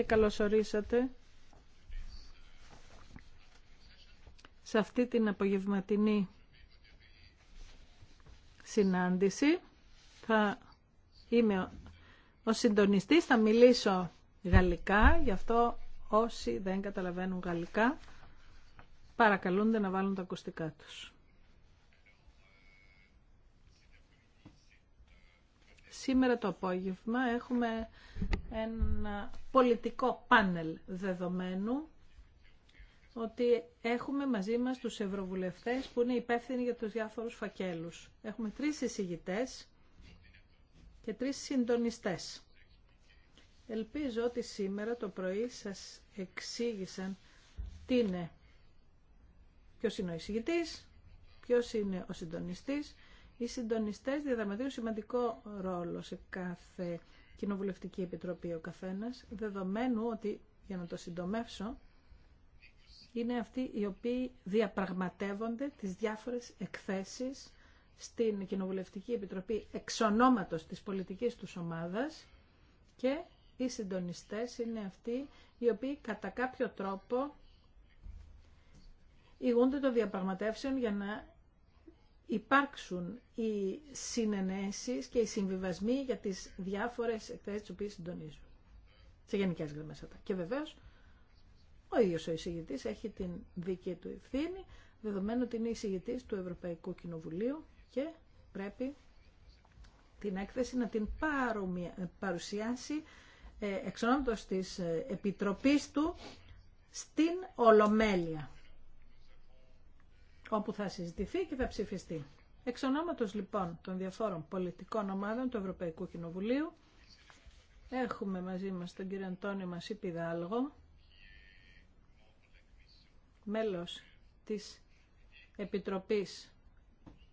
και καλωσορίσατε σε αυτή την απογευματινή συνάντηση. Θα είμαι ο συντονιστής, θα μιλήσω γαλλικά, γι' αυτό όσοι δεν καταλαβαίνουν γαλλικά παρακαλούνται να βάλουν τα ακουστικά τους. Σήμερα το απόγευμα έχουμε ένα πολιτικό πάνελ δεδομένου ότι έχουμε μαζί μας τους ευρωβουλευτές που είναι υπεύθυνοι για τους διάφορους φακέλους. Έχουμε τρεις εισηγητές και τρεις συντονιστές. Ελπίζω ότι σήμερα το πρωί σας εξήγησαν τι είναι, ποιος είναι ο εισηγητής, ποιος είναι ο συντονιστής. Οι συντονιστές διαδραματίζουν σημαντικό ρόλο σε κάθε Κοινοβουλευτική Επιτροπή ο καθένας, δεδομένου ότι, για να το συντομεύσω, είναι αυτοί οι οποίοι διαπραγματεύονται τις διάφορες εκθέσεις στην Κοινοβουλευτική Επιτροπή εξ ονόματος της πολιτικής τους ομάδας και οι συντονιστές είναι αυτοί οι οποίοι κατά κάποιο τρόπο ηγούνται των διαπραγματεύσεων για να υπάρξουν οι συνενέσεις και οι συμβιβασμοί για τις διάφορες εκθέσεις τις οποίες συντονίζουν. Σε γενικέ γραμμέ. αυτά. Και βεβαίως ο ίδιο ο εισηγητή έχει την δική του ευθύνη, δεδομένου ότι είναι εισηγητή του Ευρωπαϊκού Κοινοβουλίου και πρέπει την έκθεση να την παρουσιάσει ε, εξ τη της ε, Επιτροπής του στην Ολομέλεια όπου θα συζητηθεί και θα ψηφιστεί. Εξ ονόματος, λοιπόν των διαφόρων πολιτικών ομάδων του Ευρωπαϊκού Κοινοβουλίου έχουμε μαζί μας τον κύριο Αντώνη Μασίπη μέλος της Επιτροπής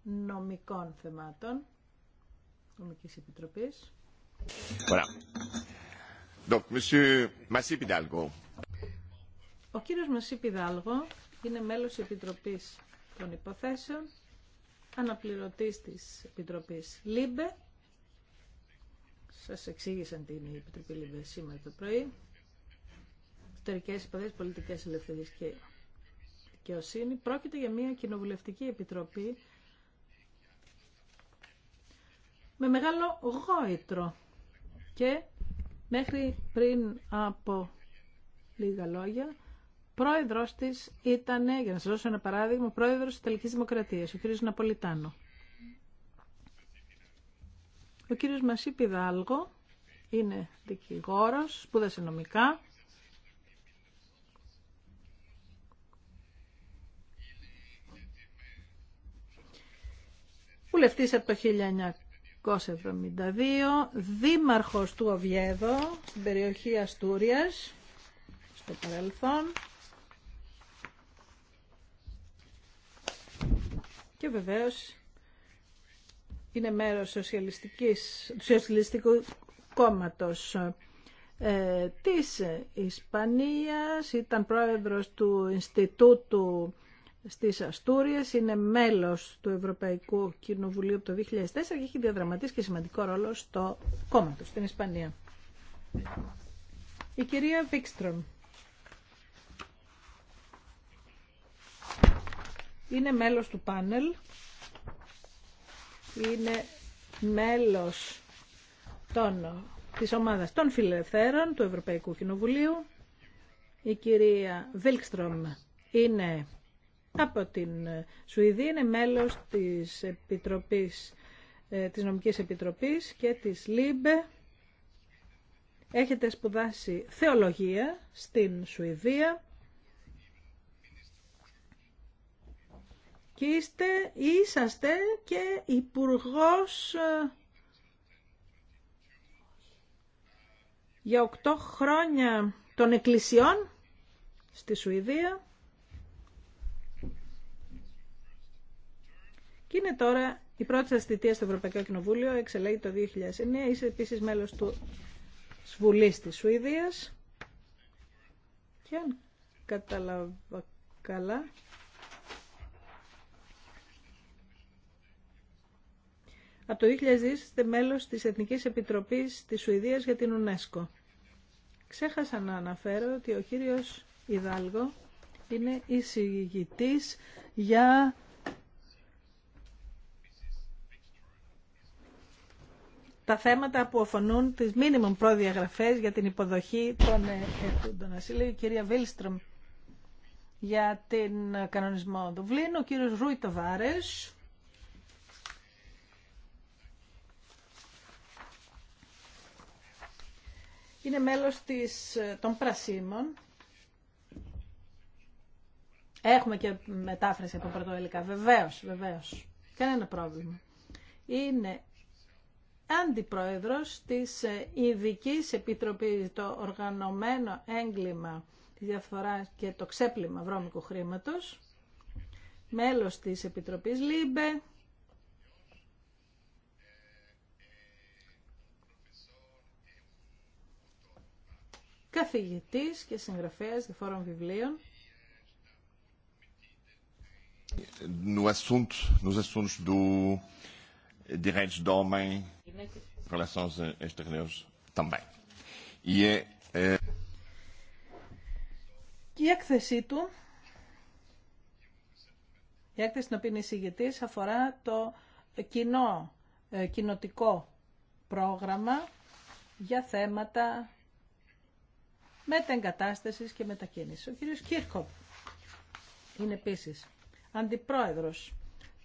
Νομικών Θεμάτων, Νομικής Επιτροπής. Ο κύριος Μασίπη είναι μέλος Επιτροπής των υποθέσεων, αναπληρωτής της Επιτροπής ΛΥΜΠΕ. Σας εξήγησαν τι είναι η Επιτροπή ΛΥΜΠΕ σήμερα το πρωί. Ιστορικές υποθέσεις, πολιτικές ελευθερίες και δικαιοσύνη. Πρόκειται για μια κοινοβουλευτική επιτροπή με μεγάλο γόητρο και μέχρι πριν από λίγα λόγια Πρόεδρο τη ήταν, για να σα δώσω ένα παράδειγμα, πρόεδρο τη Ιταλική Δημοκρατία, ο κ. Ναπολιτάνο. Ο κ. Μασίπη Δάλγο είναι δικηγόρος, σπούδασε νομικά. Βουλευτή από το 1972, δήμαρχος του Οβιέδο, στην περιοχή Αστούριας, στο παρελθόν. και βεβαίω, είναι μέρο του σοσιαλιστικού κόμματο ε, της Ισπανίας, ήταν πρόεδρο του Ινστιτούτου στις Αστούριες, είναι μέλος του Ευρωπαϊκού Κοινοβουλίου από το 2004 και έχει διαδραματίσει και σημαντικό ρόλο στο κόμμα του, στην Ισπανία. Η κυρία Βίξτρομ. είναι μέλος του πάνελ, είναι μέλος των, της ομάδας των φιλελευθέρων του Ευρωπαϊκού Κοινοβουλίου. Η κυρία Βίλκστρομ είναι από την Σουηδία, είναι μέλος της, Επιτροπής, ε, της Νομικής Επιτροπής και της ΛΥΜΠΕ. Έχετε σπουδάσει θεολογία στην Σουηδία και είστε, είσαστε και υπουργός ε, για 8 χρόνια των εκκλησιών στη Σουηδία. Και είναι τώρα η πρώτη σας θητεία στο Ευρωπαϊκό Κοινοβούλιο, εξελέγει το 2009. Είσαι επίσης μέλος του Σβουλής της Σουηδίας. Και αν κατάλαβα καλά, Από το 2002 είστε μέλος της Εθνικής Επιτροπής της Σουηδίας για την UNESCO. Ξέχασα να αναφέρω ότι ο κύριος Ιδάλγο είναι εισηγητής για τα θέματα που αφορούν τις μίνιμουμ προδιαγραφές για την υποδοχή των ετούντων. η κυρία Βίλστρομ για την ε, κανονισμό του Βλίνου. ο κύριος Ρούιτο Βάρε, είναι μέλος της, των Πρασίμων. Έχουμε και μετάφραση από πρωτοελικά. Βεβαίως, βεβαίως. Κανένα πρόβλημα. Είναι αντιπρόεδρος της ε, ειδική Επιτροπής το οργανωμένο έγκλημα τη διαφθορά και το ξέπλυμα βρώμικου χρήματος, μέλος της Επιτροπής ΛΥΜΠΕ, καθηγητής και συγγραφέας διαφόρων βιβλίων. Και euh, euh, η έκθεσή του, η έκθεση την οποία είναι εισηγητής, αφορά το κοινό, ε, κοινοτικό πρόγραμμα για θέματα μετεγκατάστασης και μετακίνησης. Ο κύριος Κίρκοπ είναι επίσης αντιπρόεδρος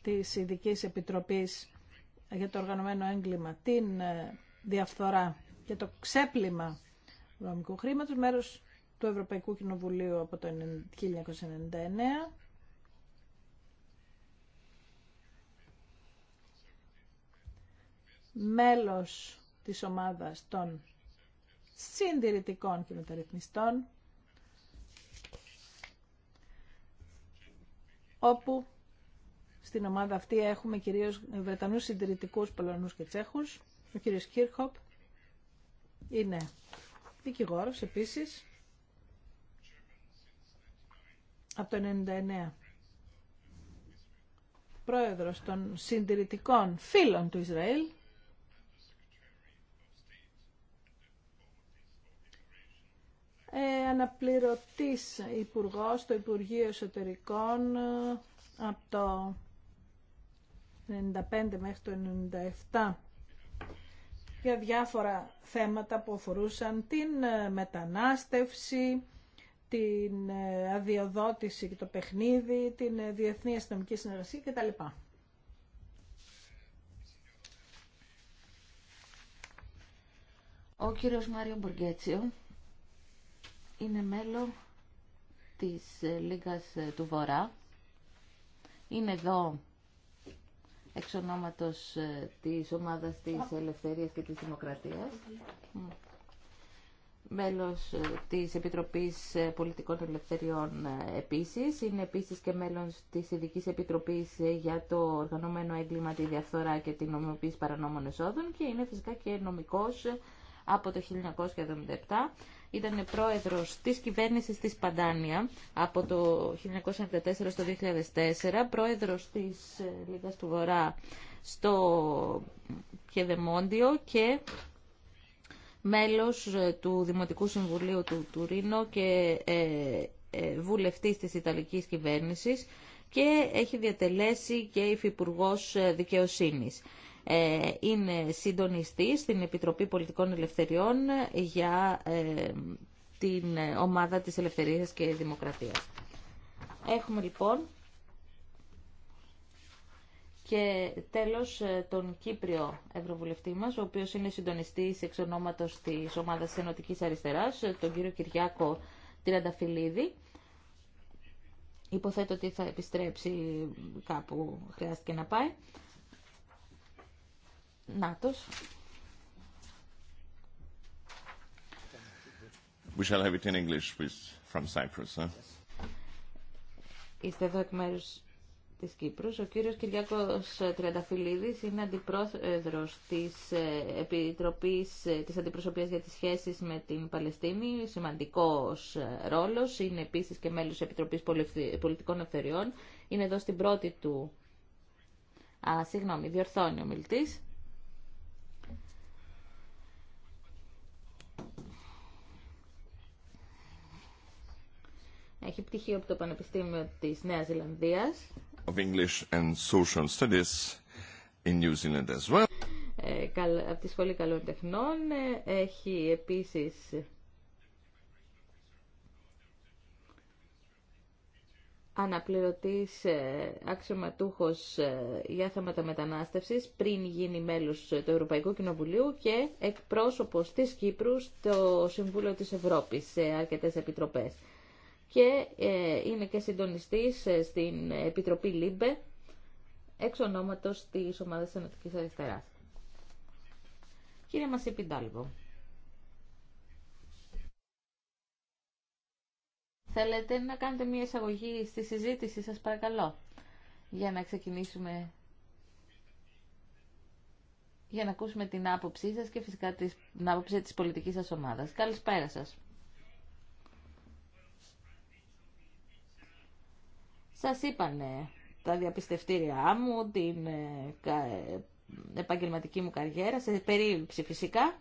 της Ειδικής Επιτροπής για το οργανωμένο έγκλημα, την ε, διαφθορά και το ξέπλυμα δομικού χρήματος, μέρος του Ευρωπαϊκού Κοινοβουλίου από το 1999. μέλος της ομάδας των συντηρητικών και μεταρρυθμιστών, όπου στην ομάδα αυτή έχουμε κυρίως Βρετανούς συντηρητικούς, Πολωνούς και Τσέχους. Ο κύριος Κίρχοπ είναι δικηγόρος επίσης από το 99 πρόεδρος των συντηρητικών φίλων του Ισραήλ ε, αναπληρωτής υπουργός στο Υπουργείο Εσωτερικών ε, από το 95 μέχρι το 97 για διάφορα θέματα που αφορούσαν την ε, μετανάστευση, την ε, αδειοδότηση και το παιχνίδι, την διεθνή αστυνομική συνεργασία κτλ. Ο κύριος Μάριο Μπουργκέτσιο είναι μέλο της Λίγας του Βορρά. Είναι εδώ εξ ονόματος ε, της ομάδας της Ελευθερίας και της Δημοκρατίας. Μέλος ε, της Επιτροπής ε, Πολιτικών Ελευθεριών επίσης. Είναι επίσης και μέλος της Ειδικής Επιτροπής για το Οργανωμένο Έγκλημα, τη Διαφθορά και την Νομιμοποίηση Παρανόμων Εσόδων και είναι φυσικά και νομικός από το 1977 ήταν πρόεδρος της κυβέρνησης της Παντάνια από το 1994 στο 2004, πρόεδρος της ε, Λίγας του Βορρά στο Πιεδεμόντιο και μέλος ε, του Δημοτικού Συμβουλίου του Τουρίνο και ε, βουλευτής της Ιταλικής κυβέρνησης και έχει διατελέσει και υφυπουργός δικαιοσύνης. Ε, είναι συντονιστή στην Επιτροπή Πολιτικών Ελευθεριών για ε, την ομάδα της Ελευθερίας και Δημοκρατίας. Έχουμε λοιπόν και τέλος ε, τον Κύπριο Ευρωβουλευτή μας, ο οποίος είναι συντονιστής εξ ονόματος της ομάδας Ενωτικής Αριστεράς, τον κύριο Κυριάκο Τριανταφυλλίδη. Υποθέτω ότι θα επιστρέψει κάπου χρειάστηκε να πάει. Νάτος. We shall Είστε εδώ εκ μέρους της Κύπρου. Ο κύριος Κυριάκος Τριανταφυλλίδης είναι αντιπρόεδρος της ε, Επιτροπής ε, της Αντιπροσωπείας για τις σχέσεις με την Παλαιστίνη. Σημαντικός ε, ρόλος. Είναι επίσης και μέλος της Επιτροπής Πολιτικών Ευθεριών. Είναι εδώ στην πρώτη του... Α, συγγνώμη, διορθώνει ο μιλητής. Έχει πτυχίο από το Πανεπιστήμιο της Νέας Ζηλανδίας. Of English and Social Studies in New Zealand as well. Ε, από τη Σχολή Καλών Τεχνών. Ε, έχει επίσης αναπληρωτής ε, αξιωματούχος ε, για θέματα μετανάστευσης πριν γίνει μέλος του Ευρωπαϊκού Κοινοβουλίου και εκπρόσωπος της Κύπρου στο Συμβούλιο της Ευρώπης σε αρκετές επιτροπές και ε, είναι και συντονιστής ε, στην Επιτροπή ΛΥΜΠΕ, εξ ονόματος της Ομάδας Ενωτικής Αριστεράς. Κύριε Μασίπιν Θέλετε να κάνετε μια εισαγωγή στη συζήτηση, σας παρακαλώ, για να ξεκινήσουμε, για να ακούσουμε την άποψή σας και φυσικά την άποψη της πολιτικής σας ομάδας. Καλησπέρα σας. Σας είπανε τα διαπιστευτήριά μου, την ε, ε, επαγγελματική μου καριέρα, σε περίληψη φυσικά.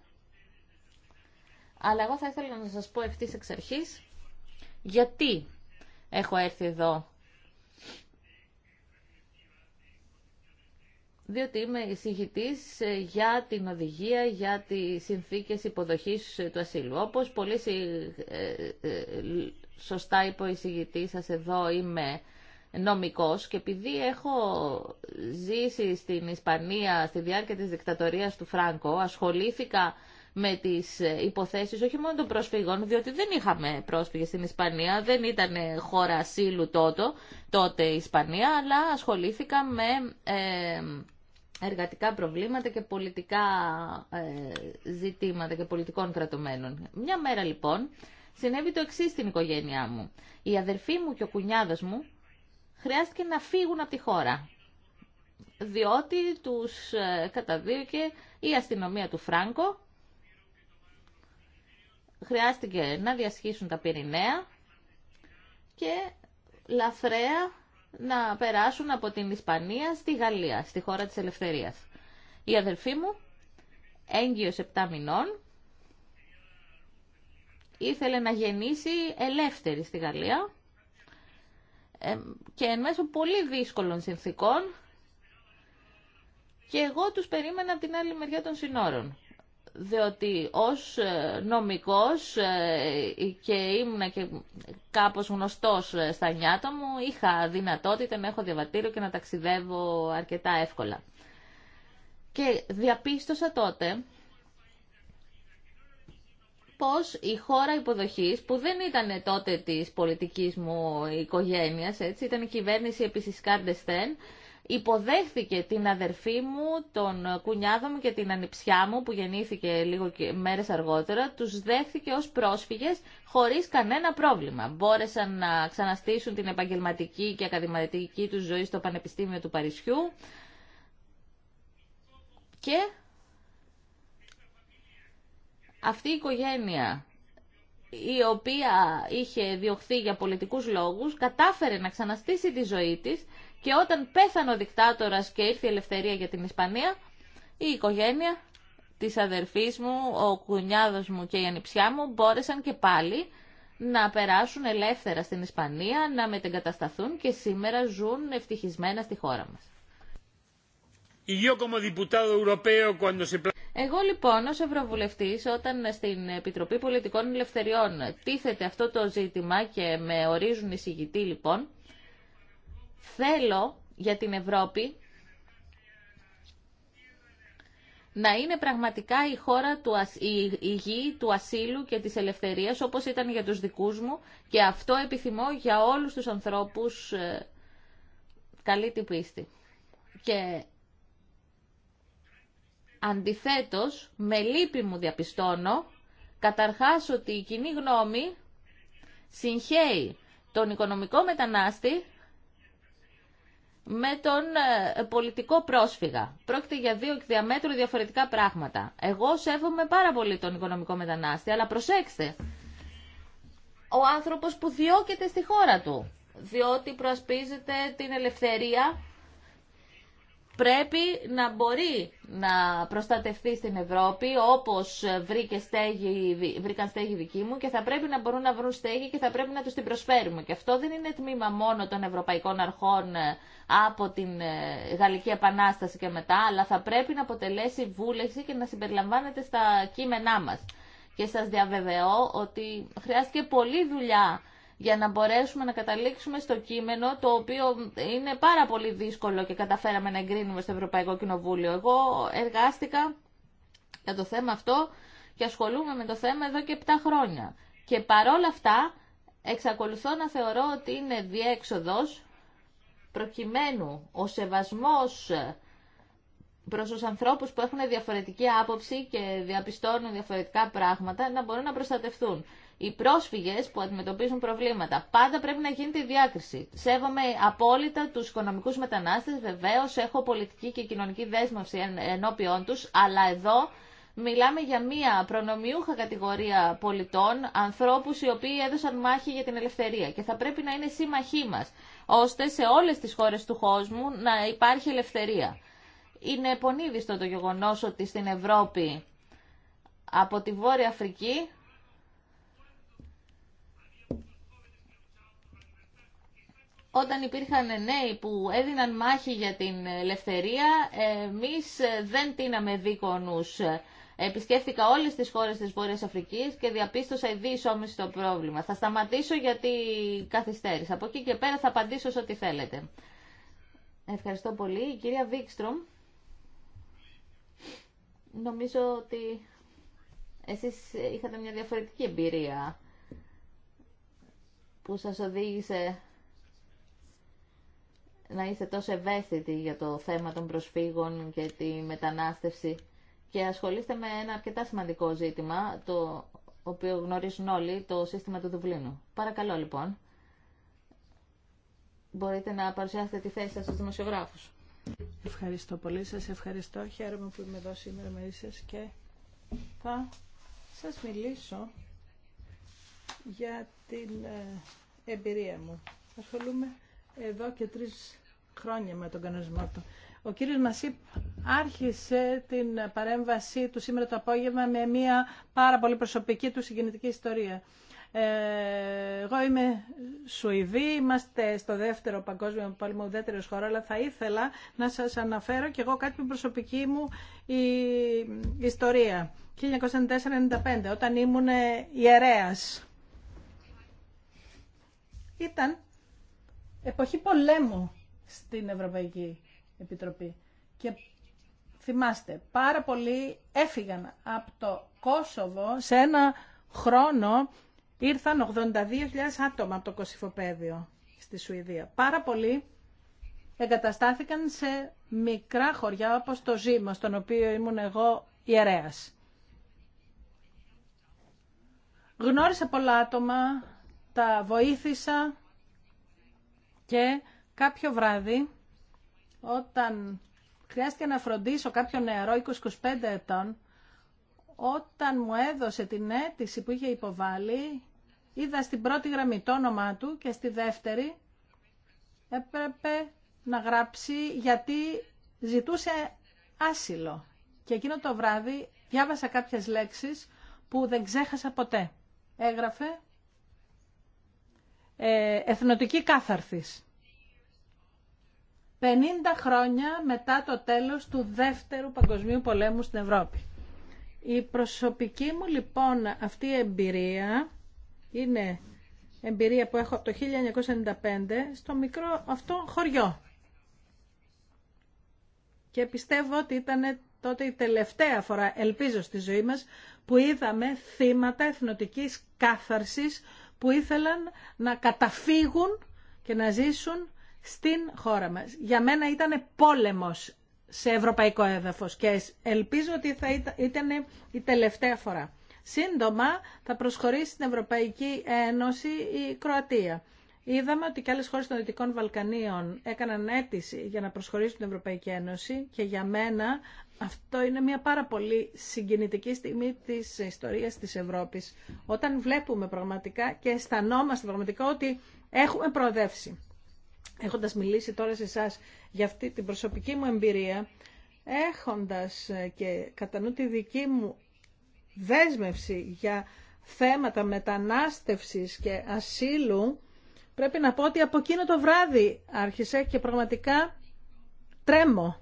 Αλλά εγώ θα ήθελα να σας πω ευθύς εξ αρχής γιατί έχω έρθει εδώ. Διότι είμαι εισηγητής ε, για την οδηγία για τις συνθήκες υποδοχής του ασύλου. Όπως πολύ σωστά είπε ο εισηγητής σας εδώ είμαι νομικός και επειδή έχω ζήσει στην Ισπανία στη διάρκεια της δικτατορίας του Φράνκο, ασχολήθηκα με τις υποθέσεις όχι μόνο των προσφύγων, διότι δεν είχαμε πρόσφυγες στην Ισπανία, δεν ήταν χώρα ασύλου τότε, τότε η Ισπανία, αλλά ασχολήθηκα με ε, εργατικά προβλήματα και πολιτικά ε, ζητήματα και πολιτικών κρατουμένων. Μια μέρα λοιπόν συνέβη το εξή στην οικογένειά μου. Η αδερφή μου και ο κουνιάδος μου χρειάστηκε να φύγουν από τη χώρα. Διότι τους ε, καταδίωκε η αστυνομία του Φράγκο, χρειάστηκε να διασχίσουν τα Πυρηναία και λαφρέα να περάσουν από την Ισπανία στη Γαλλία, στη χώρα της ελευθερίας. Η αδερφή μου, έγκυος 7 μηνών, ήθελε να γεννήσει ελεύθερη στη Γαλλία ε, και εν μέσω πολύ δύσκολων συνθήκων και εγώ τους περίμενα από την άλλη μεριά των συνόρων διότι ως ε, νομικός ε, και ήμουν και κάπως γνωστός στα νιάτα μου, είχα δυνατότητα να έχω διαβατήριο και να ταξιδεύω αρκετά εύκολα. Και διαπίστωσα τότε πώς η χώρα υποδοχής, που δεν ήταν τότε της πολιτικής μου οικογένειας, έτσι, ήταν η κυβέρνηση επί Σκάρντεστεν, Στέν. υποδέχθηκε την αδερφή μου, τον κουνιάδο μου και την ανιψιά μου που γεννήθηκε λίγο μέρες αργότερα, τους δέχθηκε ως πρόσφυγες χωρίς κανένα πρόβλημα. Μπόρεσαν να ξαναστήσουν την επαγγελματική και ακαδηματική τους ζωή στο Πανεπιστήμιο του Παρισιού και αυτή η οικογένεια η οποία είχε διωχθεί για πολιτικούς λόγους, κατάφερε να ξαναστήσει τη ζωή της και όταν πέθανε ο δικτάτορας και ήρθε η ελευθερία για την Ισπανία, η οικογένεια της αδερφής μου, ο κουνιάδος μου και η ανιψιά μου μπόρεσαν και πάλι να περάσουν ελεύθερα στην Ισπανία, να μετεγκατασταθούν και σήμερα ζουν ευτυχισμένα στη χώρα μας. Εγώ λοιπόν ως Ευρωβουλευτής όταν στην Επιτροπή Πολιτικών Ελευθεριών τίθεται αυτό το ζήτημα και με ορίζουν εισηγητοί λοιπόν, θέλω για την Ευρώπη να είναι πραγματικά η χώρα του, η, γη του ασύλου και της ελευθερίας όπως ήταν για τους δικούς μου και αυτό επιθυμώ για όλους τους ανθρώπους ε, καλή την πίστη. Και Αντιθέτως, με λύπη μου διαπιστώνω, καταρχάς ότι η κοινή γνώμη συγχαίει τον οικονομικό μετανάστη με τον ε, πολιτικό πρόσφυγα. Πρόκειται για δύο εκδιαμέτρου διαμέτρου διαφορετικά πράγματα. Εγώ σέβομαι πάρα πολύ τον οικονομικό μετανάστη, αλλά προσέξτε, ο άνθρωπος που διώκεται στη χώρα του, διότι προασπίζεται την ελευθερία πρέπει να μπορεί να προστατευτεί στην Ευρώπη όπως βρήκε στέγη, βρήκαν στέγη δική μου και θα πρέπει να μπορούν να βρουν στέγη και θα πρέπει να τους την προσφέρουμε. Και αυτό δεν είναι τμήμα μόνο των Ευρωπαϊκών Αρχών ε, από την ε, Γαλλική Επανάσταση και μετά, αλλά θα πρέπει να αποτελέσει βούλευση και να συμπεριλαμβάνεται στα κείμενά μας. Και σας διαβεβαιώ ότι χρειάστηκε πολλή δουλειά για να μπορέσουμε να καταλήξουμε στο κείμενο το οποίο είναι πάρα πολύ δύσκολο και καταφέραμε να εγκρίνουμε στο Ευρωπαϊκό Κοινοβούλιο. Εγώ εργάστηκα για το θέμα αυτό και ασχολούμαι με το θέμα εδώ και 7 χρόνια. Και παρόλα αυτά εξακολουθώ να θεωρώ ότι είναι διέξοδος προκειμένου ο σεβασμός προς τους ανθρώπους που έχουν διαφορετική άποψη και διαπιστώνουν διαφορετικά πράγματα να μπορούν να προστατευτούν οι πρόσφυγε που αντιμετωπίζουν προβλήματα. Πάντα πρέπει να γίνεται η διάκριση. Σέβομαι απόλυτα του οικονομικού μετανάστε, βεβαίω έχω πολιτική και κοινωνική δέσμευση ενώπιόν του, αλλά εδώ μιλάμε για μία προνομιούχα κατηγορία πολιτών, ανθρώπου οι οποίοι έδωσαν μάχη για την ελευθερία και θα πρέπει να είναι σύμμαχοί μα, ώστε σε όλε τι χώρε του κόσμου να υπάρχει ελευθερία. Είναι πονίδιστο το γεγονός ότι στην Ευρώπη από τη Βόρεια Αφρική όταν υπήρχαν νέοι που έδιναν μάχη για την ελευθερία, εμεί δεν τίναμε δίκονους. Επισκέφθηκα όλες τις χώρες της Βόρειας Αφρικής και διαπίστωσα όμως το πρόβλημα. Θα σταματήσω γιατί καθυστέρησα. Από εκεί και πέρα θα απαντήσω σε ό,τι θέλετε. Ευχαριστώ πολύ. Η κυρία Βίξτρομ, νομίζω ότι εσείς είχατε μια διαφορετική εμπειρία που σας οδήγησε να είστε τόσο ευαίσθητοι για το θέμα των προσφύγων και τη μετανάστευση και ασχολείστε με ένα αρκετά σημαντικό ζήτημα, το οποίο γνωρίζουν όλοι, το σύστημα του Δουβλίνου. Παρακαλώ λοιπόν, μπορείτε να παρουσιάσετε τη θέση σας στους δημοσιογράφους. Ευχαριστώ πολύ, σας ευχαριστώ. Χαίρομαι που είμαι εδώ σήμερα με σας και θα σας μιλήσω για την ε, εμπειρία μου. Ασχολούμαι εδώ και τρεις χρόνια με τον κανονισμό του. Ο κύριος Μασίπ άρχισε την παρέμβασή του σήμερα το απόγευμα με μια πάρα πολύ προσωπική του συγκινητική ιστορία. Ε, εγώ είμαι Σουηδή, είμαστε στο δεύτερο παγκόσμιο πόλεμο, ουδέτερος χώρο, αλλά θα ήθελα να σας αναφέρω και εγώ κάτι με προσωπική μου η ιστορία. 1994-95, όταν ήμουν ιερέας. Ήταν εποχή πολέμου στην Ευρωπαϊκή Επιτροπή. Και θυμάστε, πάρα πολλοί έφυγαν από το Κόσοβο σε ένα χρόνο ήρθαν 82.000 άτομα από το Κωσυφοπαίδιο στη Σουηδία. Πάρα πολλοί εγκαταστάθηκαν σε μικρά χωριά όπως το Ζήμα, στον οποίο ήμουν εγώ ιερέας. Γνώρισα πολλά άτομα, τα βοήθησα και κάποιο βράδυ όταν χρειάστηκε να φροντίσω κάποιο 20-25 ετών όταν μου έδωσε την αίτηση που είχε υποβάλει είδα στην πρώτη γραμμή το όνομά του και στη δεύτερη έπρεπε να γράψει γιατί ζητούσε άσυλο. Και εκείνο το βράδυ διάβασα κάποιες λέξεις που δεν ξέχασα ποτέ. Έγραφε ε, «Εθνοτική κάθαρθης». 50 χρόνια μετά το τέλος του Δεύτερου Παγκοσμίου Πολέμου στην Ευρώπη. Η προσωπική μου λοιπόν αυτή η εμπειρία είναι εμπειρία που έχω από το 1995 στο μικρό αυτό χωριό. Και πιστεύω ότι ήταν τότε η τελευταία φορά, ελπίζω στη ζωή μας, που είδαμε θύματα εθνοτικής κάθαρσης που ήθελαν να καταφύγουν και να ζήσουν στην χώρα μας. Για μένα ήταν πόλεμος σε ευρωπαϊκό έδαφος και ελπίζω ότι θα ήταν η τελευταία φορά. Σύντομα θα προσχωρήσει στην Ευρωπαϊκή Ένωση η Κροατία. Είδαμε ότι και άλλες χώρες των Δυτικών Βαλκανίων έκαναν αίτηση για να προσχωρήσουν την Ευρωπαϊκή Ένωση και για μένα αυτό είναι μια πάρα πολύ συγκινητική στιγμή της ιστορίας της Ευρώπης. Όταν βλέπουμε πραγματικά και αισθανόμαστε πραγματικά ότι έχουμε προοδεύσει έχοντας μιλήσει τώρα σε εσά για αυτή την προσωπική μου εμπειρία, έχοντας ε, και κατά νου τη δική μου δέσμευση για θέματα μετανάστευσης και ασύλου, πρέπει να πω ότι από εκείνο το βράδυ άρχισε και πραγματικά τρέμω.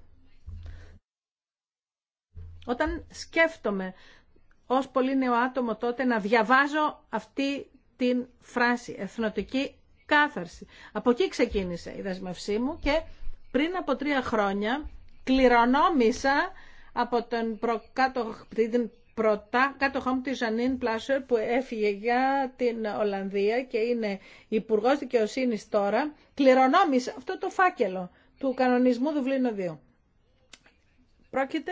Όταν σκέφτομαι ως πολύ νέο άτομο τότε να διαβάζω αυτή την φράση εθνοτική κάθαρση. Από εκεί ξεκίνησε η δεσμευσή μου και πριν από τρία χρόνια κληρονόμησα από τον την πρωτά κάτοχό μου τη Ζανίν Πλάσερ που έφυγε για την Ολλανδία και είναι υπουργό δικαιοσύνη τώρα, κληρονόμησα αυτό το φάκελο του κανονισμού Δουβλίνο 2. Πρόκειται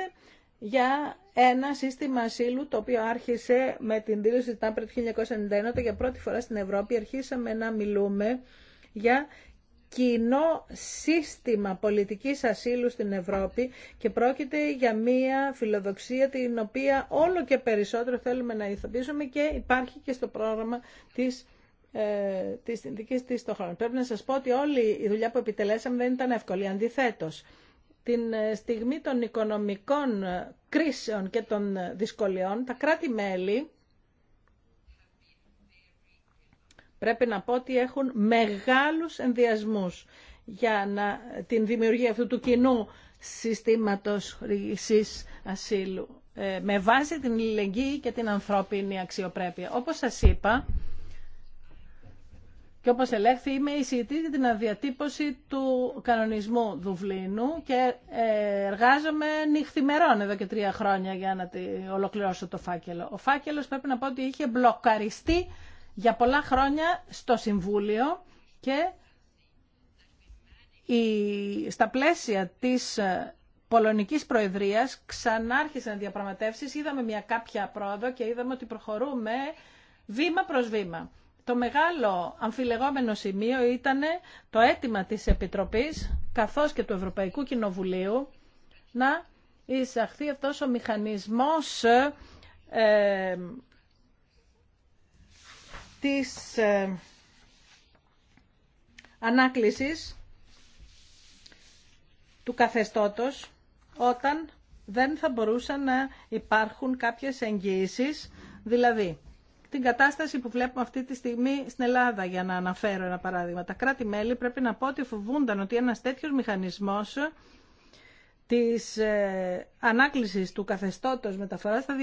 για ένα σύστημα ασύλου το οποίο άρχισε με την δήλωση της του 1991 για πρώτη φορά στην Ευρώπη αρχίσαμε να μιλούμε για κοινό σύστημα πολιτικής ασύλου στην Ευρώπη και πρόκειται για μία φιλοδοξία την οποία όλο και περισσότερο θέλουμε να ηθοποιήσουμε και υπάρχει και στο πρόγραμμα της ε, της συνδικής της χρόνο. Πρέπει να σας πω ότι όλη η δουλειά που επιτελέσαμε δεν ήταν εύκολη. Αντιθέτως, την ε, στιγμή των οικονομικών ε, κρίσεων και των ε, δυσκολιών, τα κράτη-μέλη πρέπει να πω ότι έχουν μεγάλους ενδιασμούς για να, την δημιουργία αυτού του κοινού συστήματος χρήσης ασύλου με βάση την λιλεγγύη και την ανθρώπινη αξιοπρέπεια. Όπως σας είπα, και όπως ελέγχθη είμαι εισηγητής για την αδιατύπωση του κανονισμού Δουβλίνου και ε, εργάζομαι νυχθημερών εδώ και τρία χρόνια για να ολοκληρώσω το φάκελο. Ο φάκελος πρέπει να πω ότι είχε μπλοκαριστεί για πολλά χρόνια στο Συμβούλιο και η, στα πλαίσια της Πολωνικής Προεδρίας ξανάρχισαν διαπραγματεύσεις, είδαμε μια κάποια πρόοδο και είδαμε ότι προχωρούμε βήμα προς βήμα. Το μεγάλο αμφιλεγόμενο σημείο ήταν το αίτημα της Επιτροπής καθώς και του Ευρωπαϊκού Κοινοβουλίου να εισαχθεί αυτός ο μηχανισμός ε, της ε, ανάκλησης του καθεστώτος όταν δεν θα μπορούσαν να υπάρχουν κάποιες εγγύησεις, δηλαδή την κατάσταση που βλέπουμε αυτή τη στιγμή στην Ελλάδα, για να αναφέρω ένα παράδειγμα. Τα κράτη-μέλη πρέπει να πω ότι φοβούνταν ότι ένας τέτοιος μηχανισμός της ε, ανάκλησης του καθεστώτος μεταφοράς θα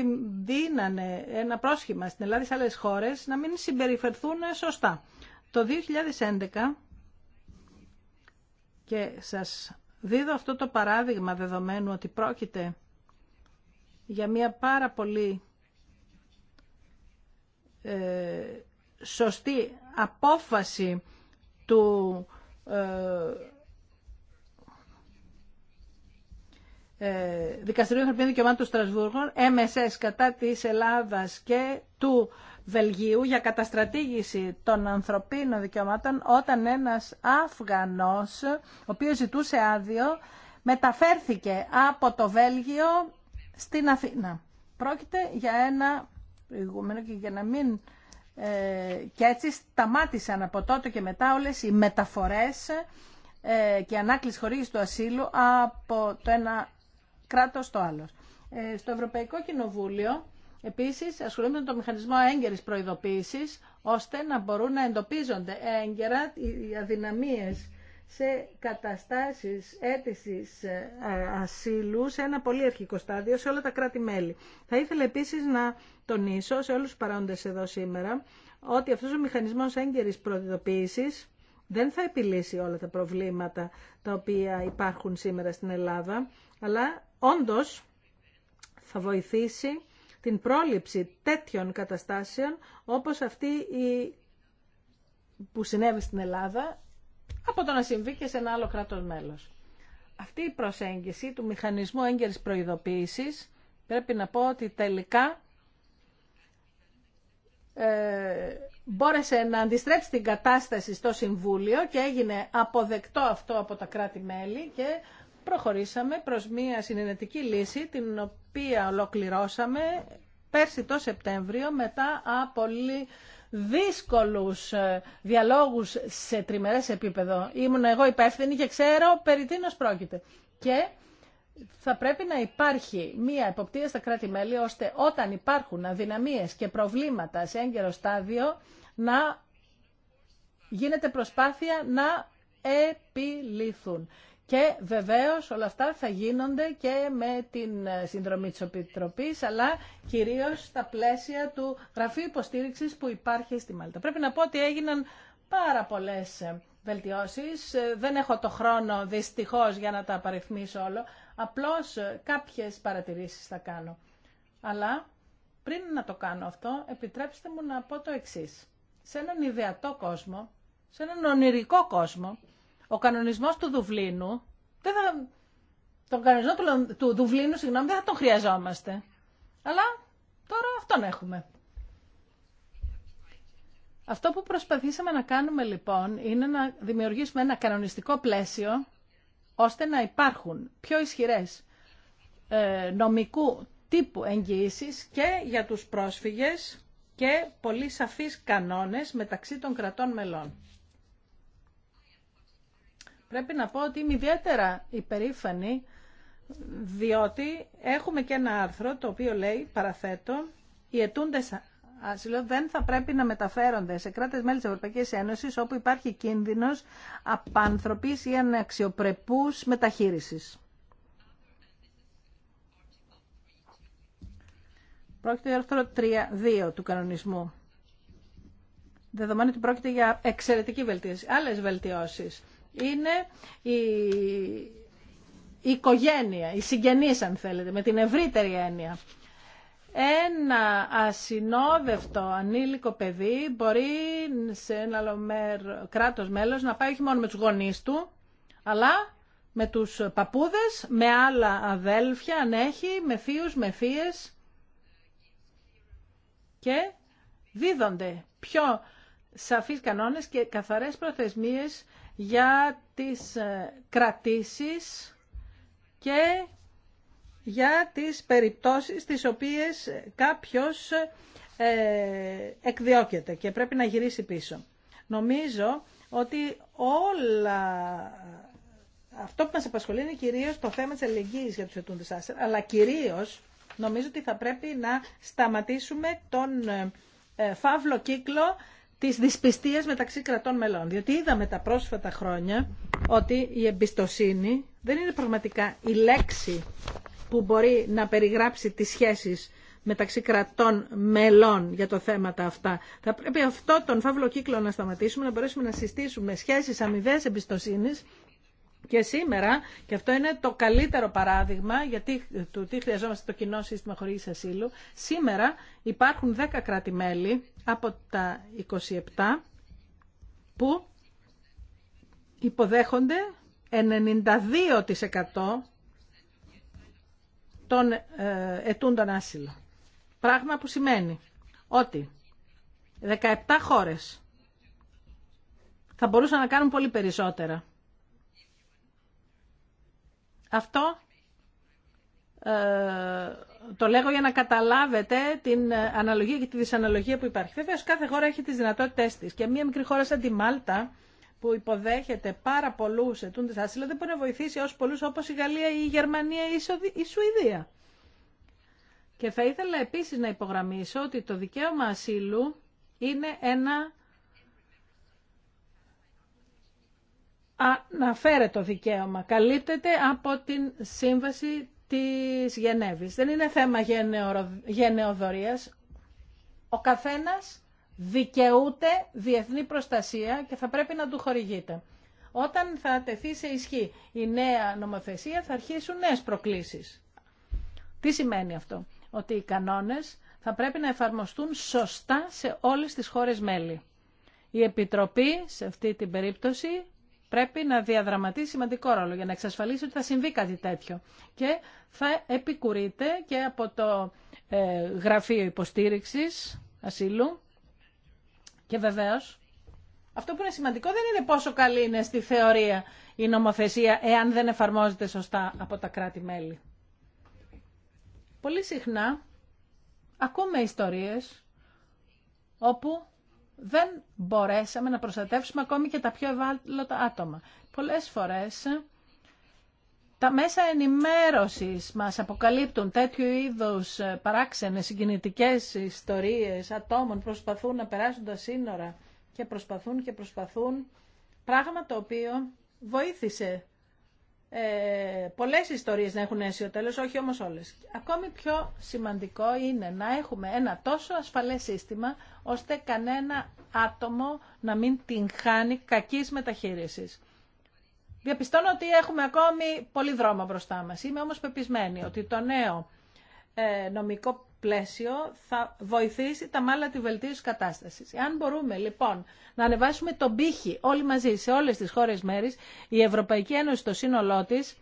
δίνανε ένα πρόσχημα στην Ελλάδα σε άλλες χώρες να μην συμπεριφερθούν σωστά. Το 2011, και σας δίδω αυτό το παράδειγμα δεδομένου ότι πρόκειται για μια πάρα πολύ ε, σωστή απόφαση του ε, ε, Δικαστηρίου Ανθρωπίνων Δικαιωμάτων του Στρασβούργου, MSS κατά της Ελλάδας και του Βελγίου για καταστρατήγηση των ανθρωπίνων δικαιωμάτων όταν ένας Αφγανός, ο οποίος ζητούσε άδειο, μεταφέρθηκε από το Βέλγιο στην Αθήνα. Πρόκειται για ένα προηγούμενο και για να μην... Ε, και έτσι σταμάτησαν από τότε και μετά όλες οι μεταφορές ε, και ανάκληση χορήγηση του ασύλου από το ένα κράτος στο άλλο. Ε, στο Ευρωπαϊκό Κοινοβούλιο επίσης ασχολούνται με το μηχανισμό έγκαιρης προειδοποίησης ώστε να μπορούν να εντοπίζονται έγκαιρα οι αδυναμίες σε καταστάσεις αίτησης ε, ασύλου σε ένα πολύ αρχικό στάδιο σε όλα τα κράτη-μέλη. Θα ήθελα επίσης να τονίσω σε όλους τους παρόντες εδώ σήμερα ότι αυτός ο μηχανισμός έγκαιρης προειδοποίησης δεν θα επιλύσει όλα τα προβλήματα τα οποία υπάρχουν σήμερα στην Ελλάδα, αλλά όντως θα βοηθήσει την πρόληψη τέτοιων καταστάσεων όπως αυτή η που συνέβη στην Ελλάδα από το να συμβεί και σε ένα άλλο κράτος μέλος. Αυτή η προσέγγιση του μηχανισμού έγκαιρης προειδοποίησης πρέπει να πω ότι τελικά ε, μπόρεσε να αντιστρέψει την κατάσταση στο Συμβούλιο και έγινε αποδεκτό αυτό από τα κράτη-μέλη και προχωρήσαμε προς μια συνενετική λύση την οποία ολοκληρώσαμε πέρσι το Σεπτέμβριο μετά από πολύ δύσκολους ε, διαλόγους σε τριμερές επίπεδο. Ήμουν εγώ υπεύθυνη και ξέρω περί τίνος πρόκειται. Και θα πρέπει να υπάρχει μία εποπτεία στα κράτη-μέλη, ώστε όταν υπάρχουν αδυναμίες και προβλήματα σε έγκαιρο στάδιο, να γίνεται προσπάθεια να επιλύθουν. Και βεβαίω όλα αυτά θα γίνονται και με την ε, συνδρομή τη Επιτροπή, αλλά κυρίω στα πλαίσια του γραφείου υποστήριξη που υπάρχει στη Μάλτα. Πρέπει να πω ότι έγιναν πάρα πολλέ ε, βελτιώσει. Ε, δεν έχω το χρόνο δυστυχώ για να τα απαριθμίσω όλο. Απλώ κάποιες παρατηρήσει θα κάνω. Αλλά πριν να το κάνω αυτό, επιτρέψτε μου να πω το εξή. Σε έναν ιδεατό κόσμο, σε έναν ονειρικό κόσμο, ο κανονισμός του Δουβλίνου, δεν θα, τον κανονισμό του, του Δουβλίνου, συγγνώμη, δεν θα τον χρειαζόμαστε. Αλλά τώρα αυτόν έχουμε. Αυτό που προσπαθήσαμε να κάνουμε λοιπόν είναι να δημιουργήσουμε ένα κανονιστικό πλαίσιο ώστε να υπάρχουν πιο ισχυρές ε, νομικού τύπου εγγυήσεις και για τους πρόσφυγες και πολύ σαφείς κανόνες μεταξύ των κρατών μελών. Πρέπει να πω ότι είμαι ιδιαίτερα υπερήφανη διότι έχουμε και ένα άρθρο το οποίο λέει, παραθέτω, οι ετούντες άσυλο δεν θα πρέπει να μεταφέρονται σε κράτες μέλη της Ευρωπαϊκής Ένωσης όπου υπάρχει κίνδυνος απανθρωπής ή αναξιοπρεπούς μεταχείρισης. Πρόκειται για άρθρο 3.2 του κανονισμού. Δεδομένου ότι πρόκειται για εξαιρετική βελτίωση. Άλλες βελτιώσεις είναι η οικογένεια, η συγγενής αν θέλετε, με την ευρύτερη έννοια. Ένα ασυνόδευτο ανήλικο παιδί μπορεί σε ένα άλλο κράτος μέλος να πάει όχι μόνο με τους γονείς του, αλλά με τους παππούδες, με άλλα αδέλφια αν έχει, με θείους, με θείες και δίδονται πιο σαφείς κανόνες και καθαρές προθεσμίες για τις ε, κρατήσεις και για τις περιπτώσεις τις οποίες κάποιος ε, εκδιώκεται και πρέπει να γυρίσει πίσω. Νομίζω ότι όλα... Αυτό που μας απασχολεί είναι κυρίως το θέμα της αλληλεγγύης για τους ετούντες αλλά κυρίως νομίζω ότι θα πρέπει να σταματήσουμε τον ε, φαύλο κύκλο Τη δυσπιστία μεταξύ κρατών μελών. Διότι είδαμε τα πρόσφατα χρόνια ότι η εμπιστοσύνη δεν είναι πραγματικά η λέξη που μπορεί να περιγράψει τις σχέσεις μεταξύ κρατών μελών για το θέμα τα αυτά. Θα πρέπει αυτό τον φαύλο κύκλο να σταματήσουμε, να μπορέσουμε να συστήσουμε σχέσεις αμοιβέ εμπιστοσύνης και σήμερα, και αυτό είναι το καλύτερο παράδειγμα γιατί το τι χρειαζόμαστε το κοινό σύστημα χωρίς ασύλου, σήμερα υπάρχουν 10 κράτη-μέλη από τα 27 που υποδέχονται 92% των ε, ετούντων άσυλο. Πράγμα που σημαίνει ότι 17 χώρες θα μπορούσαν να κάνουν πολύ περισσότερα αυτό ε, το λέγω για να καταλάβετε την αναλογία και τη δυσαναλογία που υπάρχει. Βέβαια, κάθε χώρα έχει τις δυνατότητές της και μια μικρή χώρα σαν τη Μάλτα που υποδέχεται πάρα πολλούς ετούντες άσυλο δεν μπορεί να βοηθήσει όσους πολλούς όπως η Γαλλία ή η Γερμανία ή η Σουηδία. Και θα ήθελα επίσης να υπογραμμίσω ότι το δικαίωμα ασύλου είναι ένα αναφέρεται το δικαίωμα. Καλύπτεται από την σύμβαση της Γενέβης. Δεν είναι θέμα γενεοδορίας. Ο καθένας δικαιούται διεθνή προστασία και θα πρέπει να του χορηγείται. Όταν θα τεθεί σε ισχύ η νέα νομοθεσία θα αρχίσουν νέες προκλήσεις. Τι σημαίνει αυτό? Ότι οι κανόνες θα πρέπει να εφαρμοστούν σωστά σε όλες τις χώρες μέλη. Η Επιτροπή σε αυτή την περίπτωση πρέπει να διαδραματίσει σημαντικό ρόλο για να εξασφαλίσει ότι θα συμβεί κάτι τέτοιο. Και θα επικουρείται και από το ε, Γραφείο Υποστήριξης Ασύλου και βεβαίως αυτό που είναι σημαντικό δεν είναι πόσο καλή είναι στη θεωρία η νομοθεσία εάν δεν εφαρμόζεται σωστά από τα κράτη-μέλη. Πολύ συχνά ακούμε ιστορίες όπου δεν μπορέσαμε να προστατεύσουμε ακόμη και τα πιο ευάλωτα άτομα. Πολλές φορές τα μέσα ενημέρωσης μας αποκαλύπτουν τέτοιου είδους παράξενες συγκινητικές ιστορίες ατόμων προσπαθούν να περάσουν τα σύνορα και προσπαθούν και προσπαθούν πράγμα το οποίο βοήθησε ε, πολλές ιστορίες να έχουν αίσιο τέλος, όχι όμως όλες. Ακόμη πιο σημαντικό είναι να έχουμε ένα τόσο ασφαλές σύστημα, ώστε κανένα άτομο να μην την χάνει κακής μεταχείρισης. Διαπιστώνω ότι έχουμε ακόμη πολύ δρόμο μπροστά μας. Είμαι όμως πεπισμένη ότι το νέο ε, νομικό πλαίσιο θα βοηθήσει τα μάλλα τη βελτίωση κατάστασης. Αν μπορούμε λοιπόν να ανεβάσουμε τον πύχη όλοι μαζί σε όλες τις χώρες μέρης, η Ευρωπαϊκή Ένωση στο σύνολό της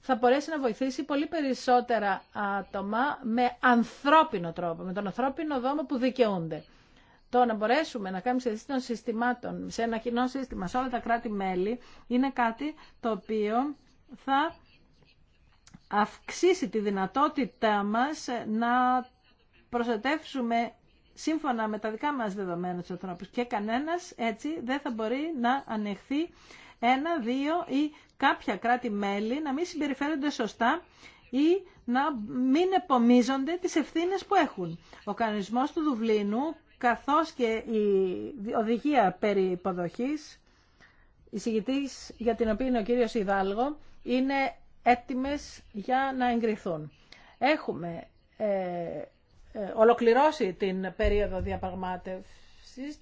θα μπορέσει να βοηθήσει πολύ περισσότερα άτομα με ανθρώπινο τρόπο, με τον ανθρώπινο δόμο που δικαιούνται. Το να μπορέσουμε να κάνουμε συζήτηση των συστημάτων σε ένα κοινό σύστημα σε όλα τα κράτη-μέλη είναι κάτι το οποίο θα αυξήσει τη δυνατότητά μας να προστατεύσουμε σύμφωνα με τα δικά μας δεδομένα τους ανθρώπους και κανένας έτσι δεν θα μπορεί να ανεχθεί ένα, δύο ή κάποια κράτη-μέλη να μην συμπεριφέρονται σωστά ή να μην επομίζονται τις ευθύνες που έχουν. Ο κανονισμός του Δουβλίνου καθώς και η οδηγία περί υποδοχής, η για την οποία είναι ο κύριος Ιδάλγο, είναι έτοιμες για να εγκριθούν. Έχουμε ε, ε, ολοκληρώσει την περίοδο διαπραγμάτευσης.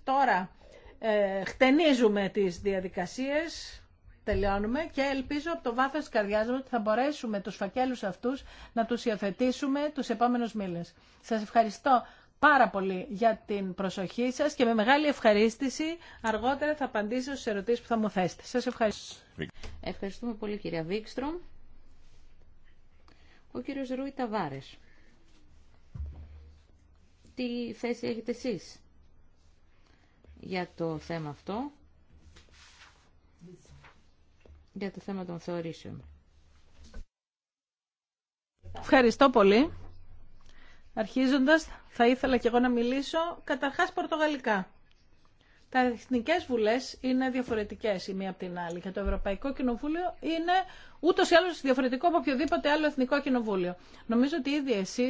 Τώρα ε, χτενίζουμε τις διαδικασίες, τελειώνουμε και ελπίζω από το βάθος της καρδιάς μου ότι θα μπορέσουμε τους φακέλους αυτούς να τους υιοθετήσουμε τους επόμενους μήνες. Σας ευχαριστώ πάρα πολύ για την προσοχή σας και με μεγάλη ευχαρίστηση αργότερα θα απαντήσω στις ερωτήσεις που θα μου θέσετε. Σας ευχαριστώ. Ευχαριστούμε πολύ κυρία Βίκστρομ ο κύριος Ρούι Ταβάρες. Τι θέση έχετε εσείς για το θέμα αυτό, για το θέμα των θεωρήσεων. Ευχαριστώ πολύ. Αρχίζοντας, θα ήθελα και εγώ να μιλήσω καταρχάς πορτογαλικά. Τα εθνικέ βουλέ είναι διαφορετικέ η μία από την άλλη και το Ευρωπαϊκό Κοινοβούλιο είναι ούτω ή άλλω διαφορετικό από οποιοδήποτε άλλο εθνικό κοινοβούλιο. Νομίζω ότι ήδη εσεί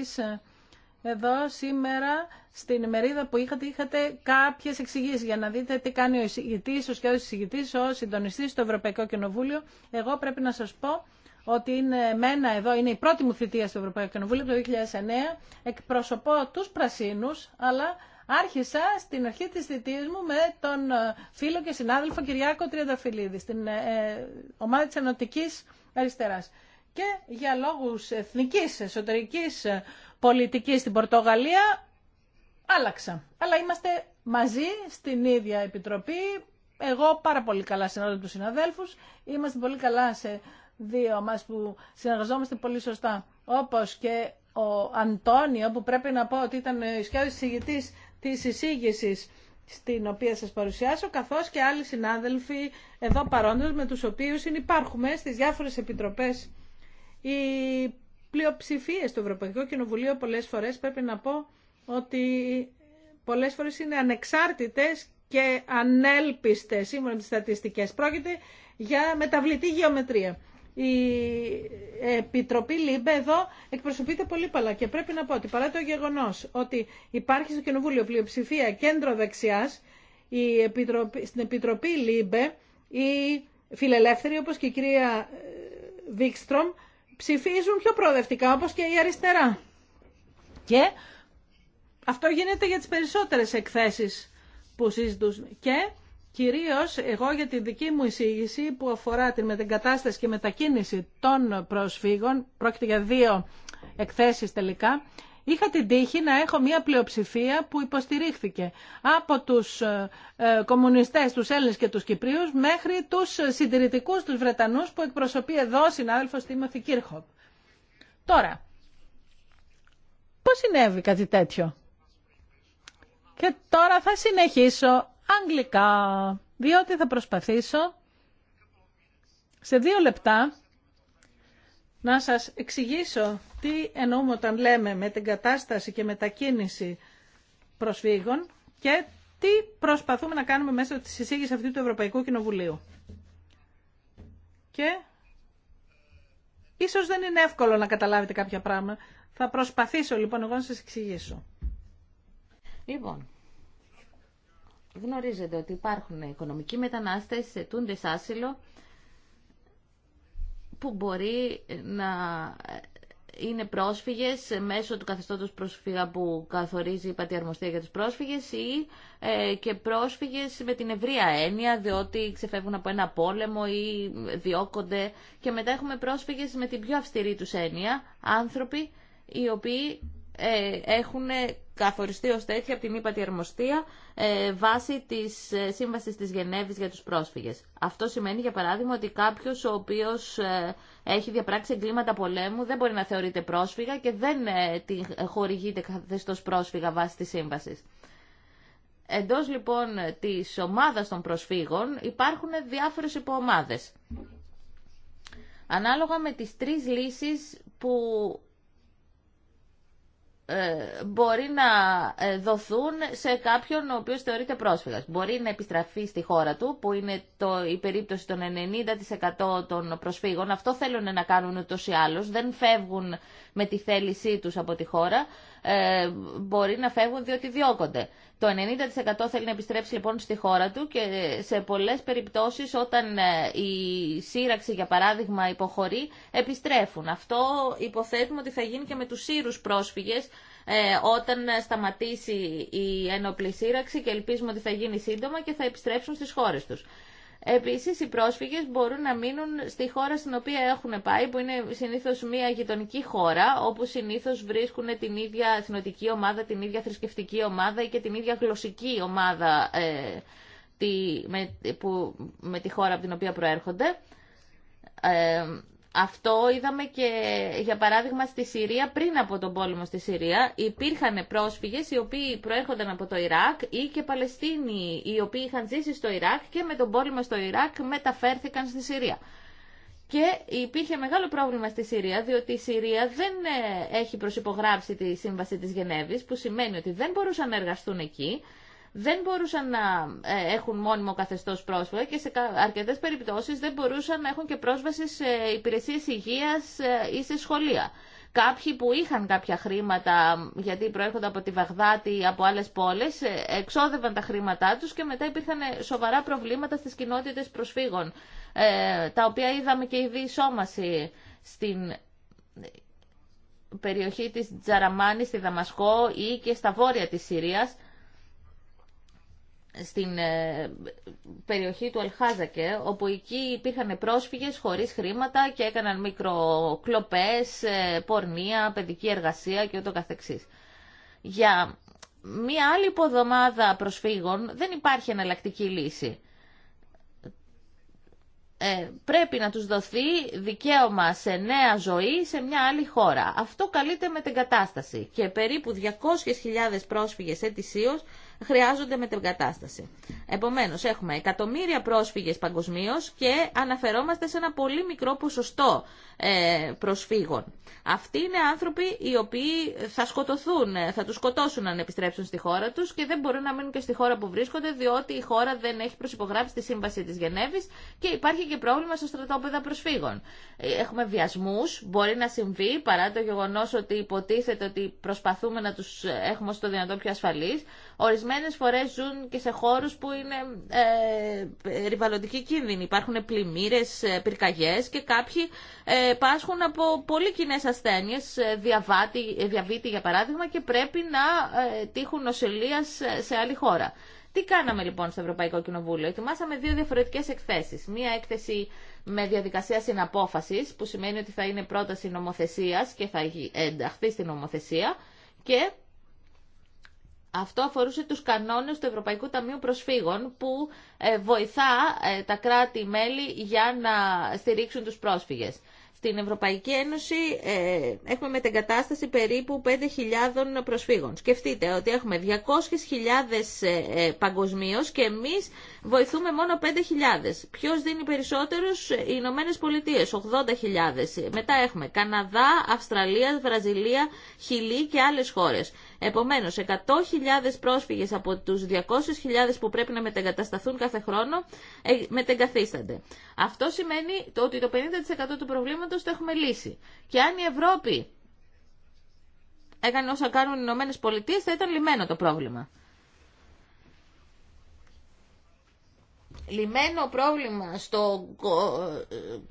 ε, εδώ σήμερα στην ημερίδα που είχατε, είχατε κάποιε εξηγήσει για να δείτε τι κάνει ο εισηγητή, ο σχεδόν εισηγητή, ο συντονιστή στο Ευρωπαϊκό Κοινοβούλιο. Εγώ πρέπει να σα πω ότι είναι μένα εδώ, είναι η πρώτη μου θητεία στο Ευρωπαϊκό Κοινοβούλιο το 2009, εκπροσωπώ του πράσινου, αλλά Άρχισα στην αρχή της θητείας μου με τον ε, φίλο και συνάδελφο Κυριάκο Τριανταφυλλίδη στην ε, ε, ομάδα της Ενωτικής Αριστεράς. Και για λόγους εθνικής, εσωτερικής πολιτικής στην Πορτογαλία άλλαξα. Αλλά είμαστε μαζί στην ίδια επιτροπή. Εγώ πάρα πολύ καλά όλους τους συναδέλφους. Είμαστε πολύ καλά σε δύο μας που συνεργαζόμαστε πολύ σωστά. Όπως και ο Αντώνιο που πρέπει να πω ότι ήταν ο ισχυρό συγητής της εισήγησης στην οποία σας παρουσιάσω, καθώς και άλλοι συνάδελφοι εδώ παρόντες με τους οποίους υπάρχουν στις διάφορες επιτροπές. Οι πλειοψηφίε στο Ευρωπαϊκό Κοινοβουλίου πολλές φορές πρέπει να πω ότι πολλές φορές είναι ανεξάρτητες και ανέλπιστες σύμφωνα με τις στατιστικές. Πρόκειται για μεταβλητή γεωμετρία η Επιτροπή ΛΥΜΠΕ εδώ εκπροσωπείται πολύ παλά και πρέπει να πω ότι παρά το γεγονός ότι υπάρχει στο Κοινοβούλιο πλειοψηφία κέντρο δεξιάς η Επιτροπή, στην Επιτροπή ΛΥΜΠΕ οι φιλελεύθεροι όπως και η κυρία ε, Βίξτρομ ψηφίζουν πιο προοδευτικά όπως και η αριστερά. Και αυτό γίνεται για τις περισσότερες εκθέσεις που συζητούν Και Κυρίως εγώ για τη δική μου εισήγηση που αφορά την μετεγκατάσταση και μετακίνηση των προσφύγων, πρόκειται για δύο εκθέσεις τελικά, είχα την τύχη να έχω μια πλειοψηφία που υποστηρίχθηκε από τους ε, ε, κομμουνιστές, τους Έλληνες και τους Κυπρίους μέχρι τους συντηρητικούς, τους Βρετανούς που εκπροσωπεί εδώ ο συνάδελφος Τίμωθη Κίρχοπ. Τώρα, πώς συνέβη κάτι τέτοιο. Και τώρα θα συνεχίσω αγγλικά, διότι θα προσπαθήσω σε δύο λεπτά να σας εξηγήσω τι εννοούμε όταν λέμε με την κατάσταση και μετακίνηση προσφύγων και τι προσπαθούμε να κάνουμε μέσα τη εισήγηση αυτή του Ευρωπαϊκού Κοινοβουλίου. Και ίσως δεν είναι εύκολο να καταλάβετε κάποια πράγματα. Θα προσπαθήσω λοιπόν εγώ να σας εξηγήσω. Λοιπόν, Γνωρίζετε ότι υπάρχουν οικονομικοί μετανάστες, ετούντες άσυλο, που μπορεί να είναι πρόσφυγες μέσω του καθεστώτος προσφύγα που καθορίζει η Πατιαρμοστία για τους πρόσφυγες ή ε, και πρόσφυγες με την ευρία έννοια διότι ξεφεύγουν από ένα πόλεμο ή διώκονται και μετά έχουμε πρόσφυγες με την πιο αυστηρή τους έννοια, άνθρωποι οι οποίοι ε, έχουν καθοριστεί ως τέτοια από την ύπατη αρμοστία ε, βάσει της ε, σύμβασης της Γενέβης για τους πρόσφυγες. Αυτό σημαίνει για παράδειγμα ότι κάποιος ο οποίος ε, έχει διαπράξει εγκλήματα πολέμου δεν μπορεί να θεωρείται πρόσφυγα και δεν ε, τη, χορηγείται καθεστώς πρόσφυγα βάσει της σύμβασης. Εντός λοιπόν της ομάδας των προσφύγων υπάρχουν διάφορες υποομάδες. Ανάλογα με τις τρεις λύσεις που ε, μπορεί να ε, δοθούν σε κάποιον ο οποίος θεωρείται πρόσφυγας. Μπορεί να επιστραφεί στη χώρα του, που είναι το, η περίπτωση των 90% των προσφύγων. Αυτό θέλουν να κάνουν ούτως ή άλλως. Δεν φεύγουν με τη θέλησή τους από τη χώρα. Ε, μπορεί να φεύγουν διότι διώκονται. Το 90% θέλει να επιστρέψει λοιπόν στη χώρα του και σε πολλές περιπτώσεις όταν ε, η σύραξη για παράδειγμα υποχωρεί επιστρέφουν. Αυτό υποθέτουμε ότι θα γίνει και με τους σύρους πρόσφυγες ε, όταν σταματήσει η ένοπλη σύραξη και ελπίζουμε ότι θα γίνει σύντομα και θα επιστρέψουν στις χώρες τους. Επίσης, οι πρόσφυγες μπορούν να μείνουν στη χώρα στην οποία έχουν πάει, που είναι συνήθως μια γειτονική χώρα, όπου συνήθως βρίσκουν την ίδια εθνοτική ομάδα, την ίδια θρησκευτική ομάδα ή και την ίδια γλωσσική ομάδα ε, τη, με, που, με τη χώρα από την οποία προέρχονται. Ε, αυτό είδαμε και για παράδειγμα στη Συρία πριν από τον πόλεμο στη Συρία υπήρχαν πρόσφυγες οι οποίοι προέρχονταν από το Ιράκ ή και Παλαιστίνοι οι οποίοι είχαν ζήσει στο Ιράκ και με τον πόλεμο στο Ιράκ μεταφέρθηκαν στη Συρία. Και υπήρχε μεγάλο πρόβλημα στη Συρία, διότι η Συρία δεν ε, έχει προσυπογράψει τη Σύμβαση της Γενέβης, που σημαίνει ότι δεν μπορούσαν να εργαστούν εκεί, δεν μπορούσαν να ε, έχουν μόνιμο καθεστώ πρόσφυγα και σε αρκετές περιπτώσεις δεν μπορούσαν να έχουν και πρόσβαση σε υπηρεσίες υγείας ε, ή σε σχολεία. Κάποιοι που είχαν κάποια χρήματα, γιατί προέρχονται από τη Βαγδάτη ή από άλλες πόλεις, ε, εξόδευαν τα χρήματά τους και μετά υπήρχαν σοβαρά προβλήματα στις κοινότητε προσφύγων, τα οποία είδαμε και η διεισόμαση στην περιοχή της Τζαραμάνη στη Δαμασκό ή και στα βόρεια της Συρίας, στην ε, περιοχή του Αλχάζακε, όπου εκεί υπήρχαν πρόσφυγες χωρίς χρήματα και έκαναν μικροκλοπές, ε, πορνεία, παιδική εργασία και ούτω καθεξής. Για μία άλλη υποδομάδα προσφύγων δεν υπάρχει εναλλακτική λύση. Ε, πρέπει να τους δοθεί δικαίωμα σε νέα ζωή σε μια άλλη χώρα. Αυτό καλείται με την κατάσταση. Και περίπου 200.000 πρόσφυγες ετησίως χρειάζονται με την κατάσταση. Επομένω, έχουμε εκατομμύρια πρόσφυγε παγκοσμίω και αναφερόμαστε σε ένα πολύ μικρό ποσοστό ε, προσφύγων. Αυτοί είναι άνθρωποι οι οποίοι θα σκοτωθούν, ε, θα του σκοτώσουν αν επιστρέψουν στη χώρα του και δεν μπορούν να μείνουν και στη χώρα που βρίσκονται, διότι η χώρα δεν έχει προσυπογράψει τη σύμβαση τη Γενέβη και υπάρχει και πρόβλημα στο στρατόπεδα προσφύγων. Ε, έχουμε βιασμού, μπορεί να συμβεί παρά το γεγονό ότι υποτίθεται ότι προσπαθούμε να του έχουμε στο δυνατόν πιο ασφαλεί. Ορισμένες φορές ζουν και σε χώρους που είναι ε, κίνδυνοι. Υπάρχουν πλημμύρες, ε, πυρκαγιές και κάποιοι ε, πάσχουν από πολύ κοινέ ασθένειες, ε, ε, διαβήτη για παράδειγμα και πρέπει να ε, τύχουν νοσηλεία σε άλλη χώρα. Τι κάναμε λοιπόν στο Ευρωπαϊκό Κοινοβούλιο. Ετοιμάσαμε δύο διαφορετικές εκθέσεις. Μία έκθεση με διαδικασία συναπόφασης, που σημαίνει ότι θα είναι πρόταση νομοθεσίας και θα ενταχθεί στην νομοθεσία και αυτό αφορούσε τους κανόνες του Ευρωπαϊκού Ταμείου Προσφύγων που ε, βοηθά ε, τα κράτη-μέλη για να στηρίξουν τους πρόσφυγες. Στην Ευρωπαϊκή Ένωση ε, έχουμε μετεγκατάσταση περίπου 5.000 προσφύγων. Σκεφτείτε ότι έχουμε 200.000 ε, ε, παγκοσμίως και εμείς βοηθούμε μόνο 5.000. Ποιος δίνει περισσότερους, οι Ηνωμένε Πολιτείε, 80.000. Μετά έχουμε Καναδά, Αυστραλία, Βραζιλία, Χιλή και άλλες χώρες. Επομένως, 100.000 πρόσφυγες από τους 200.000 που πρέπει να μετεγκατασταθούν κάθε χρόνο ε, μετεγκαθίστανται. Αυτό σημαίνει το ότι το 50% του προβλήματος το έχουμε λύσει. Και αν η Ευρώπη έκανε όσα κάνουν οι Ηνωμένε Πολιτείε, θα ήταν λυμένο το πρόβλημα. λιμένο πρόβλημα στον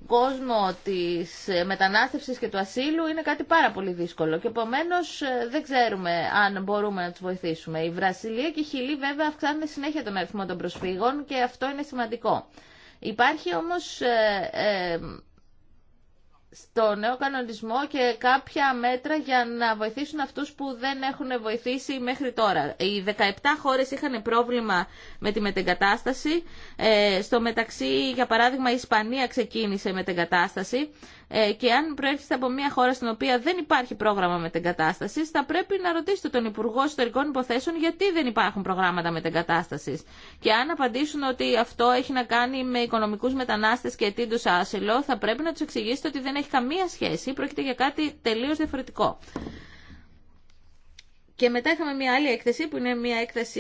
κόσμο της μετανάστευσης και του ασύλου είναι κάτι πάρα πολύ δύσκολο και επομένω ε, δεν ξέρουμε αν μπορούμε να τους βοηθήσουμε. Η Βρασιλία και η Χιλή βέβαια αυξάνουν συνέχεια τον αριθμό των προσφύγων και αυτό είναι σημαντικό. Υπάρχει όμως ε, ε, στο νέο κανονισμό και κάποια μέτρα για να βοηθήσουν αυτούς που δεν έχουν βοηθήσει μέχρι τώρα. Οι 17 χώρες είχαν πρόβλημα με τη μετεγκατάσταση. Ε, στο μεταξύ, για παράδειγμα, η Ισπανία ξεκίνησε μετεγκατάσταση ε, και αν προέρχεστε από μια χώρα στην οποία δεν υπάρχει πρόγραμμα μετεγκατάσταση, θα πρέπει να ρωτήσετε τον Υπουργό Ιστορικών Υποθέσεων γιατί δεν υπάρχουν προγράμματα μετεγκατάσταση. Και αν απαντήσουν ότι αυτό έχει να κάνει με οικονομικού μετανάστε και ετήντου άσυλο, θα πρέπει να του εξηγήσετε ότι δεν έχει καμία σχέση, πρόκειται για κάτι τελείως διαφορετικό. Και μετά είχαμε μια άλλη έκθεση που είναι μια έκθεση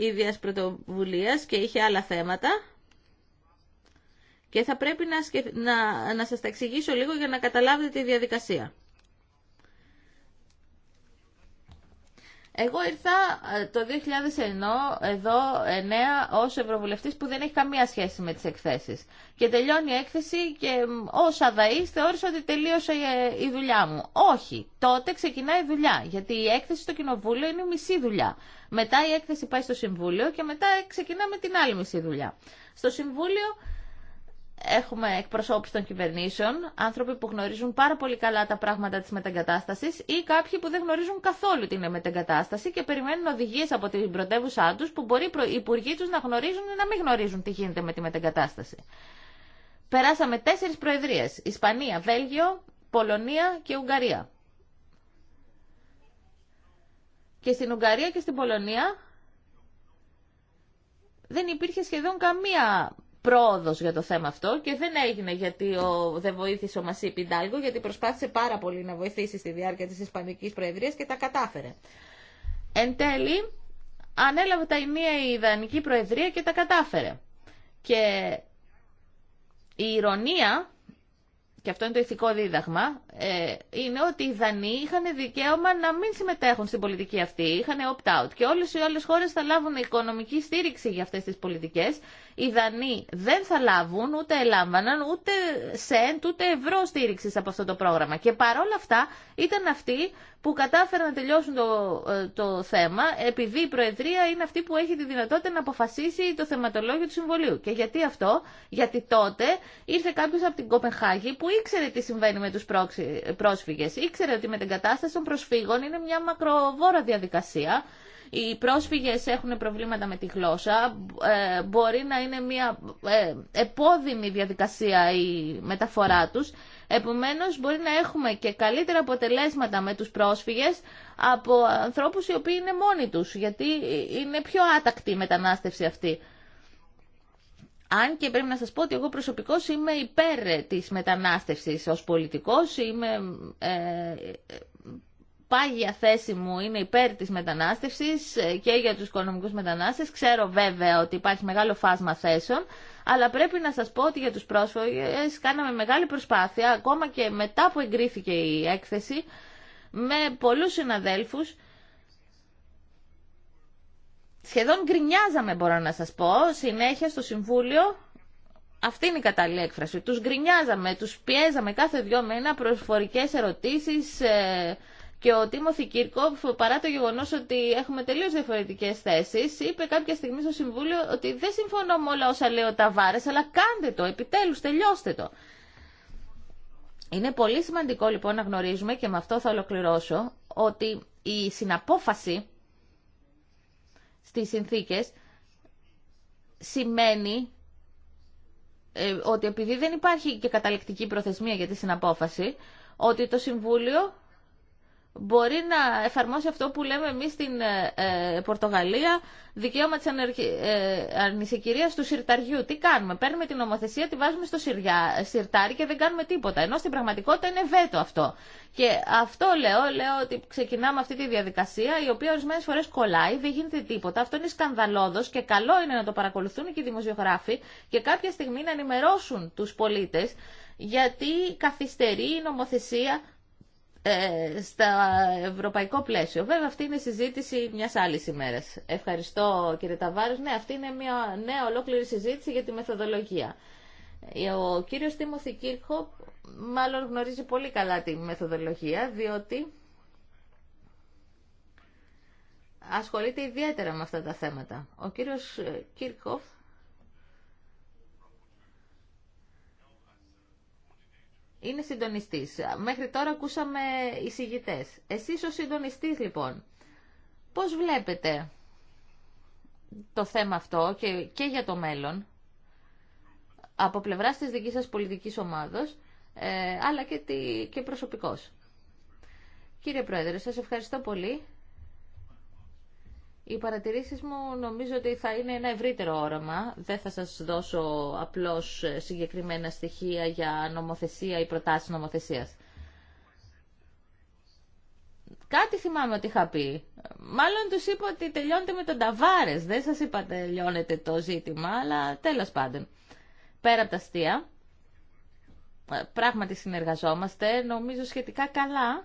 ίδιας πρωτοβουλίας και είχε άλλα θέματα. Και θα πρέπει να, να, να σας τα εξηγήσω λίγο για να καταλάβετε τη διαδικασία. Εγώ ήρθα ε, το 2009 εδώ, 9, ως Ευρωβουλευτής που δεν έχει καμία σχέση με τις εκθέσεις. Και τελειώνει η έκθεση και ως αδαής θεώρησα ότι τελείωσε ε, η δουλειά μου. Όχι, τότε ξεκινάει η δουλειά, γιατί η έκθεση στο Κοινοβούλιο είναι μισή δουλειά. Μετά η έκθεση πάει στο Συμβούλιο και μετά ξεκινάμε την άλλη μισή δουλειά. Στο Συμβούλιο έχουμε εκπροσώπους των κυβερνήσεων, άνθρωποι που γνωρίζουν πάρα πολύ καλά τα πράγματα της μεταγκατάστασης ή κάποιοι που δεν γνωρίζουν καθόλου την μεταγκατάσταση και περιμένουν οδηγίες από την πρωτεύουσά τους που μπορεί οι υπουργοί τους να γνωρίζουν ή να μην γνωρίζουν τι γίνεται με τη μεταγκατάσταση. Περάσαμε τέσσερις προεδρίες, Ισπανία, Βέλγιο, Πολωνία και Ουγγαρία. Και στην Ουγγαρία και στην Πολωνία δεν υπήρχε σχεδόν καμία Πρόοδο για το θέμα αυτό και δεν έγινε γιατί ο, δεν βοήθησε ο Μασί Πιντάλγο γιατί προσπάθησε πάρα πολύ να βοηθήσει στη διάρκεια τη ισπανική προεδρία και τα κατάφερε. Εν τέλει, ανέλαβε τα ημία η Ιδανική Προεδρία και τα κατάφερε. Και η ηρωνία, και αυτό είναι το ηθικό δίδαγμα, ε, είναι ότι οι Δανείοι είχαν δικαίωμα να μην συμμετέχουν στην πολιτική αυτή, είχαν opt-out και όλες οι άλλες χώρες θα λάβουν οικονομική στήριξη για αυτές τις πολιτικές οι Δανείοι δεν θα λάβουν ούτε έλαμβαναν ούτε σεντ ούτε ευρώ στήριξη από αυτό το πρόγραμμα. Και παρόλα αυτά ήταν αυτοί που κατάφεραν να τελειώσουν το, ε, το θέμα επειδή η Προεδρία είναι αυτή που έχει τη δυνατότητα να αποφασίσει το θεματολόγιο του Συμβολίου. Και γιατί αυτό, γιατί τότε ήρθε κάποιο από την Κοπεχάγη που ήξερε τι συμβαίνει με του πρόσφυγε. Ήξερε ότι με την κατάσταση των προσφύγων είναι μια μακροβόρα διαδικασία οι πρόσφυγες έχουν προβλήματα με τη γλώσσα. Ε, μπορεί να είναι μια ε, επώδυνη διαδικασία η μεταφορά τους. Επομένως, μπορεί να έχουμε και καλύτερα αποτελέσματα με τους πρόσφυγες από ανθρώπους οι οποίοι είναι μόνοι τους, γιατί είναι πιο άτακτη η μετανάστευση αυτή. Αν και πρέπει να σας πω ότι εγώ προσωπικώς είμαι υπέρ της μετανάστευσης ως πολιτικός, είμαι ε, πάγια θέση μου είναι υπέρ της μετανάστευσης ε, και για τους οικονομικούς μετανάστες. Ξέρω βέβαια ότι υπάρχει μεγάλο φάσμα θέσεων, αλλά πρέπει να σας πω ότι για τους πρόσφυγες κάναμε μεγάλη προσπάθεια, ακόμα και μετά που εγκρίθηκε η έκθεση, με πολλούς συναδέλφους, σχεδόν γκρινιάζαμε μπορώ να σας πω, συνέχεια στο Συμβούλιο, αυτή είναι η κατάλληλη έκφραση, τους γκρινιάζαμε, τους πιέζαμε κάθε δυο μένα προσφορικές ερωτήσεις, ε, και ο Τίμωθη Κύρκοφ, παρά το γεγονό ότι έχουμε τελείω διαφορετικέ θέσει, είπε κάποια στιγμή στο Συμβούλιο ότι δεν συμφωνώ με όλα όσα λέει ο Ταβάρε, αλλά κάντε το, επιτέλου, τελειώστε το. Είναι πολύ σημαντικό λοιπόν να γνωρίζουμε και με αυτό θα ολοκληρώσω ότι η συναπόφαση στις συνθήκες σημαίνει ε, ότι επειδή δεν υπάρχει και καταληκτική προθεσμία για τη συναπόφαση, ότι το Συμβούλιο μπορεί να εφαρμόσει αυτό που λέμε εμείς στην ε, ε Πορτογαλία, δικαίωμα της ε, ανησυχηρίας του συρταριού. Τι κάνουμε, παίρνουμε την νομοθεσία, τη βάζουμε στο συρτάρι και δεν κάνουμε τίποτα. Ενώ στην πραγματικότητα είναι βέτο αυτό. Και αυτό λέω, λέω ότι ξεκινάμε αυτή τη διαδικασία, η οποία ορισμένε φορέ κολλάει, δεν γίνεται τίποτα. Αυτό είναι σκανδαλώδο και καλό είναι να το παρακολουθούν και οι δημοσιογράφοι και κάποια στιγμή να ενημερώσουν του πολίτε, γιατί καθυστερεί η νομοθεσία ε, στα ευρωπαϊκό πλαίσιο. Βέβαια αυτή είναι η συζήτηση μιας άλλης ημέρα. Ευχαριστώ κύριε Ταβάρης. Ναι, αυτή είναι μια νέα ολόκληρη συζήτηση για τη μεθοδολογία. Ο κύριος Τίμωθη Κίρκοπ μάλλον γνωρίζει πολύ καλά τη μεθοδολογία, διότι ασχολείται ιδιαίτερα με αυτά τα θέματα. Ο κύριος Κίρκοφ είναι συντονιστής. Μέχρι τώρα ακούσαμε εισηγητέ. Εσείς ο συντονιστής λοιπόν, πώς βλέπετε το θέμα αυτό και, και για το μέλλον από πλευράς της δικής σας πολιτικής ομάδος ε, αλλά και, τη, και προσωπικός. Κύριε Πρόεδρε, σας ευχαριστώ πολύ. Οι παρατηρήσεις μου νομίζω ότι θα είναι ένα ευρύτερο όραμα. Δεν θα σας δώσω απλώς ε, συγκεκριμένα στοιχεία για νομοθεσία ή προτάσεις νομοθεσίας. Κάτι θυμάμαι ότι είχα πει. Μάλλον τους είπα ότι τελειώνετε με τον Ταβάρες. Δεν σας είπα τελειώνετε το ζήτημα, αλλά τέλος πάντων. Πέρα από τα αστεία, ε, πράγματι συνεργαζόμαστε, νομίζω σχετικά καλά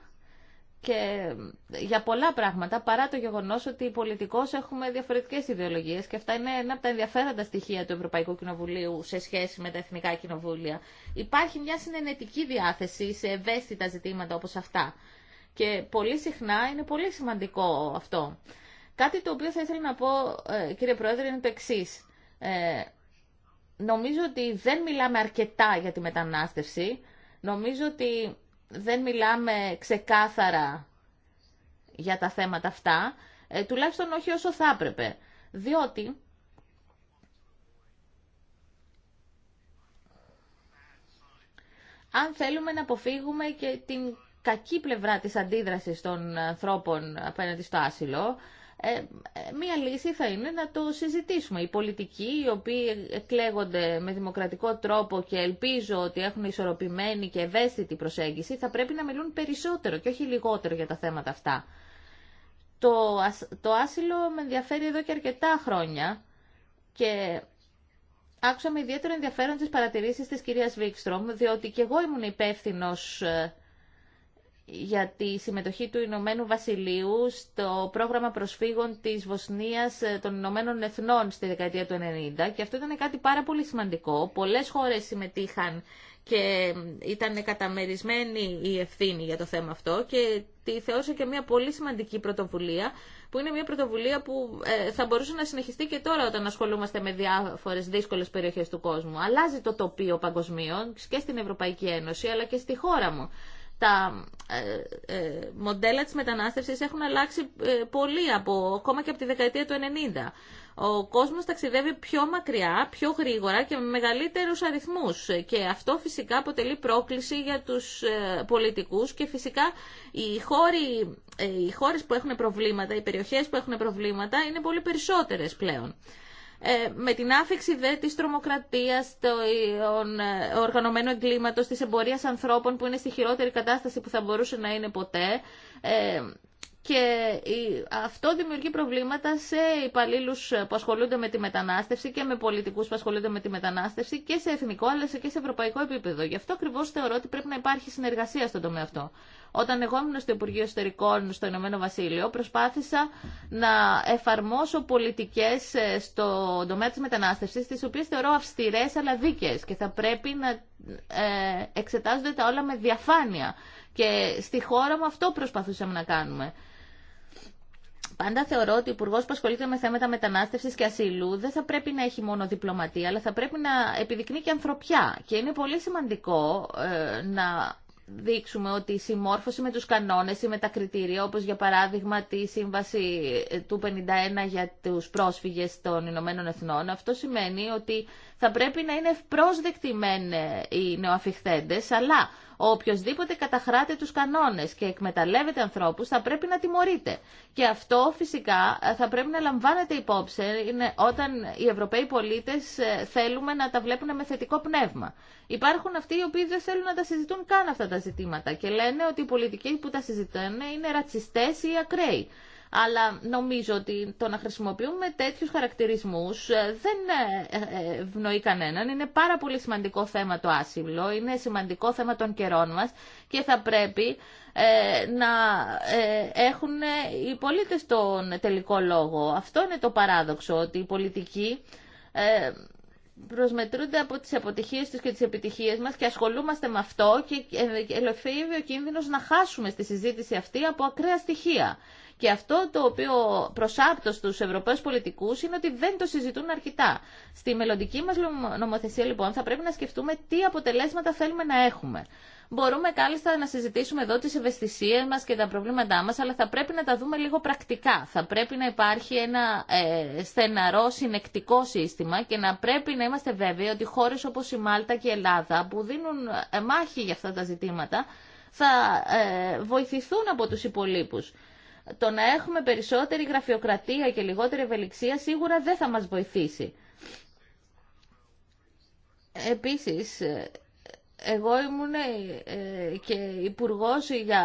και για πολλά πράγματα, παρά το γεγονό ότι πολιτικώ έχουμε διαφορετικέ ιδεολογίε και αυτά είναι ένα από τα ενδιαφέροντα στοιχεία του Ευρωπαϊκού Κοινοβουλίου σε σχέση με τα εθνικά κοινοβούλια. Υπάρχει μια συνενετική διάθεση σε ευαίσθητα ζητήματα όπω αυτά. Και πολύ συχνά είναι πολύ σημαντικό αυτό. Κάτι το οποίο θα ήθελα να πω, ε, κύριε Πρόεδρε, είναι το εξή. Ε, νομίζω ότι δεν μιλάμε αρκετά για τη μετανάστευση. Νομίζω ότι δεν μιλάμε ξεκάθαρα για τα θέματα αυτά, ε, τουλάχιστον όχι όσο θα έπρεπε. Διότι αν θέλουμε να αποφύγουμε και την κακή πλευρά της αντίδρασης των ανθρώπων απέναντι στο άσυλο, ε, ε, μία λύση θα είναι να το συζητήσουμε. Οι πολιτικοί οι οποίοι εκλέγονται με δημοκρατικό τρόπο και ελπίζω ότι έχουν ισορροπημένη και ευαίσθητη προσέγγιση θα πρέπει να μιλούν περισσότερο και όχι λιγότερο για τα θέματα αυτά. Το, το άσυλο με ενδιαφέρει εδώ και αρκετά χρόνια και άκουσα με ιδιαίτερο ενδιαφέρον τις παρατηρήσεις της κυρίας Βίξτρομ διότι και εγώ ήμουν υπεύθυνο ε, για τη συμμετοχή του Ηνωμένου Βασιλείου στο πρόγραμμα προσφύγων της Βοσνίας ε, των Ηνωμένων Εθνών στη δεκαετία του 90 και αυτό ήταν κάτι πάρα πολύ σημαντικό. Πολλές χώρες συμμετείχαν και ήταν καταμερισμένη η ευθύνη για το θέμα αυτό και τη θεώρησα και μια πολύ σημαντική πρωτοβουλία που είναι μια πρωτοβουλία που ε, θα μπορούσε να συνεχιστεί και τώρα όταν ασχολούμαστε με διάφορες δύσκολες περιοχές του κόσμου. Αλλάζει το τοπίο παγκοσμίων και στην Ευρωπαϊκή Ένωση αλλά και στη χώρα μου τα ε, ε, μοντέλα της μετανάστευσης έχουν αλλάξει ε, πολύ από, ακόμα και από τη δεκαετία του 90. Ο κόσμος ταξιδεύει πιο μακριά, πιο γρήγορα και με μεγαλύτερους αριθμούς και αυτό φυσικά αποτελεί πρόκληση για τους πολιτικούς και φυσικά οι, χώροι, οι χώρες που έχουν προβλήματα, οι περιοχές που έχουν προβλήματα είναι πολύ περισσότερες πλέον. Ε, με την άφηξη δε της τρομοκρατίας, των ε, οργανωμένου εγκλήματος, της εμπορίας ανθρώπων που είναι στη χειρότερη κατάσταση που θα μπορούσε να είναι ποτέ, ε, και αυτό δημιουργεί προβλήματα σε υπαλλήλου που ασχολούνται με τη μετανάστευση και με πολιτικού που ασχολούνται με τη μετανάστευση και σε εθνικό αλλά και σε ευρωπαϊκό επίπεδο. Γι' αυτό ακριβώ θεωρώ ότι πρέπει να υπάρχει συνεργασία στον τομέα αυτό. Όταν εγώ ήμουν στο Υπουργείο Εστερικών στο Ηνωμένο Βασίλειο, προσπάθησα να εφαρμόσω πολιτικέ ε, στον τομέα τη μετανάστευση, τι οποίε θεωρώ αυστηρέ αλλά δίκαιε και θα πρέπει να ε, εξετάζονται τα όλα με διαφάνεια. Και στη χώρα μου αυτό προσπαθούσαμε να κάνουμε. Πάντα θεωρώ ότι ο Υπουργό που ασχολείται με θέματα μετανάστευση και ασύλου δεν θα πρέπει να έχει μόνο διπλωματία, αλλά θα πρέπει να επιδεικνύει και ανθρωπιά. Και είναι πολύ σημαντικό ε, να δείξουμε ότι η συμμόρφωση με τους κανόνες ή με τα κριτήρια, όπως για παράδειγμα τη σύμβαση του 51 για τους πρόσφυγες των Ηνωμένων Εθνών, αυτό σημαίνει ότι θα πρέπει να είναι ευπρόσδεκτοι οι νεοαφιχθέντες, αλλά οποιοδήποτε καταχράτε τους κανόνες και εκμεταλλεύεται ανθρώπους θα πρέπει να τιμωρείται. Και αυτό φυσικά θα πρέπει να λαμβάνεται υπόψη είναι όταν οι Ευρωπαίοι πολίτες ε, θέλουμε να τα βλέπουν με θετικό πνεύμα. Υπάρχουν αυτοί οι οποίοι δεν θέλουν να τα συζητούν καν αυτά τα ζητήματα και λένε ότι οι πολιτικοί που τα συζητάνε είναι ρατσιστές ή ακραίοι αλλά νομίζω ότι το να χρησιμοποιούμε τέτοιους χαρακτηρισμούς ε, δεν ε, ε, ευνοεί κανέναν. Είναι πάρα πολύ σημαντικό θέμα το άσυλο, είναι σημαντικό θέμα των καιρών μας και θα πρέπει να έχουν οι πολίτες τον τελικό λόγο. Αυτό είναι το παράδοξο, ότι οι πολιτικοί... προσμετρούνται από τις αποτυχίες τους και τις επιτυχίες μας και ασχολούμαστε με αυτό και ελευθερεύει ο κίνδυνος να χάσουμε στη συζήτηση αυτή από ακραία στοιχεία. Και αυτό το οποίο προσάπτω στους Ευρωπαίους πολιτικούς είναι ότι δεν το συζητούν αρκετά. Στη μελλοντική μας νομοθεσία λοιπόν θα πρέπει να σκεφτούμε τι αποτελέσματα θέλουμε να έχουμε. Μπορούμε κάλλιστα να συζητήσουμε εδώ τις ευαισθησίες μας και τα προβλήματά μας, αλλά θα πρέπει να τα δούμε λίγο πρακτικά. Θα πρέπει να υπάρχει ένα ε, στεναρό συνεκτικό σύστημα και να πρέπει να είμαστε βέβαιοι ότι χώρες όπως η Μάλτα και η Ελλάδα που δίνουν ε, μάχη για αυτά τα ζητήματα θα ε, βοηθηθούν από τους υπολείπους το να έχουμε περισσότερη γραφειοκρατία και λιγότερη ευελιξία σίγουρα δεν θα μας βοηθήσει. Επίσης, εγώ ήμουν ε, και υπουργό για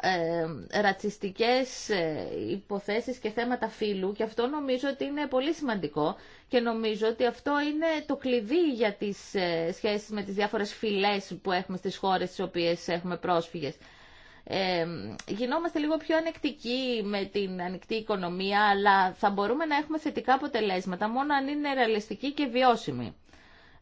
ε, ρατσιστικές ε, υποθέσεις και θέματα φύλου και αυτό νομίζω ότι είναι πολύ σημαντικό και νομίζω ότι αυτό είναι το κλειδί για τις σχέσεις με τις διάφορες φυλές που έχουμε στις χώρες στις οποίες έχουμε πρόσφυγες ε, γινόμαστε λίγο πιο ανεκτικοί με την ανοιχτή οικονομία, αλλά θα μπορούμε να έχουμε θετικά αποτελέσματα μόνο αν είναι ρεαλιστικοί και βιώσιμη.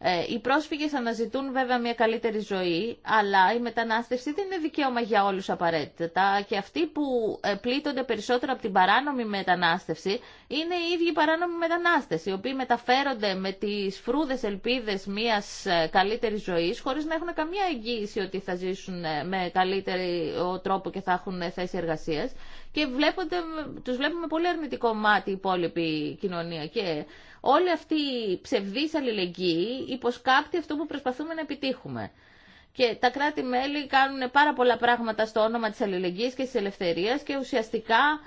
Ε, οι πρόσφυγες αναζητούν βέβαια μια καλύτερη ζωή, αλλά η μετανάστευση δεν είναι δικαίωμα για όλους απαραίτητα και αυτοί που ε, πλήττονται περισσότερο από την παράνομη μετανάστευση είναι οι ίδιοι παράνομοι μετανάστες, οι οποίοι μεταφέρονται με τις φρούδες ελπίδες μιας ε, καλύτερης ζωής χωρίς να έχουν καμία εγγύηση ότι θα ζήσουν με καλύτερο τρόπο και θα έχουν θέση εργασίας και βλέπονται, τους βλέπουμε πολύ αρνητικό μάτι η υπόλοιπη κοινωνία και Όλη αυτή η ψευδής αλληλεγγύη υποσκάπτει αυτό που προσπαθούμε να επιτύχουμε. Και τα κράτη-μέλη κάνουν πάρα πολλά πράγματα στο όνομα της αλληλεγγύης και της ελευθερίας και ουσιαστικά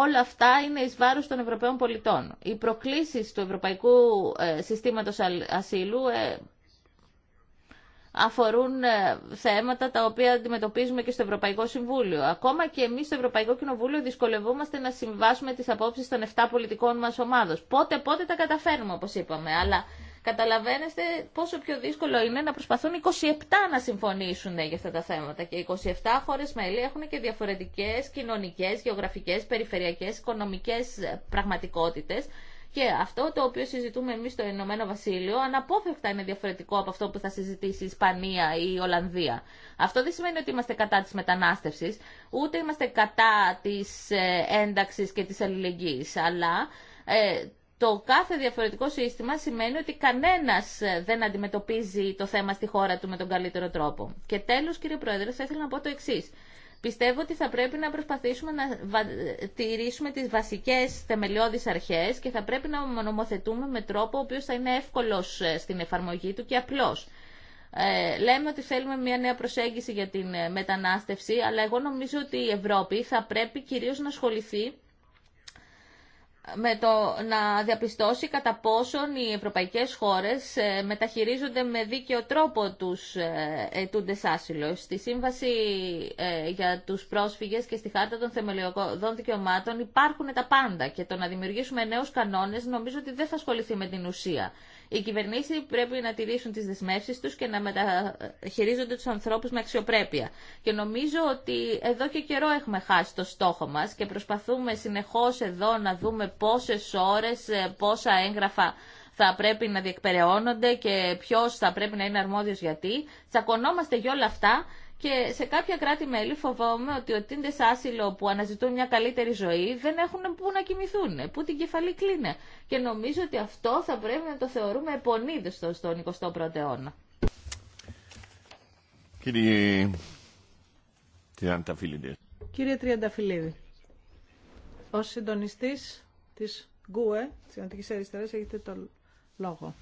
όλα αυτά είναι εις βάρος των Ευρωπαίων πολιτών. Οι προκλήσεις του Ευρωπαϊκού ε, Συστήματος Ασύλου ε, αφορούν ε, θέματα τα οποία αντιμετωπίζουμε και στο Ευρωπαϊκό Συμβούλιο. Ακόμα και εμεί στο Ευρωπαϊκό Κοινοβούλιο δυσκολευόμαστε να συμβάσουμε τι απόψει των 7 πολιτικών μα ομάδων. Πότε, πότε τα καταφέρνουμε, όπω είπαμε. Αλλά καταλαβαίνετε πόσο πιο δύσκολο είναι να προσπαθούν 27 να συμφωνήσουν ναι, για αυτά τα θέματα. Και 27 χώρε μέλη έχουν και διαφορετικέ κοινωνικέ, γεωγραφικέ, περιφερειακέ, οικονομικέ ε, πραγματικότητε και αυτό το οποίο συζητούμε εμείς στο Ηνωμένο Βασίλειο αναπόφευκτα είναι διαφορετικό από αυτό που θα συζητήσει η Ισπανία ή η Ολλανδία. Αυτό δεν σημαίνει ότι είμαστε κατά τη μετανάστευση, ούτε είμαστε κατά της ε, ένταξη και τη αλληλεγγύη. αλλά... Ε, το κάθε διαφορετικό σύστημα σημαίνει ότι κανένας ε, δεν αντιμετωπίζει το θέμα στη χώρα του με τον καλύτερο τρόπο. Και τέλο, κύριε Πρόεδρε, θα ήθελα να πω το εξή. Πιστεύω ότι θα πρέπει να προσπαθήσουμε να τηρήσουμε τις βασικές θεμελιώδεις αρχές και θα πρέπει να νομοθετούμε με τρόπο ο οποίος θα είναι εύκολος ε, στην εφαρμογή του και απλός. Ε, λέμε ότι θέλουμε μια νέα προσέγγιση για την ε, μετανάστευση, αλλά εγώ νομίζω ότι η Ευρώπη θα πρέπει κυρίως να ασχοληθεί με το να διαπιστώσει κατά πόσον οι ευρωπαϊκές χώρες ε, μεταχειρίζονται με δίκαιο τρόπο τους ε, ετούντες άσυλο. Στη Σύμβαση ε, για τους πρόσφυγες και στη Χάρτα των Θεμελιωδών Δικαιωμάτων υπάρχουν τα πάντα και το να δημιουργήσουμε νέους κανόνες νομίζω ότι δεν θα ασχοληθεί με την ουσία. Οι κυβερνήσει πρέπει να τηρήσουν τι δεσμεύσει του και να μεταχειρίζονται του ανθρώπου με αξιοπρέπεια. Και νομίζω ότι εδώ και καιρό έχουμε χάσει το στόχο μα και προσπαθούμε συνεχώ εδώ να δούμε πόσε ώρε, ε, πόσα έγγραφα θα πρέπει να διεκπεραιώνονται και ποιο θα πρέπει να είναι αρμόδιο γιατί. Τσακωνόμαστε για όλα αυτά και σε κάποια κράτη-μέλη φοβόμαι ότι ο τίντε άσυλο που αναζητούν μια καλύτερη ζωή δεν έχουν πού να κοιμηθούν, πού την κεφαλή κλείνε. Και νομίζω ότι αυτό θα πρέπει να το θεωρούμε επωνίδιστο στον 21ο αιώνα. Κύριε Τριανταφυλλίδη. Κύριε Τριανταφυλλίδη, ως συντονιστής της ΓΚΟΕ, τη Ανατολική Αριστερά, έχετε το λόγο.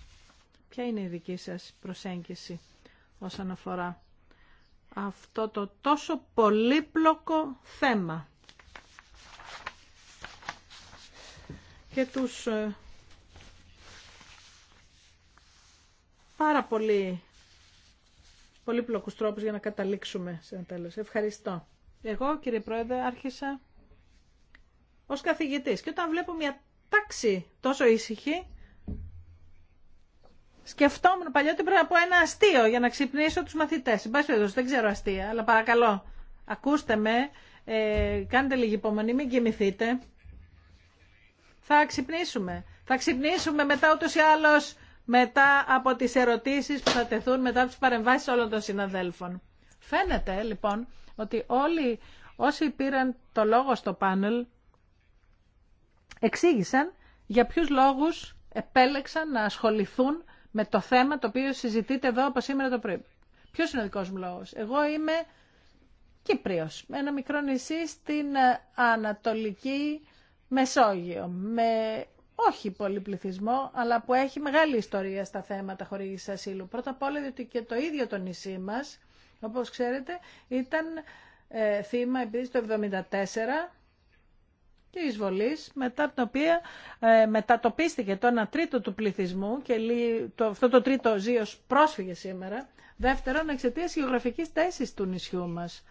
Ποια είναι η δική σας προσέγγιση όσον αφορά αυτό το τόσο πολύπλοκο θέμα. Και τους ε, πάρα πολύ πολύπλοκους τρόπους για να καταλήξουμε σε ένα τέλος. Ευχαριστώ. Εγώ κύριε Πρόεδρε άρχισα ως καθηγητής και όταν βλέπω μια τάξη τόσο ήσυχη Σκεφτόμουν παλιότερα από ένα αστείο για να ξυπνήσω τους μαθητές. Εν δεν ξέρω αστεία, αλλά παρακαλώ, ακούστε με, ε, κάντε λίγη υπομονή, μην κοιμηθείτε. Θα ξυπνήσουμε. Θα ξυπνήσουμε μετά ούτως ή άλλως μετά από τις ερωτήσεις που θα τεθούν μετά από τις παρεμβάσεις όλων των συναδέλφων. Φαίνεται λοιπόν ότι όλοι όσοι πήραν το λόγο στο πάνελ εξήγησαν για ποιους λόγους επέλεξαν να ασχοληθούν με το θέμα το οποίο συζητείτε εδώ από σήμερα το πρωί. Ποιος είναι ο δικός μου λόγος. Εγώ είμαι Κύπριος, ένα μικρό νησί στην ε, Ανατολική Μεσόγειο, με όχι πολύ πληθυσμό, αλλά που έχει μεγάλη ιστορία στα θέματα χωρίς ασύλου. Πρώτα απ' όλα, διότι και το ίδιο το νησί μας, όπως ξέρετε, ήταν ε, θύμα επειδή το 1974 και εισβολής, μετά την οποία ε, μετατοπίστηκε το 1 τρίτο του πληθυσμού και το, αυτό το τρίτο ζύος πρόσφυγε σήμερα. Δεύτερον, εξαιτία γεωγραφικής θέση του νησιού μας.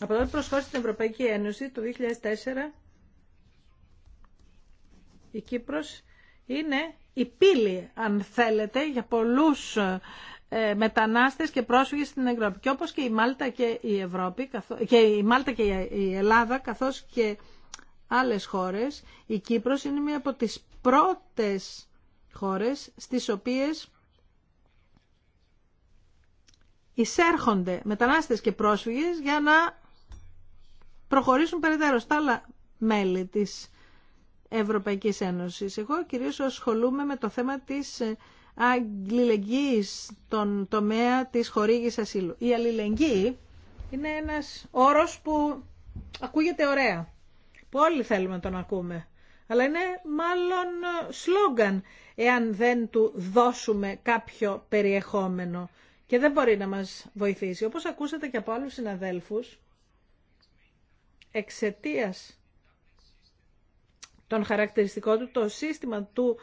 Από τότε προσχώρησε την Ευρωπαϊκή Ένωση το 2004 η Κύπρος είναι η πύλη, αν θέλετε, για πολλούς ε, ε, μετανάστες και πρόσφυγες στην Ευρώπη. Και όπως και η Μάλτα και η, Ευρώπη, και η, Μάλτα και η Ελλάδα, καθώς και άλλες χώρες, η Κύπρος είναι μία από τις πρώτες χώρες στις οποίες εισέρχονται μετανάστες και πρόσφυγες για να προχωρήσουν περαιτέρω στα άλλα μέλη της Ευρωπαϊκής Ένωσης. Εγώ κυρίως ασχολούμαι με το θέμα της ε, αλληλεγγύης στον τομέα της χορήγης ασύλου. Η αλληλεγγύη είναι ένας όρος που ακούγεται ωραία, που όλοι θέλουμε να τον ακούμε. Αλλά είναι μάλλον ε, σλόγγαν εάν δεν του δώσουμε κάποιο περιεχόμενο και δεν μπορεί να μας βοηθήσει. Όπως ακούσατε και από άλλους συναδέλφους, εξαιτίας των χαρακτηριστικών του, το σύστημα του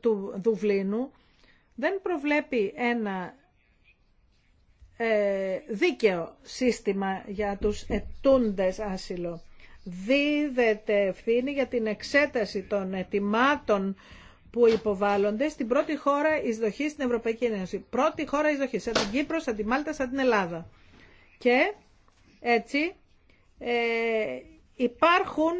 του Δουβλίνου δεν προβλέπει ένα ε, δίκαιο σύστημα για τους ετούντες άσυλο. Δίδεται ευθύνη για την εξέταση των ετοιμάτων που υποβάλλονται στην πρώτη χώρα εισδοχή στην Ευρωπαϊκή Ένωση. Πρώτη χώρα εισδοχή, σαν την Κύπρο, σαν τη Μάλτα, σαν την Ελλάδα. Και έτσι ε, υπάρχουν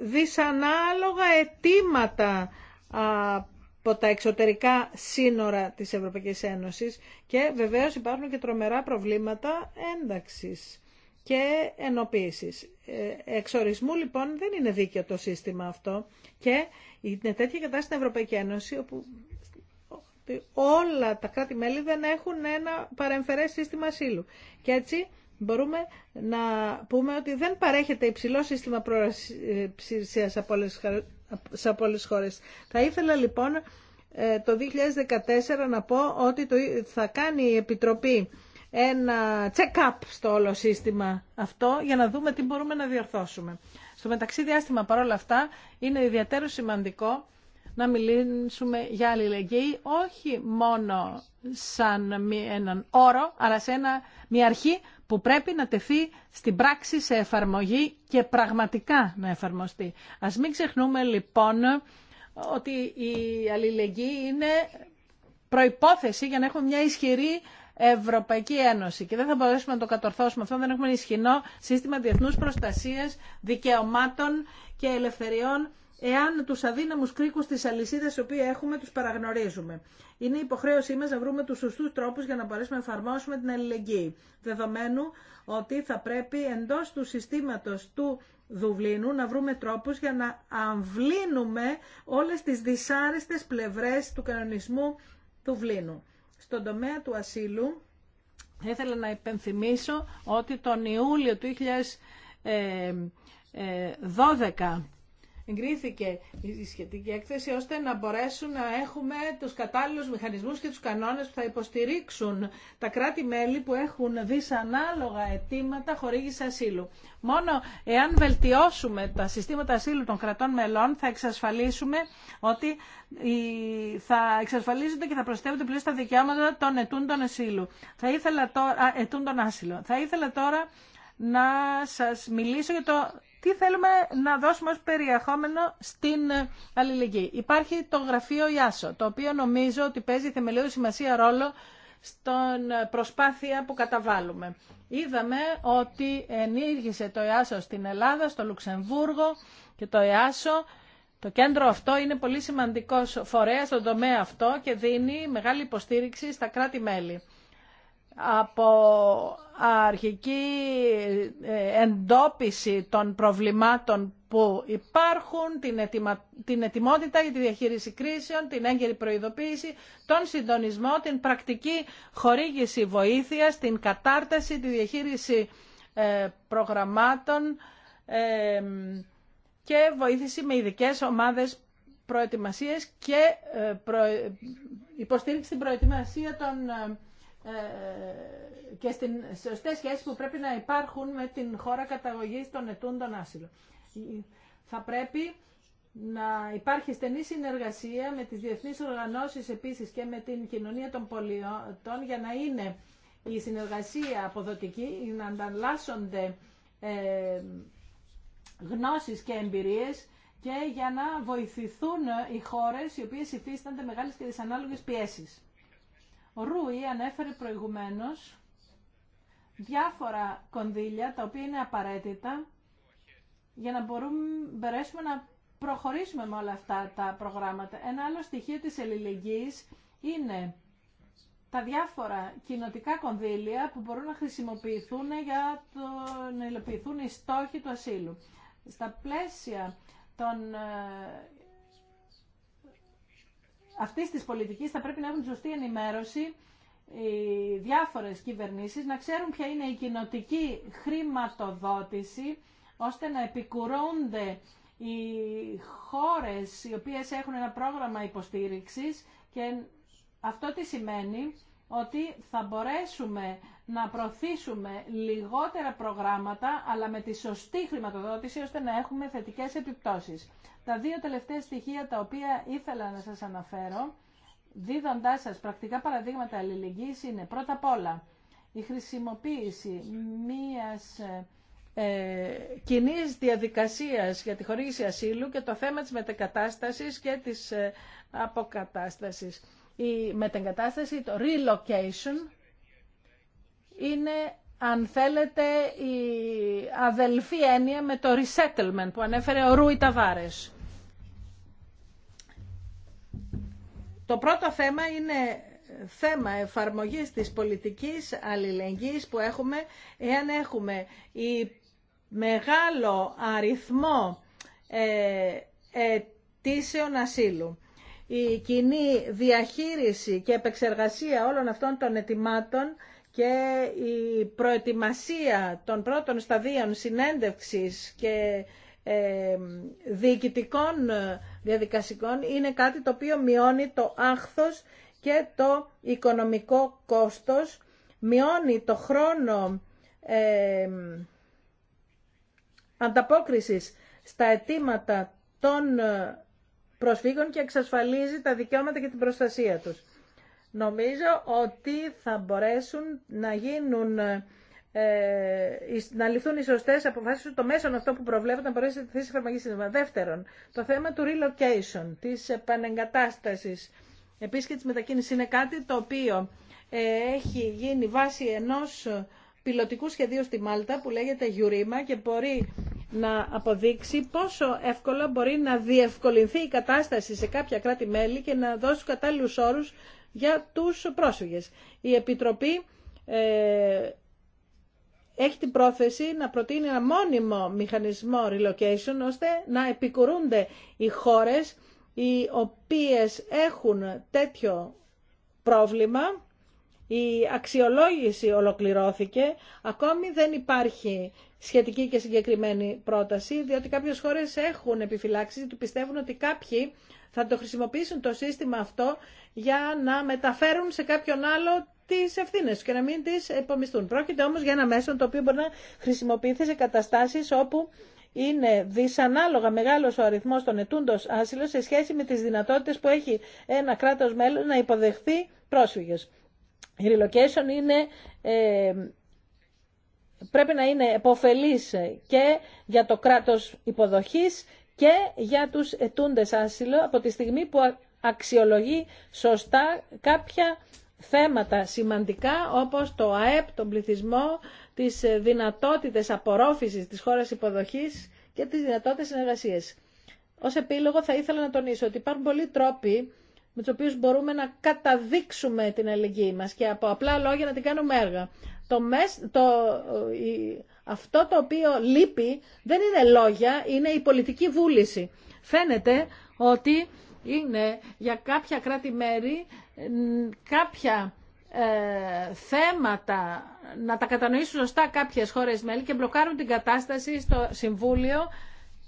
δυσανάλογα αιτήματα από τα εξωτερικά σύνορα της Ευρωπαϊκής Ένωσης και βεβαίως υπάρχουν και τρομερά προβλήματα ένταξης και ενοποίησης. Ε, Εξορισμού λοιπόν δεν είναι δίκαιο το σύστημα αυτό και είναι τέτοια κατάσταση στην Ευρωπαϊκή Ένωση όπου όλα τα κράτη-μέλη δεν έχουν ένα παρεμφερές σύστημα ασύλου. Και έτσι μπορούμε να πούμε ότι δεν παρέχεται υψηλό σύστημα προασίας ε, από σε πολλές χώρες. Θα ήθελα λοιπόν ε, το 2014 να πω ότι θα κάνει η Επιτροπή ένα check-up στο όλο σύστημα αυτό για να δούμε τι μπορούμε να διορθώσουμε. Στο μεταξύ διάστημα παρόλα αυτά είναι ιδιαίτερο σημαντικό να μιλήσουμε για αλληλεγγύη όχι μόνο σαν έναν όρο αλλά σε ένα, μια αρχή που πρέπει να τεθεί στην πράξη σε εφαρμογή και πραγματικά να εφαρμοστεί. Ας μην ξεχνούμε λοιπόν ότι η αλληλεγγύη είναι προϋπόθεση για να έχουμε μια ισχυρή Ευρωπαϊκή Ένωση και δεν θα μπορέσουμε να το κατορθώσουμε αυτό, δεν έχουμε ισχυρό σύστημα διεθνούς προστασίας, δικαιωμάτων και ελευθεριών εάν τους αδύναμους κρίκους της αλυσίδας που έχουμε τους παραγνωρίζουμε. Είναι υποχρέωσή μας να βρούμε τους σωστούς τρόπους για να μπορέσουμε να εφαρμόσουμε την αλληλεγγύη, δεδομένου ότι θα πρέπει εντός του συστήματος του Δουβλίνου να βρούμε τρόπους για να αμβλύνουμε όλες τις δυσάρεστες πλευρές του κανονισμού του Δουβλίνου. Στον τομέα του ασύλου, ήθελα να υπενθυμίσω ότι τον Ιούλιο του 2012 εγκρίθηκε η σχετική έκθεση ώστε να μπορέσουν να έχουμε τους κατάλληλους μηχανισμούς και τους κανόνες που θα υποστηρίξουν τα κράτη-μέλη που έχουν δυσανάλογα αιτήματα χορήγηση ασύλου. Μόνο εάν βελτιώσουμε τα συστήματα ασύλου των κρατών μελών θα εξασφαλίσουμε ότι θα εξασφαλίζονται και θα προστεύονται πλέον τα δικαιώματα των ετούντων ασύλου. Θα ήθελα τώρα, Θα ήθελα τώρα να σας μιλήσω για το τι θέλουμε να δώσουμε ως περιεχόμενο στην ε, αλληλεγγύη. Υπάρχει το γραφείο Ιάσο, το οποίο νομίζω ότι παίζει θεμελιώδη σημασία ρόλο στον ε, προσπάθεια που καταβάλουμε. Είδαμε ότι ενήργησε το Ιάσο στην Ελλάδα, στο Λουξεμβούργο και το ΕΑΣΟ. Το κέντρο αυτό είναι πολύ σημαντικός φορέας στον τομέα αυτό και δίνει μεγάλη υποστήριξη στα κράτη-μέλη. Από αρχική ε, εντόπιση των προβλημάτων που υπάρχουν, την, ετοιμότητα για τη διαχείριση κρίσεων, την έγκαιρη προειδοποίηση, τον συντονισμό, την πρακτική χορήγηση βοήθειας, την κατάρταση, τη διαχείριση ε, προγραμμάτων ε, και βοήθηση με ειδικέ ομάδες προετοιμασίες και υποστήριξη στην προετοιμασία των ε, και στην σωστέ σχέσει που πρέπει να υπάρχουν με την χώρα καταγωγή των ετούντων άσυλων. Ε, θα πρέπει να υπάρχει στενή συνεργασία με τις διεθνείς οργανώσεις επίσης και με την κοινωνία των πολιτών για να είναι η συνεργασία αποδοτική, να ανταλλάσσονται ε, γνώσεις και εμπειρίες και για να βοηθηθούν οι χώρες οι οποίες υφίστανται μεγάλες και δυσανάλογες πιέσεις. Ο Ρούι ανέφερε προηγουμένως διάφορα κονδύλια τα οποία είναι απαραίτητα για να μπορούμε, μπορέσουμε να προχωρήσουμε με όλα αυτά τα προγράμματα. Ένα άλλο στοιχείο της ελληνικής είναι τα διάφορα κοινοτικά κονδύλια που μπορούν να χρησιμοποιηθούν για το, να υλοποιηθούν οι στόχοι του ασύλου. Στα πλαίσια των ε, αυτή τη πολιτική θα πρέπει να έχουν σωστή ενημέρωση οι διάφορες κυβερνήσεις, να ξέρουν ποια είναι η κοινοτική χρηματοδότηση, ώστε να επικουρώνται οι χώρες οι οποίες έχουν ένα πρόγραμμα υποστήριξης και αυτό τι σημαίνει ότι θα μπορέσουμε να προωθήσουμε λιγότερα προγράμματα, αλλά με τη σωστή χρηματοδότηση, ώστε να έχουμε θετικές επιπτώσεις. Τα δύο τελευταία στοιχεία τα οποία ήθελα να σας αναφέρω, δίδοντάς σας πρακτικά παραδείγματα αλληλεγγύης, είναι πρώτα απ' όλα η χρησιμοποίηση μίας ε, κοινή διαδικασίας για τη χορήγηση ασύλου και το θέμα της μετακατάστασης και της ε, αποκατάστασης η μετεγκατάσταση, το relocation, είναι αν θέλετε η αδελφή έννοια με το resettlement που ανέφερε ο Ρούι Ταβάρες. Το πρώτο θέμα είναι θέμα εφαρμογής της πολιτικής αλληλεγγύης που έχουμε εάν έχουμε η μεγάλο αριθμό ε, ε, ασύλου η κοινή διαχείριση και επεξεργασία όλων αυτών των ετοιμάτων και η προετοιμασία των πρώτων σταδίων συνέντευξης και ε, διοικητικών ε, διαδικασικών είναι κάτι το οποίο μειώνει το άχθος και το οικονομικό κόστος, μειώνει το χρόνο ε, ανταπόκρισης στα αιτήματα των προσφύγων και εξασφαλίζει τα δικαιώματα και την προστασία τους. Νομίζω ότι θα μπορέσουν να γίνουν ε, να ληφθούν οι σωστέ αποφάσει το μέσο αυτό που προβλέπεται να μπορέσει να θέσει εφαρμογή σύστημα. Δεύτερον, το θέμα του relocation, τη επανεγκατάσταση. Επίση και τη μετακίνηση είναι κάτι το οποίο ε, έχει γίνει βάση ενό πιλωτικού σχεδίου στη Μάλτα που λέγεται Γιουρίμα και μπορεί να αποδείξει πόσο εύκολα μπορεί να διευκολυνθεί η κατάσταση σε κάποια κράτη-μέλη και να δώσει κατάλληλους όρους για τους πρόσφυγες. Η Επιτροπή ε, έχει την πρόθεση να προτείνει ένα μόνιμο μηχανισμό relocation ώστε να επικουρούνται οι χώρες οι οποίες έχουν τέτοιο πρόβλημα. Η αξιολόγηση ολοκληρώθηκε, ακόμη δεν υπάρχει σχετική και συγκεκριμένη πρόταση, διότι κάποιε χώρε έχουν επιφυλάξει ότι πιστεύουν ότι κάποιοι θα το χρησιμοποιήσουν το σύστημα αυτό για να μεταφέρουν σε κάποιον άλλο τις του και να μην τι επομιστούν. Πρόκειται όμω για ένα μέσο το οποίο μπορεί να χρησιμοποιηθεί σε καταστάσει όπου είναι δυσανάλογα μεγάλο ο αριθμό των ετούντων άσυλο σε σχέση με τι δυνατότητε που έχει ένα κράτο μέλο να υποδεχθεί πρόσφυγες. Η relocation είναι ε, πρέπει να είναι επωφελής και για το κράτος υποδοχής και για τους ετούντες άσυλο από τη στιγμή που αξιολογεί σωστά κάποια θέματα σημαντικά όπως το ΑΕΠ, τον πληθυσμό, τις δυνατότητες απορρόφησης της χώρας υποδοχής και τις δυνατότητες συνεργασίες. Ως επίλογο θα ήθελα να τονίσω ότι υπάρχουν πολλοί τρόποι με τους οποίους μπορούμε να καταδείξουμε την αλληλεγγύη μας και από απλά λόγια να την κάνουμε έργα. Το, μές το αυτό το οποίο λείπει δεν είναι λόγια, είναι η πολιτική βούληση. Φαίνεται ότι είναι για κάποια κράτη-μέρη κάποια ε, θέματα να τα κατανοήσουν σωστά κάποιες χώρες μέλη και μπλοκάρουν την κατάσταση στο Συμβούλιο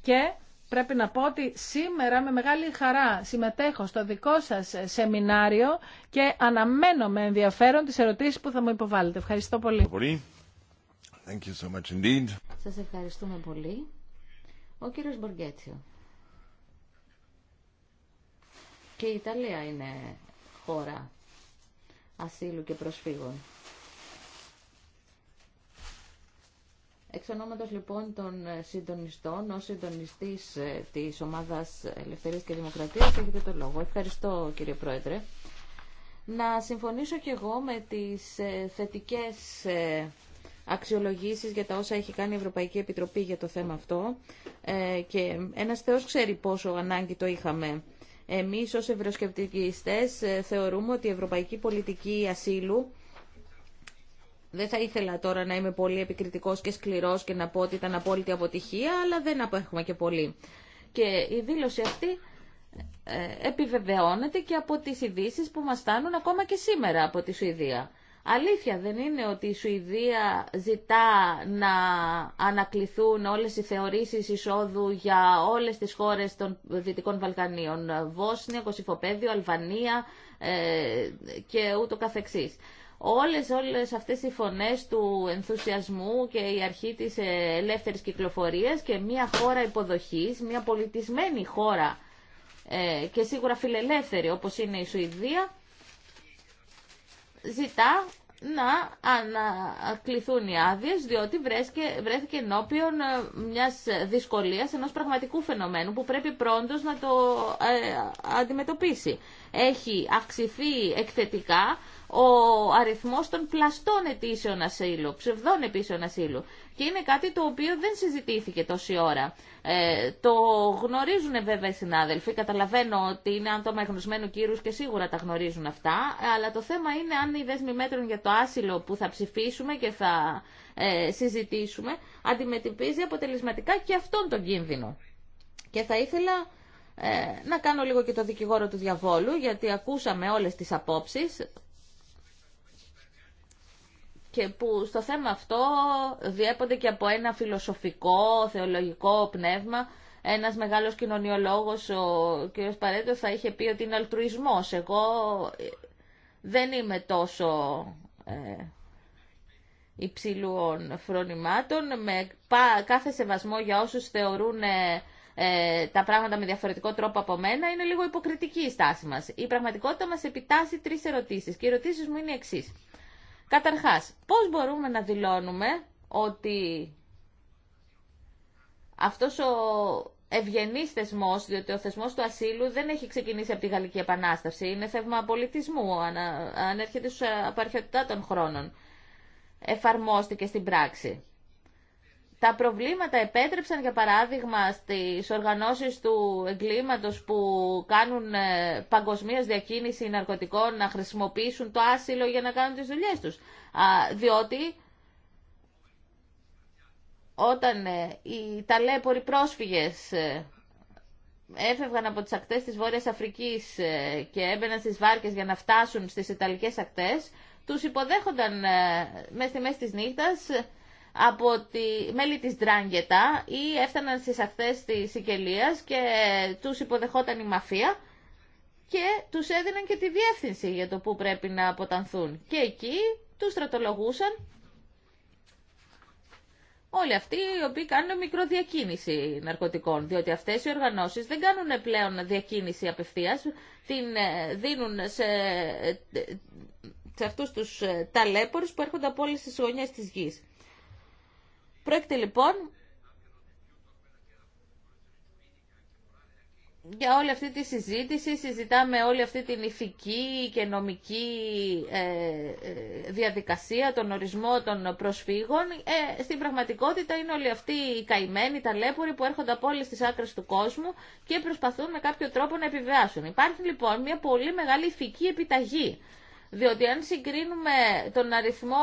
και πρέπει να πω ότι σήμερα με μεγάλη χαρά συμμετέχω στο δικό σας σεμινάριο και αναμένω με ενδιαφέρον τις ερωτήσεις που θα μου υποβάλλετε. Ευχαριστώ πολύ. Thank so Σας ευχαριστούμε πολύ. Ο κύριος Μποργέτσιο. Και η Ιταλία είναι χώρα ασύλου και προσφύγων. Εξ ονόματος λοιπόν των ε, συντονιστών, ως συντονιστής ε, της Ομάδας Ελευθερίας και Δημοκρατίας, έχετε το λόγο. Ευχαριστώ κύριε Πρόεδρε. Να συμφωνήσω και εγώ με τις ε, θετικές αξιολογήσεις για τα όσα έχει κάνει η Ευρωπαϊκή Επιτροπή για το θέμα αυτό και ένας Θεός ξέρει πόσο ανάγκη το είχαμε. Εμείς ως ευρωσκεπτικιστές θεωρούμε ότι η ευρωπαϊκή πολιτική ασύλου δεν θα ήθελα τώρα να είμαι πολύ επικριτικός και σκληρός και να πω ότι ήταν απόλυτη αποτυχία, αλλά δεν απέχουμε και πολύ. Και η δήλωση αυτή ε, επιβεβαιώνεται και από τις ειδήσει που μας στάνουν ακόμα και σήμερα από τη Σουηδία. Αλήθεια δεν είναι ότι η Σουηδία ζητά να ανακληθούν όλες οι θεωρήσεις εισόδου για όλες τις χώρες των Δυτικών Βαλκανίων, Βόσνια, Κωσυφοπέδιο, Αλβανία ε, και ούτω καθεξής όλες, όλες αυτές οι φωνές του ενθουσιασμού και η αρχή της ελεύθερης κυκλοφορίας και μια χώρα υποδοχής, μια πολιτισμένη χώρα ε, και σίγουρα φιλελεύθερη όπως είναι η Σουηδία, ζητά να ανακληθούν οι άδειε, διότι βρέθηκε, βρέθηκε ενώπιον ε, μια δυσκολίας... ενός πραγματικού φαινομένου που πρέπει πρώτος να το ε, αντιμετωπίσει. Έχει αυξηθεί εκθετικά ο αριθμό των πλαστών αιτήσεων ασύλου, ψευδών αιτήσεων ασύλου. Και είναι κάτι το οποίο δεν συζητήθηκε τόση ώρα. Ε, το γνωρίζουν βέβαια οι συνάδελφοι, καταλαβαίνω ότι είναι το εγνωσμένου κύρους και σίγουρα τα γνωρίζουν αυτά, αλλά το θέμα είναι αν οι δέσμοι μέτρων για το άσυλο που θα ψηφίσουμε και θα ε, συζητήσουμε αντιμετωπίζει αποτελεσματικά και αυτόν τον κίνδυνο. Και θα ήθελα ε, να κάνω λίγο και το δικηγόρο του διαβόλου, γιατί ακούσαμε όλες τις απόψεις και που στο θέμα αυτό διέπονται και από ένα φιλοσοφικό, θεολογικό πνεύμα. Ένας μεγάλος κοινωνιολόγος, ο κ. Παρέτο, θα είχε πει ότι είναι αλτρουισμός. Εγώ ε, δεν είμαι τόσο ε, υψηλών φρονημάτων, με κάθε σεβασμό για όσους θεωρούν ε, ε, τα πράγματα με διαφορετικό τρόπο από μένα, είναι λίγο υποκριτική η στάση μας. Η πραγματικότητα μας επιτάσσει τρεις ερωτήσεις και οι ερωτήσεις μου είναι εξή. Καταρχάς, πώς μπορούμε να δηλώνουμε ότι αυτός ο ευγενή θεσμό, διότι ο θεσμός του ασύλου δεν έχει ξεκινήσει από τη Γαλλική Επανάσταση. Είναι θεύμα πολιτισμού, αν, έρχεται απαρχαιότητά των χρόνων. Εφαρμόστηκε στην πράξη τα προβλήματα επέτρεψαν για παράδειγμα στις οργανώσεις του εγκλήματος που κάνουν ε, παγκοσμίω διακίνηση ναρκωτικών να χρησιμοποιήσουν το άσυλο για να κάνουν τις δουλειές τους. διότι όταν ε, οι ταλέποροι πρόσφυγες ε, έφευγαν από τις ακτές της Βόρειας Αφρικής και έμπαιναν στις βάρκες για να φτάσουν στις Ιταλικές ακτές, τους υποδέχονταν μέσα στη μέση της νύχτας από τη μέλη της Δράγκετα ή έφταναν στις αυτές της Σικελίας και τους υποδεχόταν η μαφία και τους έδιναν και τη διεύθυνση για το που πρέπει να αποτανθούν. Και εκεί τους στρατολογούσαν όλοι αυτοί οι οποίοι κάνουν μικροδιακίνηση ναρκωτικών, διότι αυτές οι οργανώσεις δεν κάνουν πλέον διακίνηση απευθείας, την ε, δίνουν σε, ε, σε αυτούς τους ε, ταλέπορους που έρχονται από όλες τις γωνιές της γης. Πρόκειται λοιπόν για όλη αυτή τη συζήτηση, συζητάμε όλη αυτή την ηθική και νομική ε, ε, διαδικασία, τον ορισμό των προσφύγων. Ε, στην πραγματικότητα είναι όλοι αυτοί οι καημένοι, τα λέποροι που έρχονται από όλες τις άκρες του κόσμου και προσπαθούν με κάποιο τρόπο να επιβιάσουν. Υπάρχει λοιπόν μια πολύ μεγάλη ηθική επιταγή διότι αν συγκρίνουμε τον αριθμό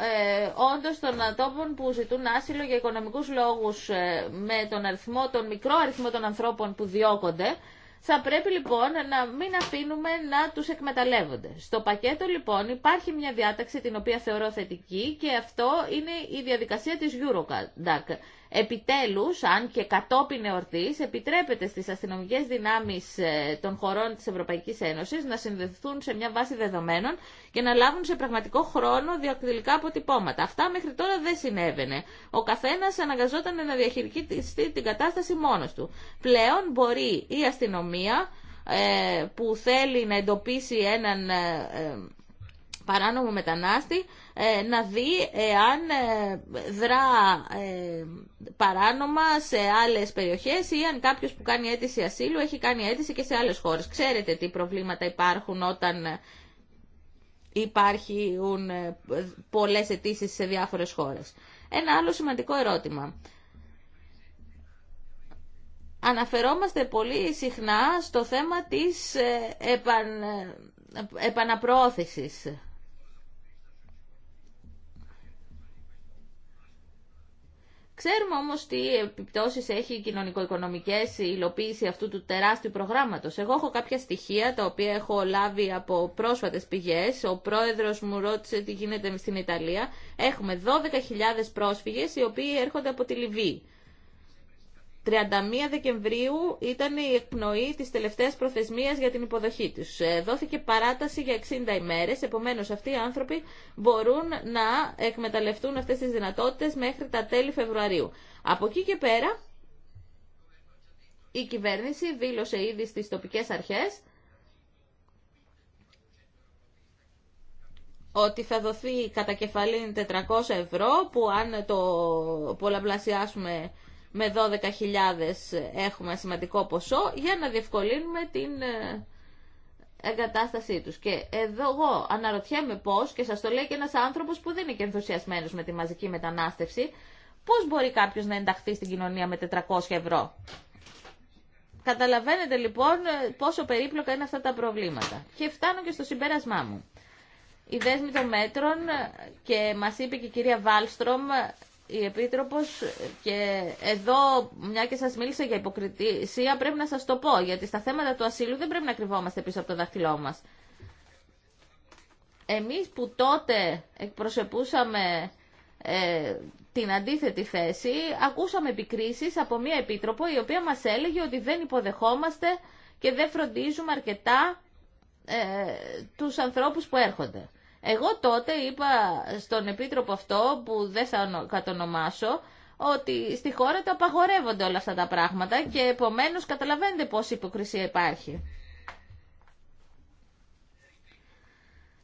ε, όντως των ανθρώπων που ζητούν άσυλο για οικονομικούς λόγους ε, με τον, αριθμό, τον μικρό αριθμό των ανθρώπων που διώκονται, θα πρέπει λοιπόν να μην αφήνουμε να τους εκμεταλλεύονται. Στο πακέτο λοιπόν υπάρχει μια διάταξη την οποία θεωρώ θετική και αυτό είναι η διαδικασία της Eurodac. Επιτέλους, αν και κατόπιν εορτής, επιτρέπεται στις αστυνομικές δυνάμεις ε, των χωρών της Ευρωπαϊκής Ένωσης να συνδεθούν σε μια βάση δεδομένων και να λάβουν σε πραγματικό χρόνο διακριτικά αποτυπώματα. Αυτά μέχρι τώρα δεν συνέβαινε. Ο καθένας αναγκαζόταν να διαχειριστεί την κατάσταση μόνος του. Πλέον μπορεί η αστυνομία ε, που θέλει να εντοπίσει έναν ε, παράνομο μετανάστη ε, να δει αν ε, δρά ε, παράνομα σε άλλες περιοχές ή αν κάποιος που κάνει αίτηση ασύλου έχει κάνει αίτηση και σε άλλες χώρες. Ξέρετε τι προβλήματα υπάρχουν όταν υπάρχουν πολλές αιτήσει σε διάφορες χώρες. Ένα άλλο σημαντικό ερώτημα. Αναφερόμαστε πολύ συχνά στο θέμα της επαν... Ξέρουμε όμω τι επιπτώσει έχει η κοινωνικο η υλοποίηση αυτού του τεράστιου προγράμματο. Εγώ έχω κάποια στοιχεία τα οποία έχω λάβει από πρόσφατε πηγέ. Ο πρόεδρο μου ρώτησε τι γίνεται στην Ιταλία. Έχουμε 12.000 πρόσφυγε οι οποίοι έρχονται από τη Λιβύη. 31 Δεκεμβρίου ήταν η εκπνοή τη τελευταία προθεσμίας για την υποδοχή τους. Ε, δόθηκε παράταση για 60 ημέρε. επομένως αυτοί οι άνθρωποι μπορούν να εκμεταλλευτούν αυτές τις δυνατότητες μέχρι τα τέλη Φεβρουαρίου. Από εκεί και πέρα η κυβέρνηση δήλωσε ήδη στις τοπικές αρχές ότι θα δοθεί κατά κεφαλήν 400 ευρώ που αν το πολλαπλασιάσουμε με 12.000 έχουμε σημαντικό ποσό για να διευκολύνουμε την ε, εγκατάστασή τους. Και εδώ εγώ αναρωτιέμαι πώς, και σας το λέει και ένας άνθρωπος που δεν είναι και ενθουσιασμένος με τη μαζική μετανάστευση, πώς μπορεί κάποιος να ενταχθεί στην κοινωνία με 400 ευρώ. Καταλαβαίνετε λοιπόν ε, πόσο περίπλοκα είναι αυτά τα προβλήματα. Και φτάνω και στο συμπέρασμά μου. Η δέσμη των μέτρων ε, και μας είπε και η κυρία Βάλστρομ η Επίτροπος και εδώ μια και σας μίλησα για υποκριτησία πρέπει να σας το πω γιατί στα θέματα του ασύλου δεν πρέπει να κρυβόμαστε πίσω από το δάχτυλό μας. Εμείς που τότε εκπροσωπούσαμε ε, την αντίθετη θέση ακούσαμε επικρίσεις από μια Επίτροπο η οποία μας έλεγε ότι δεν υποδεχόμαστε και δεν φροντίζουμε αρκετά ε, τους ανθρώπους που έρχονται. Εγώ τότε είπα στον επίτροπο αυτό που δεν θα κατονομάσω ότι στη χώρα τα απαγορεύονται όλα αυτά τα πράγματα και επομένως καταλαβαίνετε πόση υποκρισία υπάρχει.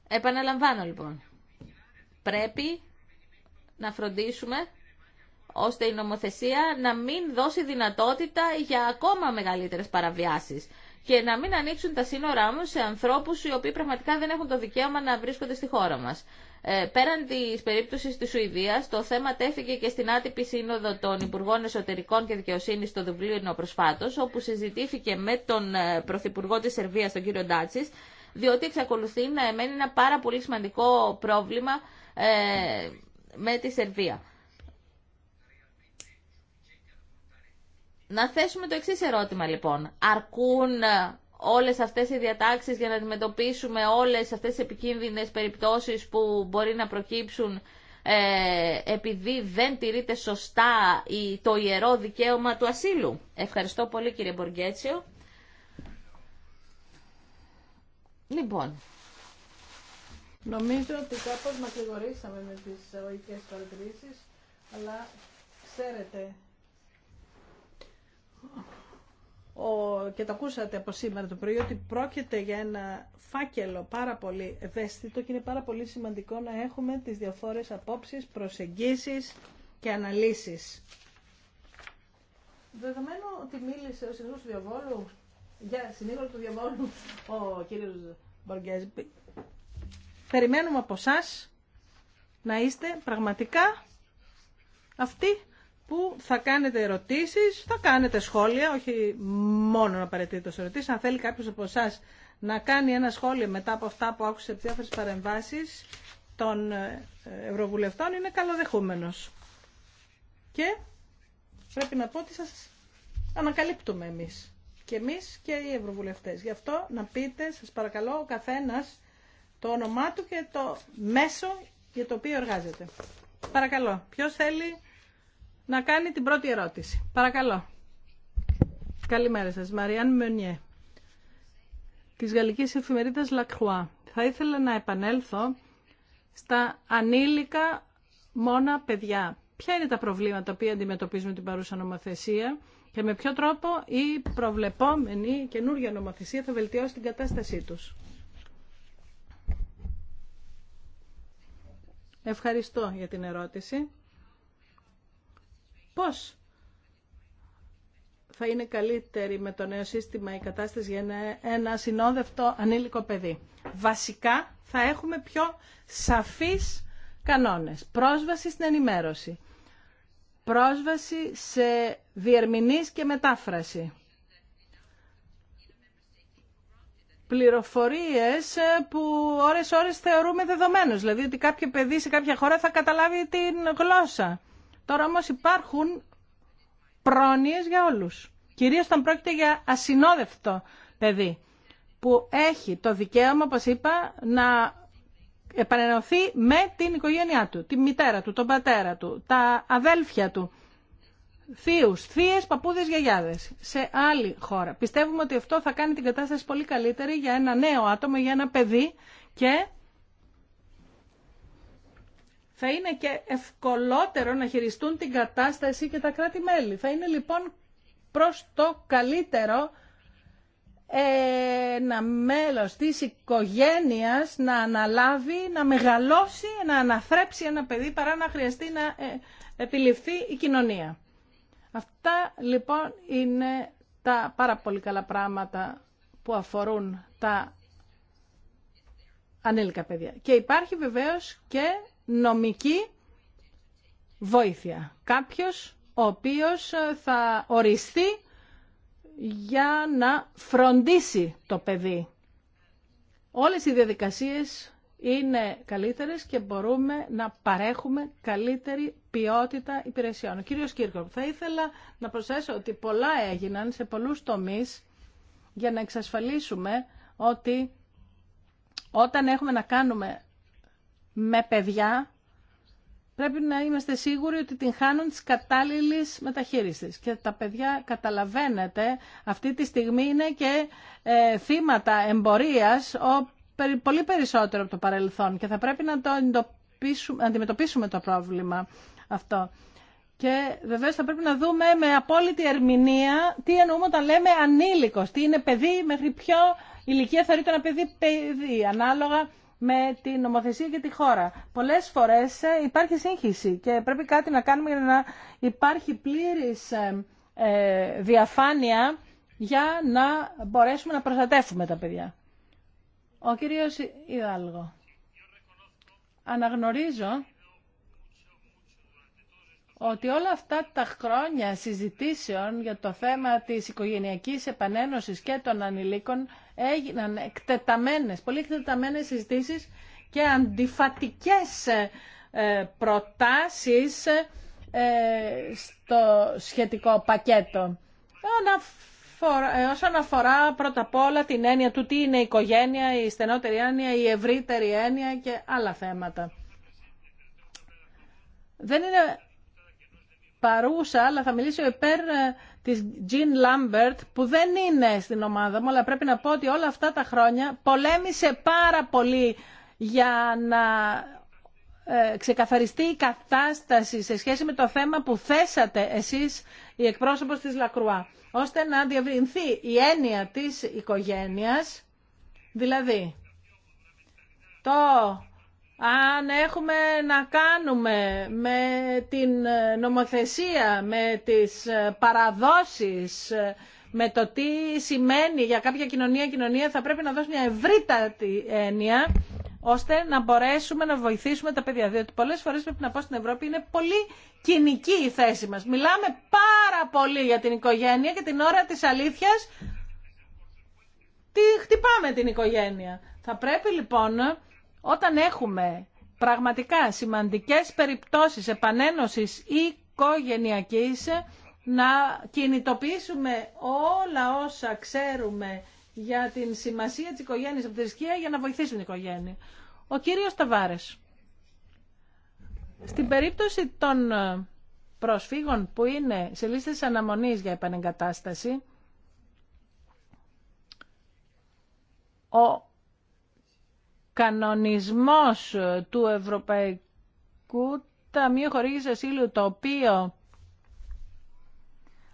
Επαναλαμβάνω λοιπόν. Πρέπει να φροντίσουμε ώστε η νομοθεσία να μην δώσει δυνατότητα για ακόμα μεγαλύτερες παραβιάσεις και να μην ανοίξουν τα σύνορά μου σε ανθρώπους οι οποίοι πραγματικά δεν έχουν το δικαίωμα να βρίσκονται στη χώρα μας. Ε, πέραν της περίπτωσης της Σουηδίας, το θέμα τέθηκε και στην άτυπη σύνοδο των Υπουργών Εσωτερικών και Δικαιοσύνης στο Δουβλίνο προσφάτω, όπου συζητήθηκε με τον ε, Πρωθυπουργό της Σερβίας, τον κύριο Ντάτσι, διότι εξακολουθεί να εμένει ένα πάρα πολύ σημαντικό πρόβλημα ε, με τη Σερβία. Να θέσουμε το εξή ερώτημα λοιπόν. Αρκούν ε, όλες αυτές οι διατάξεις για να αντιμετωπίσουμε όλες αυτές τις επικίνδυνες περιπτώσεις που μπορεί να προκύψουν ε, επειδή δεν τηρείται σωστά η, το ιερό δικαίωμα του ασύλου. Ευχαριστώ πολύ κύριε Μποργέτσιο. Λοιπόν. Νομίζω ότι κάπως μακρηγορήσαμε με τις εισαγωγικές παρατηρήσεις, αλλά ξέρετε ο, και το ακούσατε από σήμερα το πρωί ότι πρόκειται για ένα φάκελο πάρα πολύ ευαίσθητο και είναι πάρα πολύ σημαντικό να έχουμε τις διαφόρες απόψεις, προσεγγίσεις και αναλύσεις. Δεδομένου ότι μίλησε ο συνήγορος του διαβόλου, για συνήγορο του διαβόλου, ο κύριος Μποργέζη, περιμένουμε από εσά να είστε πραγματικά αυτοί που θα κάνετε ερωτήσεις, θα κάνετε σχόλια, όχι μόνο να παρετείτε ερωτήσεις. Αν θέλει καποιο από εσά να κάνει ένα σχόλιο μετά από αυτά που άκουσε από διάφορε παρεμβάσεις των ε, Ευρωβουλευτών, είναι καλοδεχούμενος. Και πρέπει να πω ότι σα ανακαλύπτουμε εμείς. Και εμείς και οι Ευρωβουλευτές. Γι' αυτό να πείτε, σα παρακαλώ, ο καθένα το όνομά του και το μέσο για το οποίο εργάζεται. Παρακαλώ, ποιος θέλει να κάνει την πρώτη ερώτηση. Παρακαλώ. Καλημέρα σας. Μαριάν Μενιέ, της γαλλικής εφημερίδας Λακχουά. Θα ήθελα να επανέλθω στα ανήλικα μόνα παιδιά. Ποια είναι τα προβλήματα που αντιμετωπίζουμε την παρούσα νομοθεσία και με ποιο τρόπο η προβλεπόμενη καινούργια νομοθεσία θα βελτιώσει την κατάστασή τους. Ευχαριστώ για την ερώτηση. Πώς θα είναι καλύτερη με το νέο σύστημα η κατάσταση για ένα συνόδευτο ανήλικο παιδί. Βασικά θα έχουμε πιο σαφείς κανόνες. Πρόσβαση στην ενημέρωση. Πρόσβαση σε διερμηνής και μετάφραση. Πληροφορίες ε, που ώρες-ώρες θεωρούμε δεδομένους. Δηλαδή ότι κάποιο παιδί σε κάποια χώρα θα καταλάβει την γλώσσα. Τώρα όμως υπάρχουν πρόνοιες για όλους. Κυρίως όταν πρόκειται για ασυνόδευτο παιδί που έχει το δικαίωμα, όπως είπα, να επανενωθεί με την οικογένειά του, τη μητέρα του, τον πατέρα του, τα αδέλφια του, θείους, θείες, παππούδες, γιαγιάδες, σε άλλη χώρα. Πιστεύουμε ότι αυτό θα κάνει την κατάσταση πολύ καλύτερη για ένα νέο άτομο, για ένα παιδί και θα είναι και ευκολότερο να χειριστούν την κατάσταση και τα κράτη-μέλη. Θα είναι λοιπόν προς το καλύτερο ε, ένα μέλος της οικογένειας να αναλάβει, να μεγαλώσει, να αναθρέψει ένα παιδί παρά να χρειαστεί να ε, επιληφθεί η κοινωνία. Αυτά λοιπόν είναι τα πάρα πολύ καλά πράγματα που αφορούν τα ανήλικα παιδιά. Και υπάρχει βεβαίως και νομική βοήθεια. Κάποιος ο οποίος ε, θα οριστεί για να φροντίσει το παιδί. Όλες οι διαδικασίες είναι καλύτερες και μπορούμε να παρέχουμε καλύτερη ποιότητα υπηρεσιών. κύριος Κύρκο, θα ήθελα να προσθέσω ότι πολλά έγιναν σε πολλούς τομείς για να εξασφαλίσουμε ότι όταν έχουμε να κάνουμε με παιδιά, πρέπει να είμαστε σίγουροι ότι την χάνουν τη κατάλληλη μεταχείριση. Και τα παιδιά, καταλαβαίνετε, αυτή τη στιγμή είναι και ε, θύματα εμπορίας ο, πολύ περισσότερο από το παρελθόν και θα πρέπει να το αντιμετωπίσουμε το πρόβλημα αυτό. Και βεβαίω θα πρέπει να δούμε με απόλυτη ερμηνεία τι εννοούμε όταν λέμε ανήλικο. Τι είναι παιδί, μέχρι ποιο ηλικία θεωρείται ένα παιδί, παιδί ανάλογα με την νομοθεσία και τη χώρα. Πολλές φορές ε, υπάρχει σύγχυση και πρέπει κάτι να κάνουμε για να υπάρχει πλήρης ε, ε, διαφάνεια για να μπορέσουμε να προστατεύουμε τα παιδιά. Ο κύριος Ιδάλγο. Αναγνωρίζω ότι όλα αυτά τα χρόνια συζητήσεων για το θέμα της οικογενειακής επανένωσης και των ανηλίκων έγιναν εκτεταμένες, πολύ εκτεταμένες συζητήσεις και αντιφατικές ε, ε, προτάσεις ε, στο σχετικό πακέτο. Όσον αφορά πρώτα απ' όλα την έννοια του τι είναι η οικογένεια, η στενότερη έννοια, η ευρύτερη έννοια και άλλα θέματα. Δεν είναι παρούσα, αλλά θα μιλήσω υπέρ της Jean Lambert που δεν είναι στην ομάδα μου αλλά πρέπει να πω ότι όλα αυτά τα χρόνια πολέμησε πάρα πολύ για να ε, ξεκαθαριστεί η κατάσταση σε σχέση με το θέμα που θέσατε εσείς η εκπρόσωπος της Λακρουά ώστε να διευρυνθεί η έννοια της οικογένειας δηλαδή το αν έχουμε να κάνουμε με την ε, νομοθεσία, με τις ε, παραδόσεις, ε, με το τι σημαίνει για κάποια κοινωνία κοινωνία, θα πρέπει να δώσει μια ευρύτατη έννοια, ώστε να μπορέσουμε να βοηθήσουμε τα παιδιά. Διότι πολλές φορές πρέπει να πω στην Ευρώπη είναι πολύ κοινική η θέση μας. Μιλάμε πάρα πολύ για την οικογένεια και την ώρα της αλήθειας τι χτυπάμε την οικογένεια. Θα πρέπει λοιπόν όταν έχουμε πραγματικά σημαντικές περιπτώσεις επανένωσης οικογενειακής, να κινητοποιήσουμε όλα όσα ξέρουμε για την σημασία της οικογένειας από τη θρησκεία για να βοηθήσουν την οικογένεια. Ο κύριος Ταβάρες. Στην περίπτωση των ε, προσφύγων που είναι σε λίστες αναμονής για επανεγκατάσταση, ο κανονισμός του Ευρωπαϊκού Ταμείου χορήγηση, Ασύλου, το οποίο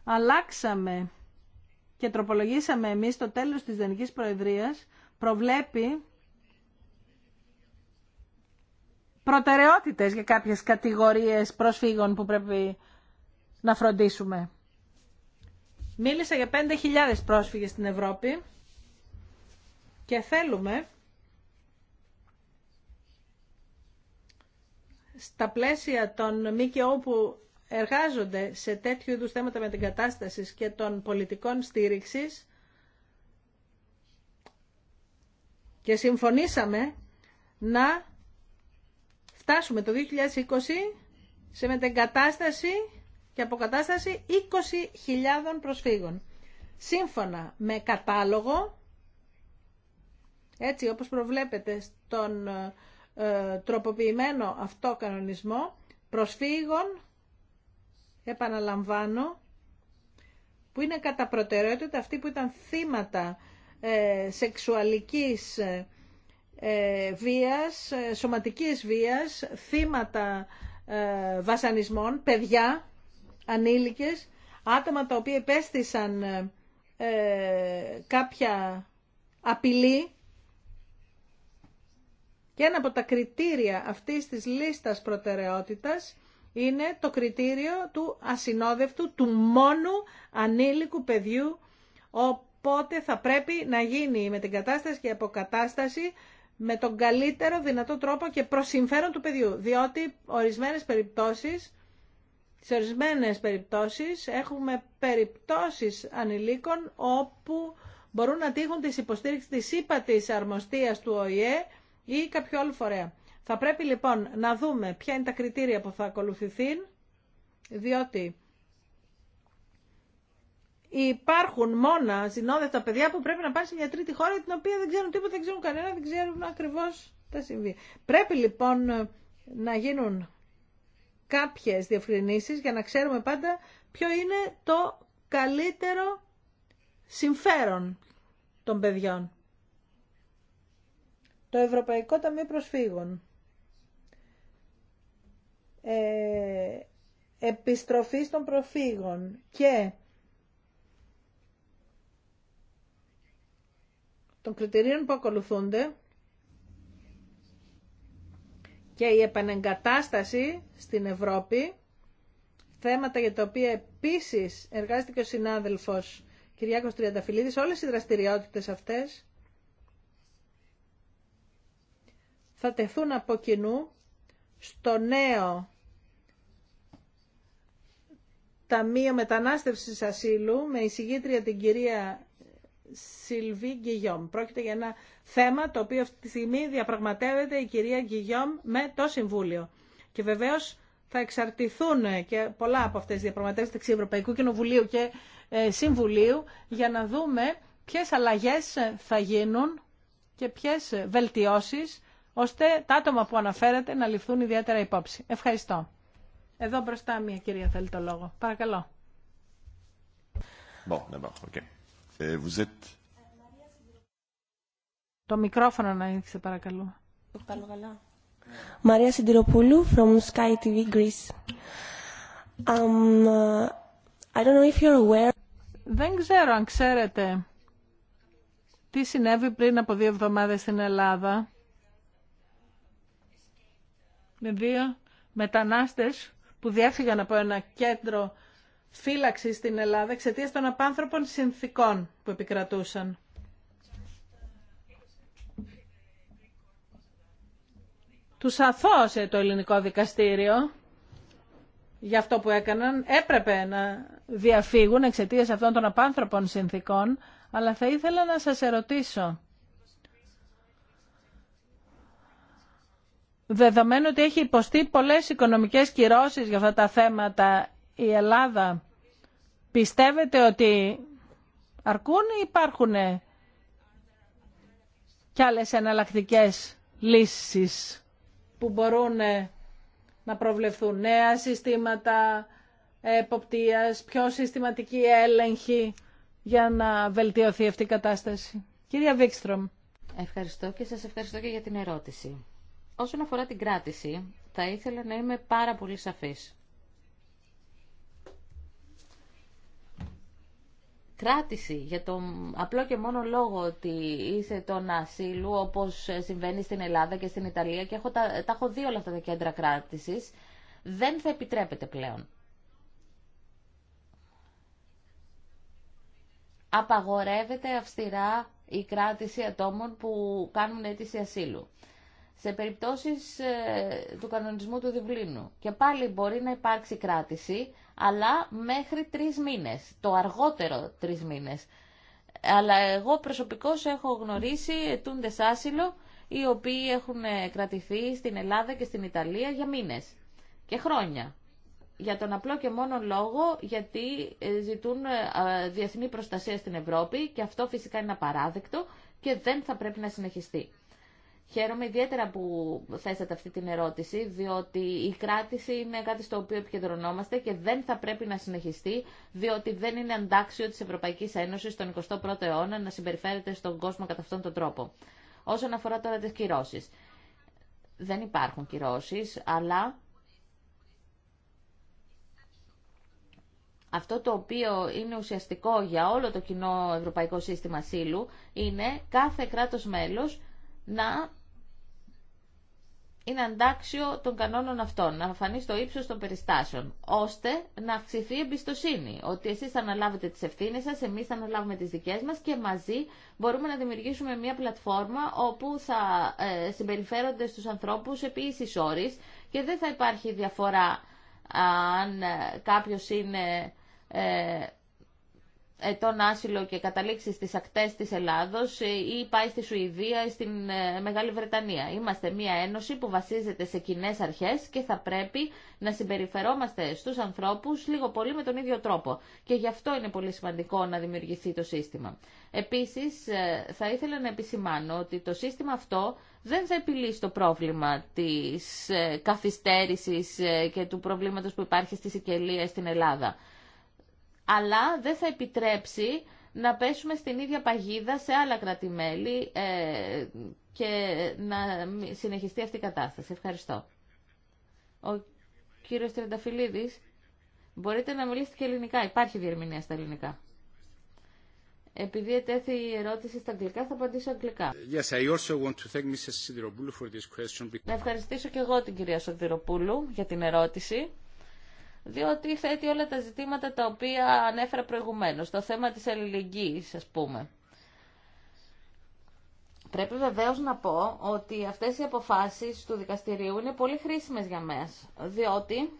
αλλάξαμε και τροπολογήσαμε εμείς το τέλος της Δενικής Προεδρίας, προβλέπει προτεραιότητες για κάποιες κατηγορίες προσφύγων που πρέπει να φροντίσουμε. Μίλησα για 5.000 πρόσφυγες στην Ευρώπη και θέλουμε στα πλαίσια των ΜΚΟ που εργάζονται σε τέτοιου είδους θέματα κατάσταση και των πολιτικών στήριξης και συμφωνήσαμε να φτάσουμε το 2020 σε μετεγκατάσταση και αποκατάσταση 20.000 προσφύγων. Σύμφωνα με κατάλογο, έτσι όπως προβλέπετε στον ε, τροποποιημένο αυτό κανονισμό προσφύγων, επαναλαμβάνω, που είναι κατά προτεραιότητα αυτοί που ήταν θύματα ε, σεξουαλικής ε, βίας, σωματικής βίας, θύματα βασανισμών, παιδιά, ανήλικες, άτομα τα οποία επέστησαν κάποια απειλή και ένα από τα κριτήρια αυτής της λίστας προτεραιότητας είναι το κριτήριο του ασυνόδευτου, του μόνου ανήλικου παιδιού, οπότε θα πρέπει να γίνει με την κατάσταση και αποκατάσταση με τον καλύτερο δυνατό τρόπο και προς συμφέρον του παιδιού, διότι ορισμένες περιπτώσεις, σε ορισμένες περιπτώσεις έχουμε περιπτώσεις ανηλίκων όπου μπορούν να τύχουν της υποστήριξης της ύπατης αρμοστίας του ΟΗΕ ή κάποιο άλλο φορέα. Θα πρέπει λοιπόν να δούμε ποια είναι τα κριτήρια που θα ακολουθηθεί. διότι υπάρχουν μόνα τα παιδιά που πρέπει να πάνε σε μια τρίτη χώρα την οποία δεν ξέρουν τίποτα, δεν ξέρουν κανένα, δεν ξέρουν ακριβώς τα συμβεί. Πρέπει λοιπόν ε, να γίνουν κάποιες διευκρινήσεις για να ξέρουμε πάντα ποιο είναι το καλύτερο συμφέρον των παιδιών το Ευρωπαϊκό Ταμείο Προσφύγων. Ε, επιστροφής των προφύγων και των κριτηρίων που ακολουθούνται και η επανεγκατάσταση στην Ευρώπη, θέματα για τα οποία επίσης εργάζεται και ο συνάδελφος Κυριάκος Τριανταφυλλίδης, όλες οι δραστηριότητες αυτές θα τεθούν από κοινού στο νέο Ταμείο Μετανάστευσης Ασύλου με εισηγήτρια την κυρία Σιλβί Γκυγιόμ. Πρόκειται για ένα θέμα το οποίο αυτή τη στιγμή διαπραγματεύεται η κυρία Γκυγιόμ με το Συμβούλιο. Και βεβαίως θα εξαρτηθούν και πολλά από αυτές τις διαπραγματεύσεις μεταξύ Ευρωπαϊκού Κοινοβουλίου και ε, Συμβουλίου για να δούμε ποιες αλλαγές θα γίνουν και ποιες βελτιώσεις ώστε τα άτομα που αναφέρατε να ληφθούν ιδιαίτερα υπόψη. Ευχαριστώ. Εδώ μπροστά μια κυρία θέλει το λόγο. Παρακαλώ. Bon, ε, Vous êtes... Το μικρόφωνο να ανοίξετε παρακαλώ. Μαρία Σιντηροπούλου from Sky TV Greece. Um, uh, I don't know if you're aware. Δεν ξέρω αν ξέρετε τι συνέβη πριν από δύο εβδομάδες στην Ελλάδα με δύο μετανάστες που διέφυγαν από ένα κέντρο φύλαξη στην Ελλάδα εξαιτία των απάνθρωπων συνθήκων που επικρατούσαν. Τους αθώσε το ελληνικό δικαστήριο για αυτό που έκαναν. Έπρεπε να διαφύγουν εξαιτίας αυτών των απάνθρωπων συνθήκων, αλλά θα ήθελα να σας ερωτήσω δεδομένου ότι έχει υποστεί πολλές οικονομικές κυρώσεις για αυτά τα θέματα η Ελλάδα, πιστεύετε ότι αρκούν ή υπάρχουν κι άλλες εναλλακτικές λύσεις που μπορούν να προβλεφθούν νέα συστήματα εποπτείας, πιο συστηματική έλεγχη για να βελτιωθεί αυτή η κατάσταση. Κυρία Βίξτρομ. Ευχαριστώ και σας ευχαριστώ και για την ερώτηση. Όσον αφορά την κράτηση, θα ήθελα να είμαι πάρα πολύ σαφής. κράτηση για τον απλό και μόνο λόγο ότι είσαι τον ασύλου όπως συμβαίνει στην Ελλάδα και στην Ιταλία και έχω, τα, τα έχω δει όλα αυτά τα κέντρα κράτησης δεν θα επιτρέπεται πλέον. Απαγορεύεται αυστηρά η κράτηση ατόμων που κάνουν αίτηση ασύλου σε περιπτώσεις ε, του κανονισμού του Διβλίνου. Και πάλι μπορεί να υπάρξει κράτηση, αλλά μέχρι τρεις μήνες, το αργότερο τρεις μήνες. Αλλά εγώ προσωπικώς έχω γνωρίσει ετούντες άσυλο, οι οποίοι έχουν ε, κρατηθεί στην Ελλάδα και στην Ιταλία για μήνες και χρόνια. Για τον απλό και μόνο λόγο γιατί ε, ζητούν διεθνή προστασία στην Ευρώπη και αυτό φυσικά είναι απαράδεκτο και δεν θα πρέπει να συνεχιστεί. Χαίρομαι ιδιαίτερα που θέσατε αυτή την ερώτηση, διότι η κράτηση είναι κάτι στο οποίο επικεντρωνόμαστε και δεν θα πρέπει να συνεχιστεί, διότι δεν είναι αντάξιο της Ευρωπαϊκής Ένωση στον 21ο αιώνα να συμπεριφέρεται στον κόσμο κατά αυτόν τον τρόπο. Όσον αφορά τώρα τι κυρώσει. Δεν υπάρχουν κυρώσει, αλλά Αυτό το οποίο είναι ουσιαστικό για όλο το κοινό ευρωπαϊκό σύστημα ασύλου είναι κάθε κράτος μέλος να είναι αντάξιο των κανόνων αυτών, να φανεί στο ύψο των περιστάσεων, ώστε να αυξηθεί η εμπιστοσύνη. Ότι εσεί θα αναλάβετε τι ευθύνε σα, εμεί θα αναλάβουμε τι δικέ μα και μαζί μπορούμε να δημιουργήσουμε μια πλατφόρμα όπου θα ε, συμπεριφέρονται στου ανθρώπου επί ίση όρη και δεν θα υπάρχει διαφορά αν ε, κάποιο είναι. Ε, ετών άσυλο και καταλήξει στις ακτές της Ελλάδος ε, ή πάει στη Σουηδία ή στην ε, Μεγάλη Βρετανία. Είμαστε μια ένωση που βασίζεται σε κοινέ αρχές και θα πρέπει να συμπεριφερόμαστε στους ανθρώπους λίγο πολύ με τον ίδιο τρόπο. Και γι' αυτό είναι πολύ σημαντικό να δημιουργηθεί το σύστημα. Επίσης, ε, θα ήθελα να επισημάνω ότι το σύστημα αυτό δεν θα επιλύσει το πρόβλημα της καθυστέρησης και του προβλήματος που υπάρχει στις Σικελία στην Ελλάδα αλλά δεν θα επιτρέψει να πέσουμε στην ίδια παγίδα σε άλλα κρατημέλη ε, και να συνεχιστεί αυτή η κατάσταση. Ευχαριστώ. Ο κύριος Τρενταφυλλίδης, μπορείτε να μιλήσετε και ελληνικά. Υπάρχει διερμηνία στα ελληνικά. Επειδή ετέθη η ερώτηση στα αγγλικά, θα απαντήσω αγγλικά. Yes, I also want to thank Mrs. for this question. Να ευχαριστήσω και εγώ την κυρία Σιδηροπούλου για την ερώτηση διότι θέτει όλα τα ζητήματα τα οποία ανέφερα προηγουμένως, το θέμα της αλληλεγγύης, ας πούμε. Πρέπει βεβαίως να πω ότι αυτές οι αποφάσεις του δικαστηρίου είναι πολύ χρήσιμες για μας, διότι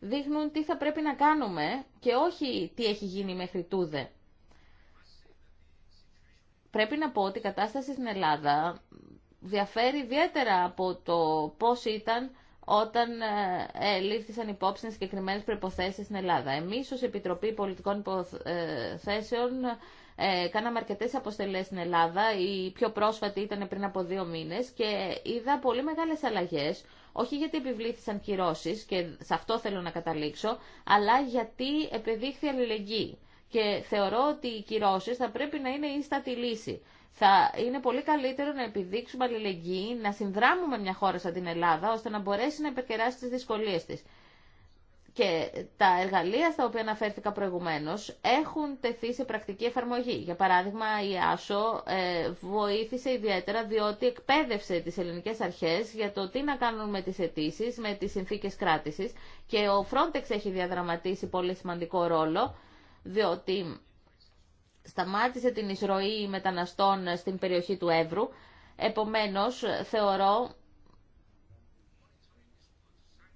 δείχνουν τι θα πρέπει να κάνουμε και όχι τι έχει γίνει μέχρι τούδε. Πρέπει να πω ότι η κατάσταση στην Ελλάδα διαφέρει ιδιαίτερα από το πώς ήταν όταν ε, ε, λήφθησαν υπόψη συγκεκριμένε προποθέσει στην Ελλάδα. Εμεί ω Επιτροπή Πολιτικών Υποθέσεων ε, κάναμε αρκετέ αποστελέ στην Ελλάδα. Η πιο πρόσφατη ήταν πριν από δύο μήνε και είδα πολύ μεγάλε αλλαγέ. Όχι γιατί επιβλήθησαν κυρώσει και σε αυτό θέλω να καταλήξω, αλλά γιατί επεδείχθη αλληλεγγύη. Και θεωρώ ότι οι κυρώσει θα πρέπει να είναι ίστατη λύση θα είναι πολύ καλύτερο να επιδείξουμε αλληλεγγύη, να συνδράμουμε μια χώρα σαν την Ελλάδα, ώστε να μπορέσει να υπερκεράσει τι δυσκολίες τη. Και τα εργαλεία στα οποία αναφέρθηκα προηγουμένω έχουν τεθεί σε πρακτική εφαρμογή. Για παράδειγμα, η ΆΣΟ ε, βοήθησε ιδιαίτερα διότι εκπαίδευσε τι ελληνικέ αρχέ για το τι να κάνουν με τι αιτήσει, με τι συνθήκε κράτηση. Και ο Frontex έχει διαδραματίσει πολύ σημαντικό ρόλο, διότι σταμάτησε την εισρωή μεταναστών στην περιοχή του Εύρου. Επομένως, θεωρώ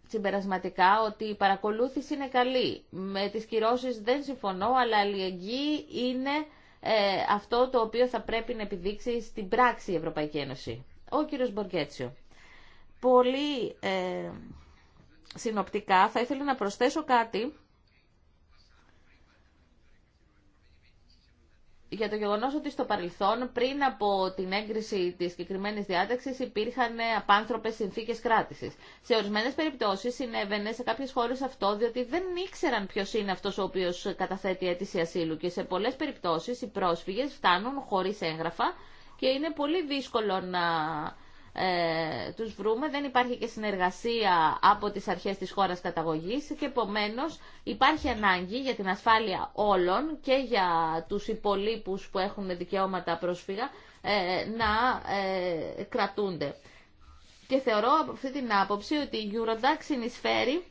συμπερασματικά ότι η παρακολούθηση είναι καλή. Με τις κυρώσεις δεν συμφωνώ, αλλά η αλληλεγγύη είναι ε, αυτό το οποίο θα πρέπει να επιδείξει στην πράξη η Ευρωπαϊκή Ένωση. Ο κύριος Μποργκέτσιο. Πολύ ε, συνοπτικά θα ήθελα να προσθέσω κάτι για το γεγονός ότι στο παρελθόν πριν από την έγκριση της συγκεκριμένη διάταξης υπήρχαν απάνθρωπες συνθήκες κράτησης. Σε ορισμένες περιπτώσεις συνέβαινε σε κάποιες χώρες αυτό διότι δεν ήξεραν ποιος είναι αυτός ο οποίος καταθέτει αίτηση ασύλου και σε πολλές περιπτώσεις οι πρόσφυγες φτάνουν χωρίς έγγραφα και είναι πολύ δύσκολο να ε, τους βρούμε. Δεν υπάρχει και συνεργασία από τις αρχές της χώρας καταγωγής και επομένως υπάρχει ανάγκη για την ασφάλεια όλων και για τους υπολείπους που έχουν δικαιώματα πρόσφυγα ε, να ε, κρατούνται. Και θεωρώ από αυτή την άποψη ότι η Eurodac συνεισφέρει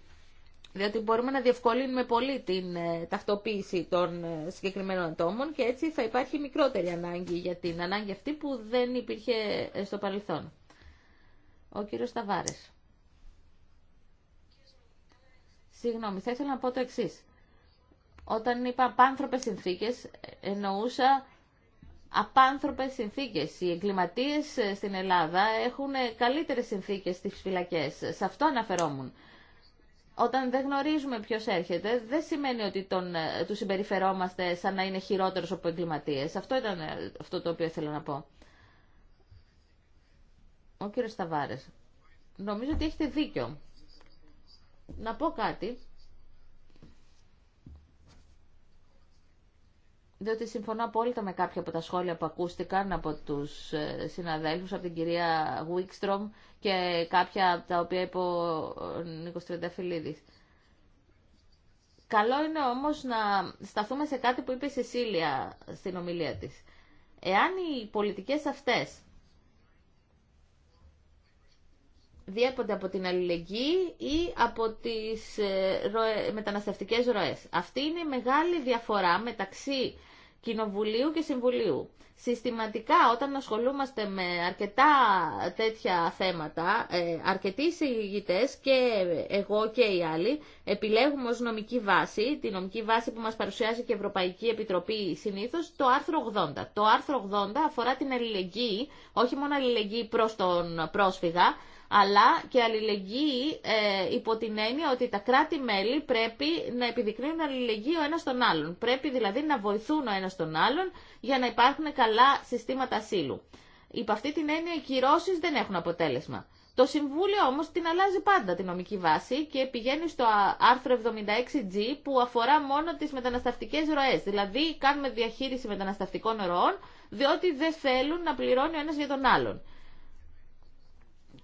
διότι μπορούμε να διευκολύνουμε πολύ την ε, ταυτοποίηση των συγκεκριμένων ατόμων και έτσι θα υπάρχει μικρότερη ανάγκη για την ανάγκη αυτή που δεν υπήρχε στο παρελθόν. Ο κύριος Σταβάρες. Συγγνώμη, θα ήθελα να πω το εξή. Όταν είπα απάνθρωπες συνθήκες, εννοούσα απάνθρωπες συνθήκες. Οι εγκληματίες ε, στην Ελλάδα έχουν ε, καλύτερες συνθήκες στις φυλακές. Σε αυτό αναφερόμουν. Όταν δεν γνωρίζουμε ποιος έρχεται, δεν σημαίνει ότι τον, ε, του συμπεριφερόμαστε σαν να είναι χειρότερος από εγκληματίες. Αυτό ήταν αυτό το οποίο ήθελα να πω. Ο κύριος Σταβάρες. Νομίζω ότι έχετε δίκιο. Να πω κάτι. διότι συμφωνώ απόλυτα με κάποια από τα σχόλια που ακούστηκαν από τους ε, συναδέλφους, από την κυρία Γουίκστρομ και κάποια από τα οποία είπε ο Νίκος Καλό είναι όμως να σταθούμε σε κάτι που είπε η Σεσίλια στην ομιλία της. Εάν οι πολιτικές αυτές διέπονται από την αλληλεγγύη ή από τις ε, μεταναστευτικές ροές. Αυτή είναι η μεγάλη διαφορά μεταξύ Κοινοβουλίου και Συμβουλίου. Συστηματικά όταν ασχολούμαστε με αρκετά τέτοια θέματα, ε, αρκετοί εισηγητές και εγώ και οι άλλοι επιλέγουμε ως νομική βάση, τη νομική βάση που μας παρουσιάζει και η Ευρωπαϊκή Επιτροπή συνήθως, το άρθρο 80. Το άρθρο 80 αφορά την αλληλεγγύη, όχι μόνο αλληλεγγύη προς τον πρόσφυγα, αλλά και αλληλεγγύη ε, υπό την έννοια ότι τα κράτη-μέλη πρέπει να επιδεικνύουν αλληλεγγύη ο ένας τον άλλον. Πρέπει δηλαδή να βοηθούν ο ένας τον άλλον για να υπάρχουν καλά συστήματα ασύλου. Υπ' αυτή την έννοια οι κυρώσει δεν έχουν αποτέλεσμα. Το Συμβούλιο όμως την αλλάζει πάντα τη νομική βάση και πηγαίνει στο άρθρο 76G που αφορά μόνο τις μεταναστευτικέ ροές. Δηλαδή κάνουμε διαχείριση μεταναστευτικών ροών διότι δεν θέλουν να πληρώνει ο ένα για τον άλλον.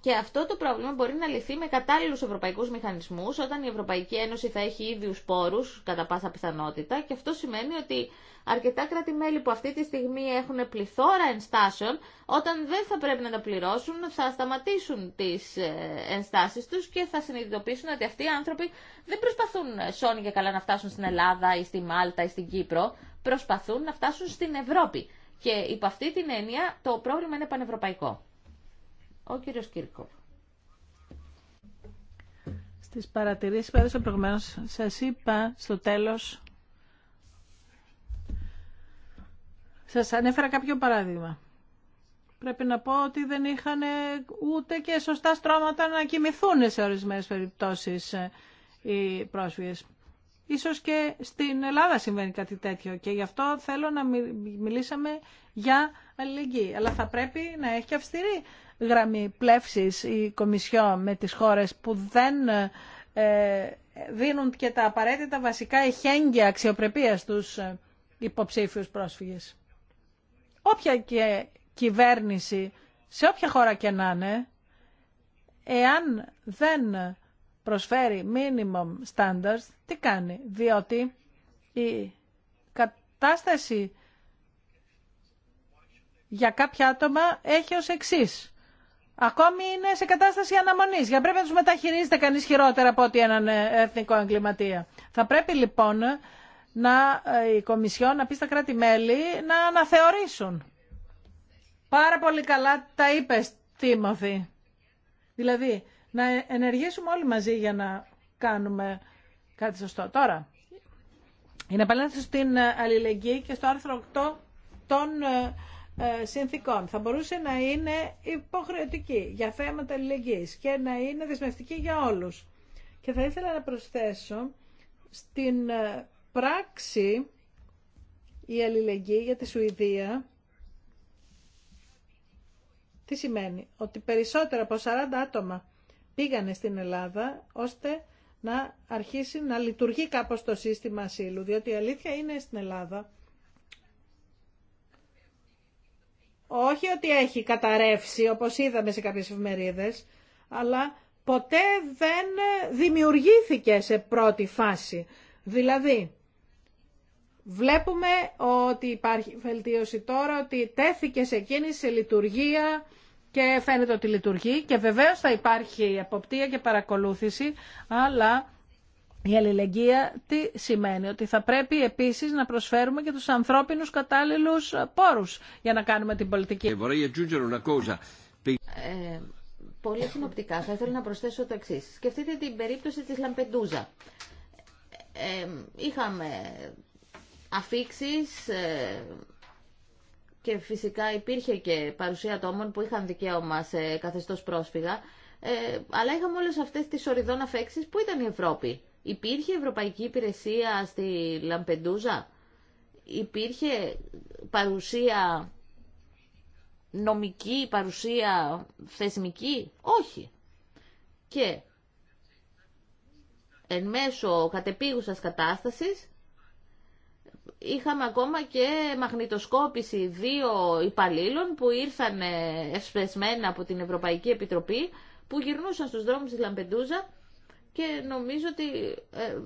Και αυτό το πρόβλημα μπορεί να λυθεί με κατάλληλου Ευρωπαϊκού μηχανισμού, όταν η Ευρωπαϊκή Ένωση θα έχει ίδιου πόρου κατά πάσα πιθανότητα, και αυτό σημαίνει ότι αρκετά κράτη-μέλη που αυτή τη στιγμή έχουν πληθώρα ενστάσεων, όταν δεν θα πρέπει να τα πληρώσουν, θα σταματήσουν τι ε, ενστάσει του και θα συνειδητοποιήσουν ότι αυτοί οι άνθρωποι δεν προσπαθούν ε, σώνη και καλά να φτάσουν στην Ελλάδα ή στη Μάλτα ή στην Κύπρο, προσπαθούν να φτάσουν στην Ευρώπη. Και υπ' αυτή την έννοια το πρόβλημα είναι πανευρωπαϊκό. Ο κύριο Στις παρατηρήσεις που έδωσα προηγουμένως, σας είπα στο τέλος, σας ανέφερα κάποιο παράδειγμα. Πρέπει να πω ότι δεν είχαν ούτε και σωστά στρώματα να κοιμηθούν σε ορισμένες περιπτώσεις ε, οι πρόσφυγε. Ίσως και στην Ελλάδα συμβαίνει κάτι τέτοιο και γι' αυτό θέλω να μιλήσαμε για αλληλεγγύη. Αλλά θα πρέπει να έχει αυστηρή γραμμή πλεύσης η Κομισιό με τις χώρες που δεν ε, ε, δίνουν και τα απαραίτητα βασικά εχέγγυα αξιοπρεπίας τους ε, υποψήφιους πρόσφυγες. Όποια και κυβέρνηση, σε όποια χώρα και να είναι, εάν δεν προσφέρει minimum standards, τι κάνει. Διότι η κατάσταση για κάποια άτομα έχει ως εξής. Ακόμη είναι σε κατάσταση αναμονής. Για πρέπει να τους μεταχειρίζεται κανεί χειρότερα από ότι έναν ε, εθνικό εγκληματία. Θα πρέπει λοιπόν να, ε, η Κομισιόν να πει στα κράτη-μέλη να αναθεωρήσουν. Πάρα πολύ καλά τα είπε, Τίμωθη. Δηλαδή, να ενεργήσουμε όλοι μαζί για να κάνουμε κάτι σωστό. Τώρα, είναι επανέλθω στην αλληλεγγύη και στο άρθρο 8 των ε, ε, συνθήκων. Θα μπορούσε να είναι υποχρεωτική για θέματα αλληλεγγύης και να είναι δεσμευτική για όλους. Και θα ήθελα να προσθέσω στην ε, πράξη η αλληλεγγύη για τη Σουηδία τι σημαίνει, ότι περισσότερα από 40 άτομα πήγανε στην Ελλάδα ώστε να αρχίσει να λειτουργεί κάπως το σύστημα ασύλου, διότι η αλήθεια είναι στην Ελλάδα όχι ότι έχει καταρρεύσει όπως είδαμε σε κάποιες εφημερίδες, αλλά ποτέ δεν δημιουργήθηκε σε πρώτη φάση. Δηλαδή, βλέπουμε ότι υπάρχει βελτίωση τώρα, ότι τέθηκε σε κίνηση, σε λειτουργία και φαίνεται ότι λειτουργεί και βεβαίως θα υπάρχει αποπτία και παρακολούθηση, αλλά η αλληλεγγύα τι σημαίνει, ότι θα πρέπει επίσης να προσφέρουμε και τους ανθρώπινους κατάλληλους πόρους για να κάνουμε την πολιτική. Ε, πολύ συνοπτικά θα ήθελα να προσθέσω το εξή. Σκεφτείτε την περίπτωση της Λαμπεντούζα. Ε, είχαμε αφήξεις ε, και φυσικά υπήρχε και παρουσία ατόμων που είχαν δικαίωμα σε καθεστώς πρόσφυγα, ε, αλλά είχαμε όλες αυτές τις οριδών αφέξεις που ήταν η Ευρώπη. Υπήρχε Ευρωπαϊκή Υπηρεσία στη Λαμπεντούζα. Υπήρχε παρουσία νομική, παρουσία θεσμική. Όχι. Και εν μέσω κατεπίγουσας κατάστασης είχαμε ακόμα και μαγνητοσκόπηση δύο υπαλλήλων που ήρθαν ευσπεσμένα από την Ευρωπαϊκή Επιτροπή που γυρνούσαν στους δρόμους της Λαμπεντούζα και νομίζω ότι ε,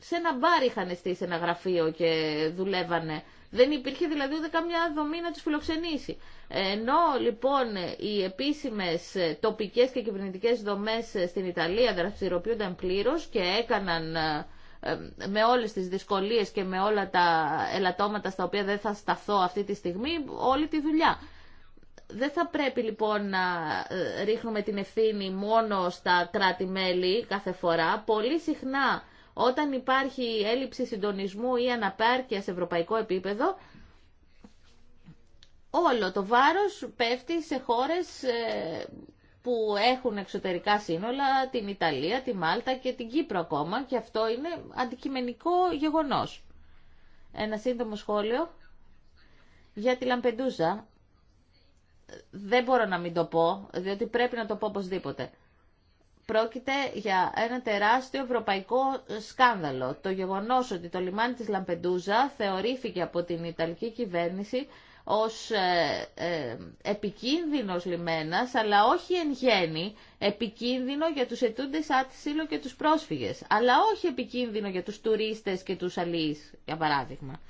σε ένα μπαρ είχαν στήσει ένα γραφείο και δουλεύανε. Δεν υπήρχε δηλαδή ούτε καμιά δομή να τους φιλοξενήσει. Ενώ λοιπόν οι επίσημες τοπικές και κυβερνητικές δομές στην Ιταλία δραστηριοποιούνταν πλήρως και έκαναν ε, με όλες τις δυσκολίες και με όλα τα ελαττώματα στα οποία δεν θα σταθώ αυτή τη στιγμή όλη τη δουλειά δεν θα πρέπει λοιπόν να ε, ρίχνουμε την ευθύνη μόνο στα κράτη-μέλη κάθε φορά. Πολύ συχνά όταν υπάρχει έλλειψη συντονισμού ή αναπάρκεια σε ευρωπαϊκό επίπεδο, όλο το βάρος πέφτει σε χώρες ε, που έχουν εξωτερικά σύνολα, την Ιταλία, τη Μάλτα και την Κύπρο ακόμα και αυτό είναι αντικειμενικό γεγονός. Ένα σύντομο σχόλιο για τη Λαμπεντούζα δεν μπορώ να μην το πω, διότι πρέπει να το πω οπωσδήποτε. Πρόκειται για ένα τεράστιο ευρωπαϊκό σκάνδαλο. Το γεγονός ότι το λιμάνι της Λαμπεντούζα θεωρήθηκε από την Ιταλική κυβέρνηση ως ε, ε, επικίνδυνος λιμένας, αλλά όχι εν γέννη επικίνδυνο για τους ετούντες άτυσίλο και τους πρόσφυγες, αλλά όχι επικίνδυνο για τους τουρίστες και τους αλλοίς, για παράδειγμα.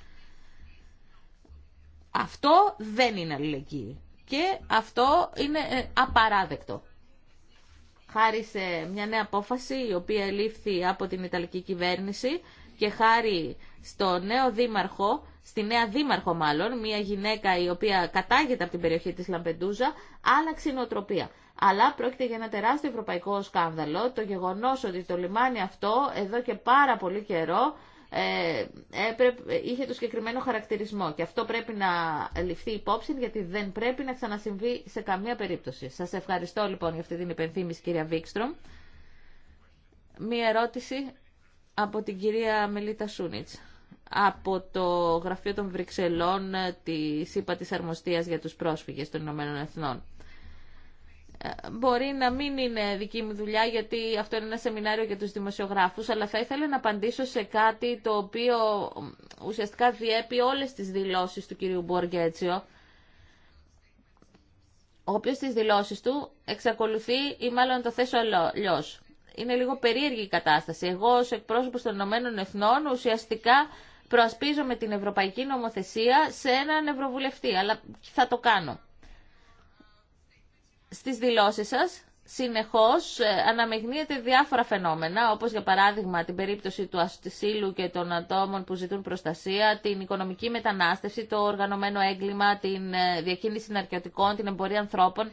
Αυτό δεν είναι αλληλεγγύη και αυτό είναι ε, απαράδεκτο. Χάρη σε μια νέα απόφαση η οποία λήφθη από την Ιταλική κυβέρνηση και χάρη στο νέο δήμαρχο, στη νέα δήμαρχο μάλλον, μια γυναίκα η οποία κατάγεται από την περιοχή της Λαμπεντούζα, άλλαξε η νοοτροπία. Αλλά πρόκειται για ένα τεράστιο ευρωπαϊκό σκάνδαλο, το γεγονός ότι το λιμάνι αυτό εδώ και πάρα πολύ καιρό ε, έπρεπε, είχε το συγκεκριμένο χαρακτηρισμό και αυτό πρέπει να ληφθεί υπόψη γιατί δεν πρέπει να ξανασυμβεί σε καμία περίπτωση. Σας ευχαριστώ λοιπόν για αυτή την υπενθύμηση κυρία Βίκστρομ. Μία ερώτηση από την κυρία Μελίτα Σούνιτς από το Γραφείο των Βρυξελών ε, της ΥΠΑ της Αρμοστίας για τους πρόσφυγες των Ηνωμένων Εθνών. Μπορεί να μην είναι δική μου δουλειά γιατί αυτό είναι ένα σεμινάριο για τους δημοσιογράφους, αλλά θα ήθελα να απαντήσω σε κάτι το οποίο ουσιαστικά διέπει όλες τις δηλώσεις του κυρίου Μποργέτσιο. Όποιος τις δηλώσεις του εξακολουθεί ή μάλλον το θέσω αλλιώ. Είναι λίγο περίεργη η κατάσταση. Εγώ ως εκπρόσωπος των Ηνωμένων Εθνών ουσιαστικά προασπίζομαι την Ευρωπαϊκή Νομοθεσία σε έναν Ευρωβουλευτή, αλλά θα το κάνω στις δηλώσεις σας συνεχώς ε, αναμειγνύεται διάφορα φαινόμενα, όπως για παράδειγμα την περίπτωση του ασύλου και των ατόμων που ζητούν προστασία, την οικονομική μετανάστευση, το οργανωμένο έγκλημα, την ε, διακίνηση ναρκωτικών, την εμπορία ανθρώπων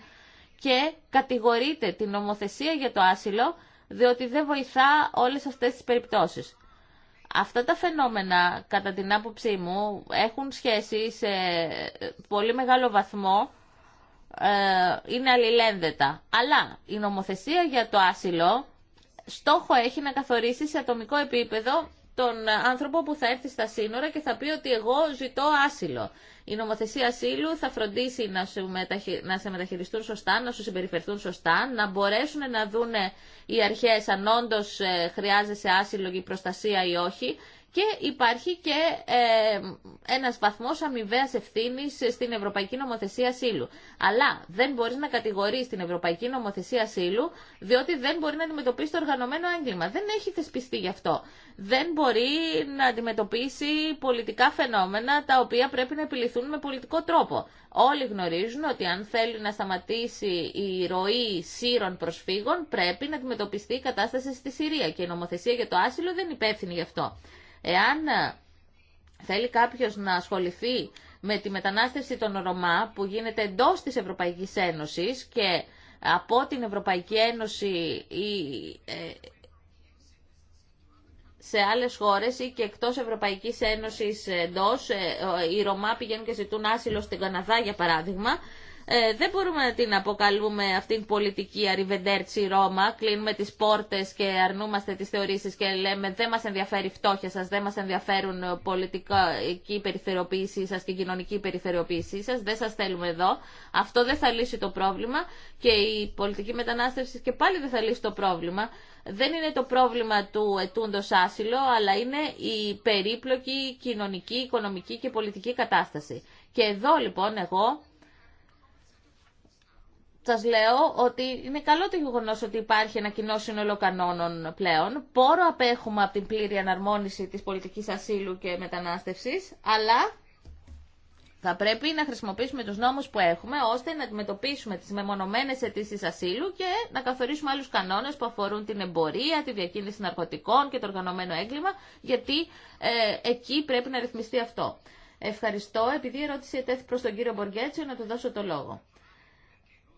και κατηγορείται την νομοθεσία για το άσυλο διότι δεν βοηθά όλες αυτές τις περιπτώσεις. Αυτά τα φαινόμενα, κατά την άποψή μου, έχουν σχέση σε πολύ μεγάλο βαθμό ε, είναι αλληλένδετα. Αλλά η νομοθεσία για το άσυλο στόχο έχει να καθορίσει σε ατομικό επίπεδο τον άνθρωπο που θα έρθει στα σύνορα και θα πει ότι εγώ ζητώ άσυλο. Η νομοθεσία ασύλου θα φροντίσει να, να σε μεταχειριστούν σωστά, να σου συμπεριφερθούν σωστά, να μπορέσουν να δούνε οι αρχές αν όντω ε, χρειάζεσαι άσυλο και προστασία ή όχι και υπάρχει και ε, ένας βαθμός αμοιβαίας ευθύνης στην Ευρωπαϊκή Νομοθεσία Ασύλου. Αλλά δεν μπορεί να κατηγορείς την Ευρωπαϊκή Νομοθεσία Ασύλου διότι δεν μπορεί να αντιμετωπίσει το οργανωμένο έγκλημα. Δεν έχει θεσπιστεί γι' αυτό. Δεν μπορεί να αντιμετωπίσει πολιτικά φαινόμενα τα οποία πρέπει να επιληθούν με πολιτικό τρόπο. Όλοι γνωρίζουν ότι αν θέλει να σταματήσει η ροή σύρων προσφύγων πρέπει να αντιμετωπιστεί η κατάσταση στη Συρία και η νομοθεσία για το άσυλο δεν υπεύθυνη γι' αυτό. Εάν ε, θέλει κάποιος να ασχοληθεί με τη μετανάστευση των Ρωμά που γίνεται εντός της Ευρωπαϊκής Ένωσης και από την Ευρωπαϊκή Ένωση ή ε, σε άλλες χώρες ή και εκτός Ευρωπαϊκής Ένωσης εντός, ε, οι Ρωμά πηγαίνουν και ζητούν άσυλο στην Καναδά για παράδειγμα, ε, δεν μπορούμε να την αποκαλούμε αυτήν πολιτική αριβεντέρτσι Ρώμα, κλείνουμε τι πόρτε και αρνούμαστε τι θεωρήσει και λέμε δεν μα ενδιαφέρει η φτώχεια σα, δεν μα ενδιαφέρουν πολιτική περιθεριοποίησή σα και κοινωνική περιθεριοποίησή σα, δεν σα θέλουμε εδώ. Αυτό δεν θα λύσει το πρόβλημα και η πολιτική μετανάστευση και πάλι δεν θα λύσει το πρόβλημα. Δεν είναι το πρόβλημα του ετούντο άσυλο, αλλά είναι η περίπλοκη κοινωνική, οικονομική και πολιτική κατάσταση. Και εδώ λοιπόν εγώ Σα λέω ότι είναι καλό το γεγονό ότι υπάρχει ένα κοινό σύνολο κανόνων πλέον. Πόρο απέχουμε από την πλήρη αναρμόνιση τη πολιτική ασύλου και μετανάστευση, αλλά θα πρέπει να χρησιμοποιήσουμε τους νόμους που έχουμε ώστε να αντιμετωπίσουμε τις μεμονωμένες αιτήσει ασύλου και να καθορίσουμε άλλους κανόνες που αφορούν την εμπορία, τη διακίνηση ναρκωτικών και το οργανωμένο έγκλημα, γιατί ε, εκεί πρέπει να ρυθμιστεί αυτό. Ευχαριστώ. Επειδή η ερώτηση ετέθη προς τον κύριο Μποργέτσιο, να του δώσω το λόγο.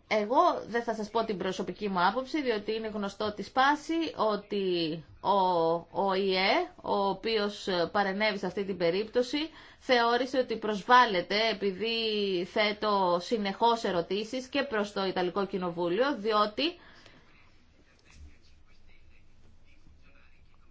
Εγώ δεν θα σας πω την προσωπική μου άποψη, διότι είναι γνωστό τη σπάση ότι ο ΙΕ, ο, ο οποίος παρενέβη σε αυτή την περίπτωση, θεώρησε ότι προσβάλλεται επειδή θέτω συνεχώς ερωτήσεις και προς το Ιταλικό Κοινοβούλιο, διότι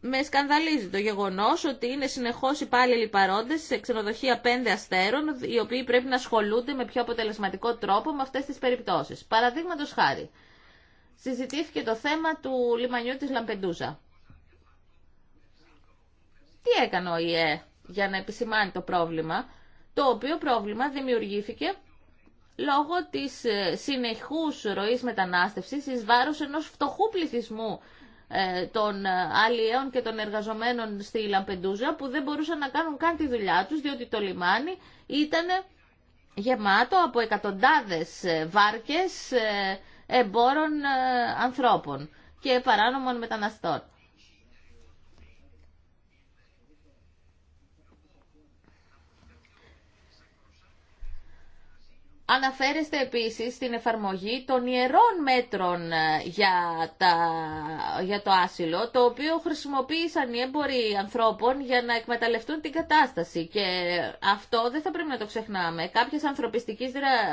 με σκανδαλίζει το γεγονός ότι είναι συνεχώς υπάλληλοι παρόντε σε ξενοδοχεία πέντε αστέρων, οι οποίοι πρέπει να ασχολούνται με πιο αποτελεσματικό τρόπο με αυτές τις περιπτώσεις. Παραδείγματο χάρη, συζητήθηκε το θέμα του λιμανιού της Λαμπεντούζα. Τι έκανε ο ΙΕ για να επισημάνει το πρόβλημα, το οποίο πρόβλημα δημιουργήθηκε λόγω της ε, συνεχούς ροής μετανάστευσης εις βάρος ενός φτωχού πληθυσμού ε, των ε, αλλιέων και των εργαζομένων στη Λαμπεντούζα που δεν μπορούσαν να κάνουν καν τη δουλειά τους διότι το λιμάνι ήταν γεμάτο από εκατοντάδες ε, βάρκες εμπόρων ανθρώπων και παράνομων μεταναστών. Αναφέρεστε επίσης στην εφαρμογή των ιερών μέτρων ε, για, τα, για το άσυλο, το οποίο χρησιμοποίησαν οι έμποροι ανθρώπων για να εκμεταλλευτούν την κατάσταση. Και αυτό δεν θα πρέπει να το ξεχνάμε. Κάποιες ανθρωπιστικές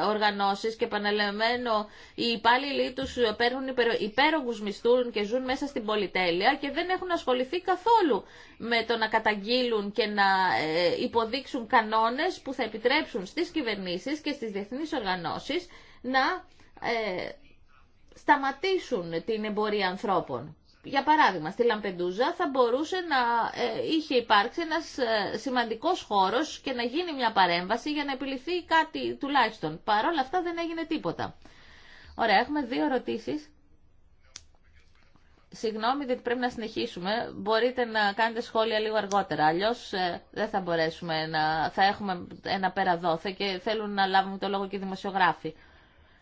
οργανώσεις και επαναλαμβάνω οι υπάλληλοι τους παίρνουν υπέρογους μισθούν και ζουν μέσα στην πολυτέλεια και δεν έχουν ασχοληθεί καθόλου με το να καταγγείλουν και να ε, υποδείξουν κανόνες που θα επιτρέψουν στις κυβερνήσεις και στις διεθνείς διεθνείς οργανώσεις να ε, σταματήσουν την εμπορία ανθρώπων. Για παράδειγμα, στη Λαμπεντούζα θα μπορούσε να ε, είχε υπάρξει ένας ε, σημαντικός χώρος και να γίνει μια παρέμβαση για να επιληθεί κάτι τουλάχιστον. Παρόλα αυτά δεν έγινε τίποτα. Ωραία, έχουμε δύο ερωτήσεις. Συγγνώμη, διότι πρέπει να συνεχίσουμε. Μπορείτε να κάνετε σχόλια λίγο αργότερα. Αλλιώ ε, δεν θα μπορέσουμε να. θα έχουμε ένα πέρα δόθε και θέλουν να λάβουμε το λόγο και οι δημοσιογράφοι.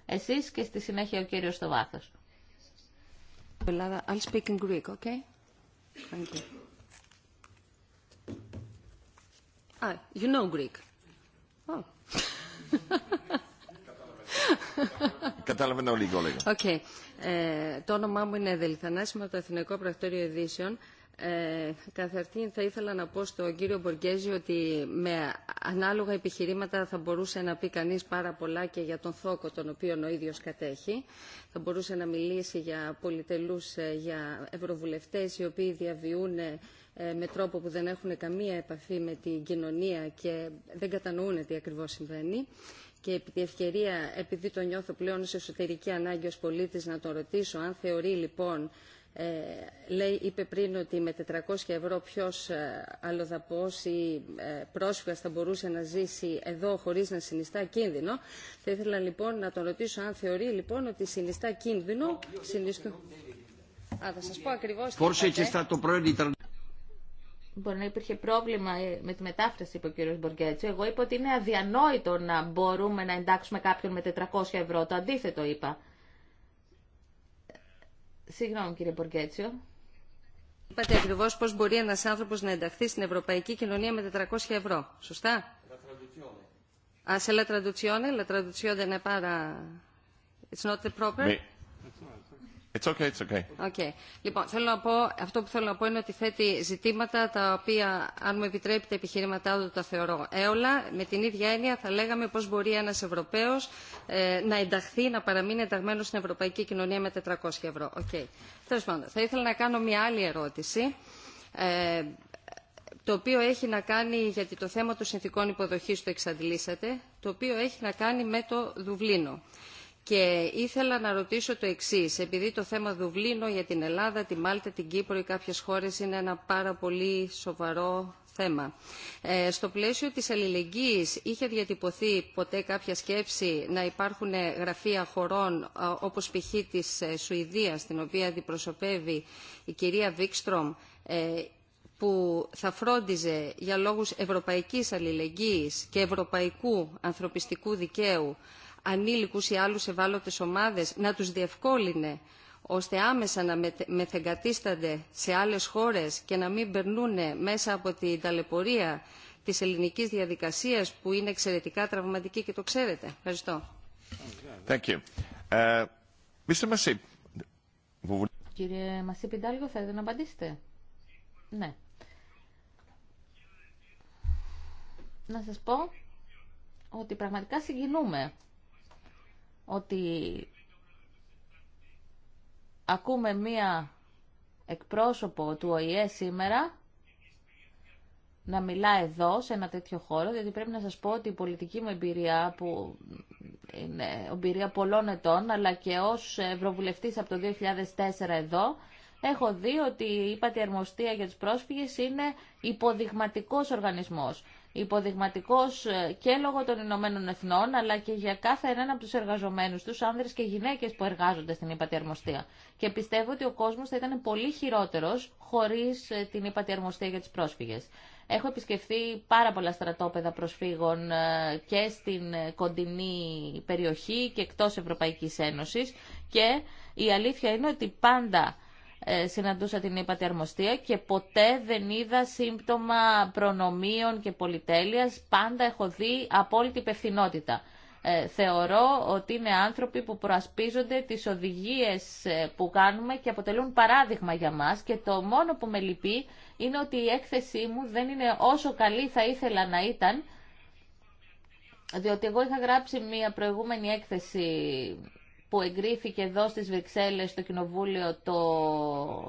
Εσεί και στη συνέχεια ο κύριο στο βάθο. I'll speak Greek, okay? Thank you. Ah, you know Greek. Oh. Κατάλαβε Okay. Ε, το όνομά μου είναι Δελιθανάση από το Εθνικό Πρακτορείο Ειδήσεων. Ε, θα ήθελα να πω στον κύριο Μποργκέζη ότι με ανάλογα επιχειρήματα θα μπορούσε να πει κανείς πάρα πολλά και για τον θόκο τον οποίο ο ίδιος κατέχει. Θα μπορούσε να μιλήσει για πολυτελούς, ε, για ευρωβουλευτές οι οποίοι διαβιούν ε, με τρόπο που δεν έχουν καμία επαφή με την κοινωνία και δεν κατανοούν τι ακριβώς συμβαίνει και επί τη ευκαιρία, επειδή το νιώθω πλέον σε εσωτερική ανάγκη ως πολίτης, να τον ρωτήσω αν θεωρεί λοιπόν, ε, λέει, είπε πριν ότι με 400 ευρώ ποιος ε, αλλοδαπός ή ε, πρόσφυγας θα μπορούσε να ζήσει εδώ χωρίς να συνιστά κίνδυνο. Θα ήθελα λοιπόν να τον ρωτήσω αν θεωρεί λοιπόν ότι συνιστά κίνδυνο, συνιστού... θα σας πω ακριβώς... Μπορεί να υπήρχε πρόβλημα ε, με τη μετάφραση, είπε ο κύριο Μποργκέτσο. Εγώ είπα ότι είναι αδιανόητο να μπορούμε να εντάξουμε κάποιον με 400 ευρώ. Το αντίθετο είπα. Συγγνώμη κύριε Μποργκέτσο. Είπατε ακριβώ πώ μπορεί ένα άνθρωπο να ενταχθεί στην ευρωπαϊκή κοινωνία με 400 ευρώ. Σωστά. Α, σε la αλλά είναι πάρα. It's not the proper. It's okay, it's okay. Okay. Λοιπόν, θέλω να πω, αυτό που θέλω να πω είναι ότι θέτει ζητήματα τα οποία, αν μου επιτρέπετε, επιχειρηματά του τα θεωρώ έολα. Με την ίδια έννοια θα λέγαμε πώς μπορεί ένας Ευρωπαίος ε, να ενταχθεί, να παραμείνει ενταγμένος στην Ευρωπαϊκή Κοινωνία με 400 ευρώ. Okay. Τέλος πάντων, θα ήθελα να κάνω μια άλλη ερώτηση. Ε, το οποίο έχει να κάνει, γιατί το θέμα των συνθηκών υποδοχής το εξαντλήσατε, το οποίο έχει να κάνει με το Δουβλίνο. Και ήθελα να ρωτήσω το εξή, επειδή το θέμα Δουβλίνο για την Ελλάδα, τη Μάλτα, την Κύπρο ή κάποιε χώρε είναι ένα πάρα πολύ σοβαρό θέμα. Ε, στο πλαίσιο της αλληλεγγύης είχε διατυπωθεί ποτέ κάποια σκέψη να υπάρχουν γραφεία χωρών ε, όπως π.χ. της ε, Σουηδίας, την οποία αντιπροσωπεύει η κυρία βιξτρομ που θα φρόντιζε για λόγους ευρωπαϊκής αλληλεγγύης και ευρωπαϊκού ανθρωπιστικού δικαίου ανήλικους ή άλλους ευάλωτες ομάδες, να τους διευκόλυνε ώστε άμεσα να μεθεγκατίστανται σε άλλες χώρες και να μην περνούν μέσα από την ταλαιπωρία της ελληνικής διαδικασίας που είναι εξαιρετικά τραυματική και το ξέρετε. Ευχαριστώ. Ε, Κύριε Μασίπ Ιντάλγο, θέλετε να απαντήσετε. Ναι. Να σας πω ότι πραγματικά συγκινούμε ότι ακούμε μία εκπρόσωπο του ΟΗΕ σήμερα να μιλά εδώ, σε ένα τέτοιο χώρο, γιατί πρέπει να σας πω ότι η πολιτική μου εμπειρία, που είναι εμπειρία πολλών ετών, αλλά και ως Ευρωβουλευτής από το 2004 εδώ, έχω δει ότι η Πατιαρμοστία για τους πρόσφυγες είναι υποδειγματικός οργανισμός υποδειγματικός ε, και λόγω των Ηνωμένων Εθνών, αλλά και για κάθε έναν από τους εργαζομένους τους, άνδρες και γυναίκες που εργάζονται στην υπατιαρμοστία. Και πιστεύω ότι ο κόσμος θα ήταν πολύ χειρότερος χωρίς ε, την υπατιαρμοστία για τις πρόσφυγες. Έχω επισκεφθεί πάρα πολλά στρατόπεδα προσφύγων ε, και στην κοντινή περιοχή και εκτός Ευρωπαϊκής Ένωσης και η αλήθεια είναι ότι πάντα ε, συναντούσα την είπατε αρμοστία και ποτέ δεν είδα σύμπτωμα προνομίων και πολυτέλειας. Πάντα έχω δει απόλυτη υπευθυνότητα. Ε, θεωρώ ότι είναι άνθρωποι που προασπίζονται τις οδηγίες ε, που κάνουμε και αποτελούν παράδειγμα για μας και το μόνο που με λυπεί είναι ότι η έκθεσή μου δεν είναι όσο καλή θα ήθελα να ήταν διότι εγώ είχα γράψει μια προηγούμενη έκθεση που εγκρίθηκε εδώ στις Βρυξέλλες στο Κοινοβούλιο το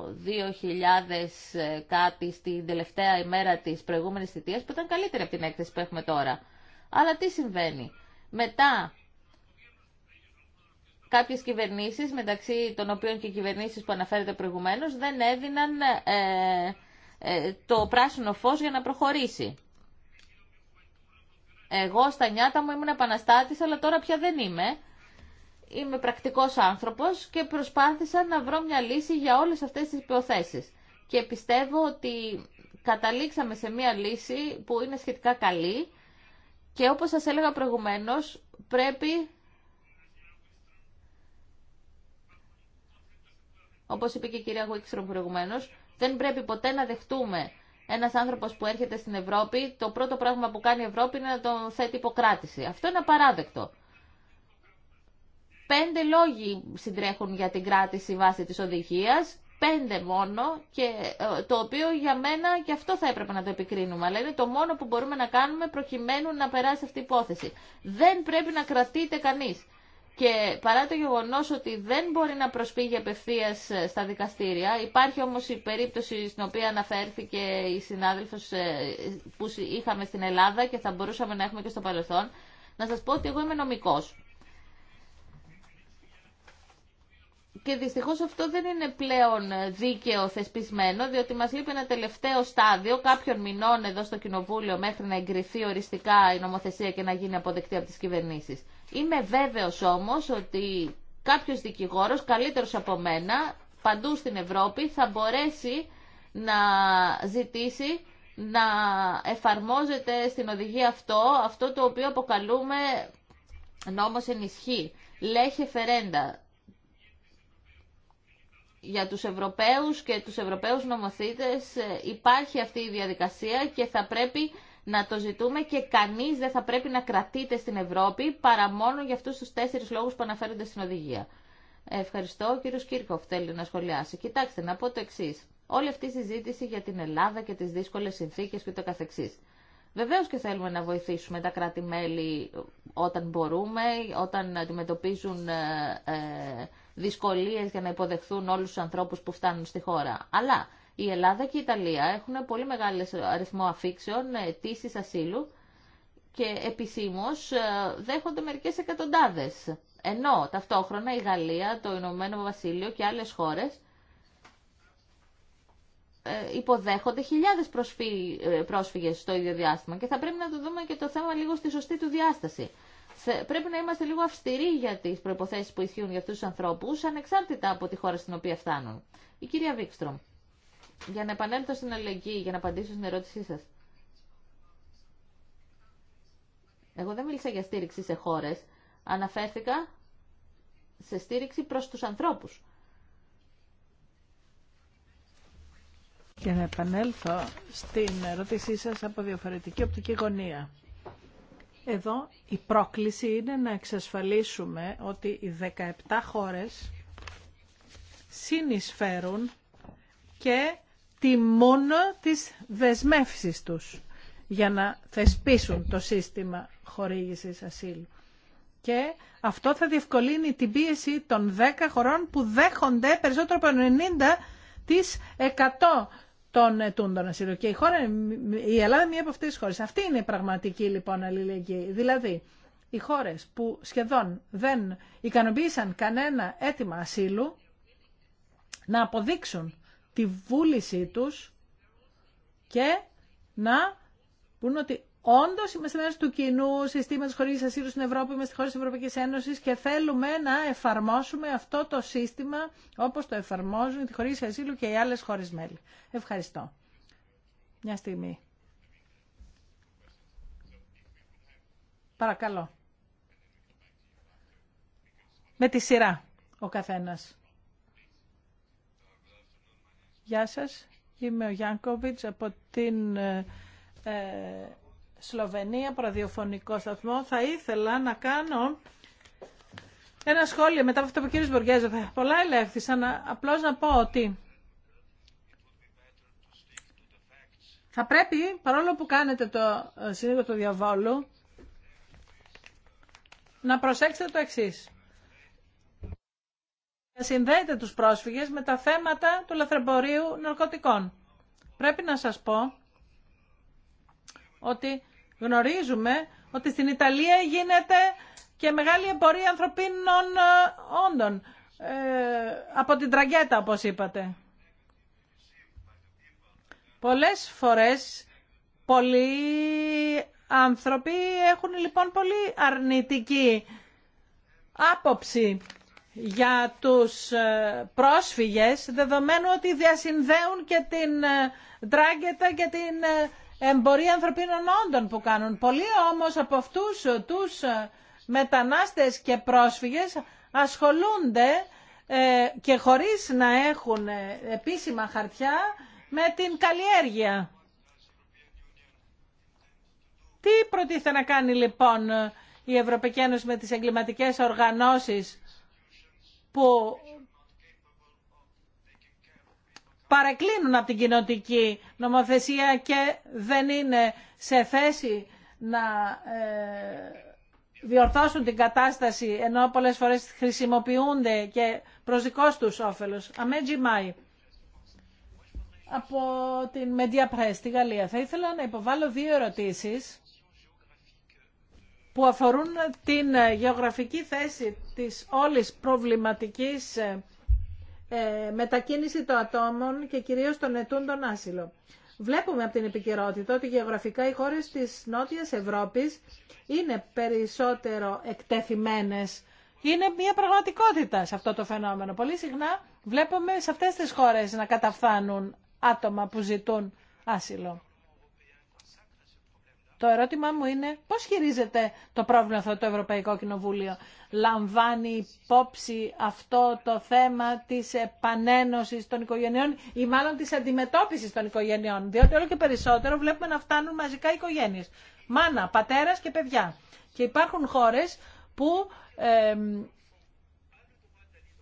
2000 κάτι στην τελευταία ημέρα της προηγούμενης θητείας που ήταν καλύτερη από την έκθεση που έχουμε τώρα. Αλλά τι συμβαίνει. Μετά κάποιες κυβερνήσεις, μεταξύ των οποίων και οι κυβερνήσεις που αναφέρεται προηγουμένως, δεν έδιναν ε, ε, το πράσινο φως για να προχωρήσει. Εγώ στα νιάτα μου ήμουν επαναστάτης, αλλά τώρα πια δεν είμαι είμαι πρακτικός άνθρωπος και προσπάθησα να βρω μια λύση για όλες αυτές τις υποθέσεις. Και πιστεύω ότι καταλήξαμε σε μια λύση που είναι σχετικά καλή και όπως σας έλεγα προηγουμένως πρέπει, όπως είπε και η κυρία Γουίξτρομ προηγουμένως, δεν πρέπει ποτέ να δεχτούμε ένα άνθρωπο που έρχεται στην Ευρώπη, το πρώτο πράγμα που κάνει η Ευρώπη είναι να τον θέτει υποκράτηση. Αυτό είναι απαράδεκτο. Πέντε λόγοι συντρέχουν για την κράτηση βάσει της οδηγίας, πέντε μόνο, και ε, το οποίο για μένα και αυτό θα έπρεπε να το επικρίνουμε, αλλά είναι το μόνο που μπορούμε να κάνουμε προκειμένου να περάσει αυτή η υπόθεση. Δεν πρέπει να κρατείται κανείς. Και παρά το γεγονός ότι δεν μπορεί να προσφύγει απευθεία ε, στα δικαστήρια, υπάρχει όμως η περίπτωση στην οποία αναφέρθηκε η συνάδελφος ε, που είχαμε στην Ελλάδα και θα μπορούσαμε να έχουμε και στο παρελθόν, να σας πω ότι εγώ είμαι νομικός. Και δυστυχώ αυτό δεν είναι πλέον δίκαιο θεσπισμένο, διότι μας λείπει ένα τελευταίο στάδιο κάποιων μηνών εδώ στο Κοινοβούλιο μέχρι να εγκριθεί οριστικά η νομοθεσία και να γίνει αποδεκτή από τις κυβερνήσει. Είμαι βέβαιος όμως ότι κάποιο δικηγόρος, καλύτερος από μένα, παντού στην Ευρώπη θα μπορέσει να ζητήσει να εφαρμόζεται στην οδηγία αυτό, αυτό το οποίο αποκαλούμε νόμος ενισχύ, λέχε φερέντα, για τους Ευρωπαίους και τους Ευρωπαίους νομοθήτες ε, υπάρχει αυτή η διαδικασία και θα πρέπει να το ζητούμε και κανείς δεν θα πρέπει να κρατείται στην Ευρώπη παρά μόνο για αυτούς τους τέσσερις λόγους που αναφέρονται στην οδηγία. Ευχαριστώ. Ο κύριος Κύρκοφ θέλει να σχολιάσει. Κοιτάξτε, να πω το εξή. Όλη αυτή η συζήτηση για την Ελλάδα και τις δύσκολες συνθήκες και το καθεξής. Βεβαίως και θέλουμε να βοηθήσουμε τα κράτη-μέλη όταν μπορούμε, όταν αντιμετωπίζουν ε, ε, δυσκολίες για να υποδεχθούν όλους τους ανθρώπους που φτάνουν στη χώρα. Αλλά η Ελλάδα και η Ιταλία έχουν πολύ μεγάλο αριθμό αφήξεων, αιτήσει ασύλου και επισήμως ε, δέχονται μερικές εκατοντάδες. Ενώ ταυτόχρονα η Γαλλία, το Ηνωμένο Βασίλειο και άλλες χώρες ε, υποδέχονται χιλιάδες ε, πρόσφυγες στο ίδιο διάστημα και θα πρέπει να το δούμε και το θέμα λίγο στη σωστή του διάσταση πρέπει να είμαστε λίγο αυστηροί για τι προποθέσει που ισχύουν για αυτού τους ανθρώπους, ανεξάρτητα από τη χώρα στην οποία φτάνουν. Η κυρία Βίξτρομ, για να επανέλθω στην αλληλεγγύη, για να απαντήσω στην ερώτησή σας. Εγώ δεν μίλησα για στήριξη σε χώρες. Αναφέρθηκα σε στήριξη προς τους ανθρώπους. Και να επανέλθω στην ερώτησή σας από διαφορετική οπτική γωνία. Εδώ η πρόκληση είναι να εξασφαλίσουμε ότι οι 17 χώρες συνεισφέρουν και τη μόνο της δεσμεύσεις τους για να θεσπίσουν το σύστημα χορήγησης ασύλου. Και αυτό θα διευκολύνει την πίεση των 10 χωρών που δέχονται περισσότερο από 90% των τον ασύλων. Και η, χώρα, η Ελλάδα είναι μία από αυτές τις χώρες. Αυτή είναι η πραγματική λοιπόν αλληλεγγύη. Δηλαδή, οι χώρες που σχεδόν δεν ικανοποίησαν κανένα αίτημα ασύλου να αποδείξουν τη βούλησή τους και να πούν ότι Όντω είμαστε μέρο του κοινού συστήματο χωρί ασύλου στην Ευρώπη, είμαστε χώρε τη Ευρωπαϊκή Ένωση και θέλουμε να εφαρμόσουμε αυτό το σύστημα όπω το εφαρμόζουν τη χωρί ασύλου και οι άλλε χώρε μέλη. Ευχαριστώ. Μια στιγμή. Παρακαλώ. Με τη σειρά ο καθένας. Γεια σας. Είμαι ο Γιάνκοβιτς από την ε, ε Σλοβενία, προδιοφωνικό σταθμό. Θα ήθελα να κάνω ένα σχόλιο μετά από αυτό που ο κύριος Θα Πολλά ελέγχθησαν. απλώ να πω ότι θα πρέπει, παρόλο που κάνετε το ε, σύνδεκο του διαβόλου, να προσέξετε το εξή. Να συνδέετε τους πρόσφυγες με τα θέματα του λαθρεμπορίου ναρκωτικών. Πρέπει να σας πω ότι Γνωρίζουμε ότι στην Ιταλία γίνεται και μεγάλη εμπορία ανθρωπίνων ε, όντων. Ε, από την τραγκέτα, όπως είπατε. Πολλές φορές πολλοί άνθρωποι έχουν λοιπόν πολύ αρνητική άποψη για τους ε, πρόσφυγες, δεδομένου ότι διασυνδέουν και την τράγκετα και την εμπορία ανθρωπίνων όντων που κάνουν. Πολλοί όμως από αυτούς τους ε, μετανάστες και πρόσφυγες ασχολούνται ε, και χωρίς να έχουν ε, επίσημα χαρτιά με την καλλιέργεια. Τι προτίθεται να κάνει λοιπόν η Ευρωπαϊκή Ένωση με τις εγκληματικές οργανώσεις που παρεκκλίνουν από την κοινοτική νομοθεσία και δεν είναι σε θέση να ε, διορθώσουν την κατάσταση ενώ πολλές φορές χρησιμοποιούνται και προς δικό τους όφελος. Αμέτζι από την Media Press στη Γαλλία. Θα ήθελα να υποβάλω δύο ερωτήσεις που αφορούν την γεωγραφική θέση της όλης προβληματικής ε, ε, μετακίνηση των ατόμων και κυρίως των ετούν τον άσυλο. Βλέπουμε από την επικαιρότητα ότι γεωγραφικά οι χώρες της Νότιας Ευρώπης είναι περισσότερο εκτεθειμένες. Είναι μια πραγματικότητα σε αυτό το φαινόμενο. Πολύ συχνά βλέπουμε σε αυτές τις χώρες να καταφθάνουν άτομα που ζητούν άσυλο. Το ερώτημά μου είναι πώς χειρίζεται το πρόβλημα αυτό το Ευρωπαϊκό Κοινοβούλιο. Λαμβάνει υπόψη αυτό το θέμα της επανένωσης των οικογενειών ή μάλλον της αντιμετώπισης των οικογενειών. Διότι όλο και περισσότερο βλέπουμε να φτάνουν μαζικά οικογένειες. Μάνα, πατέρας και παιδιά. Και υπάρχουν χώρες που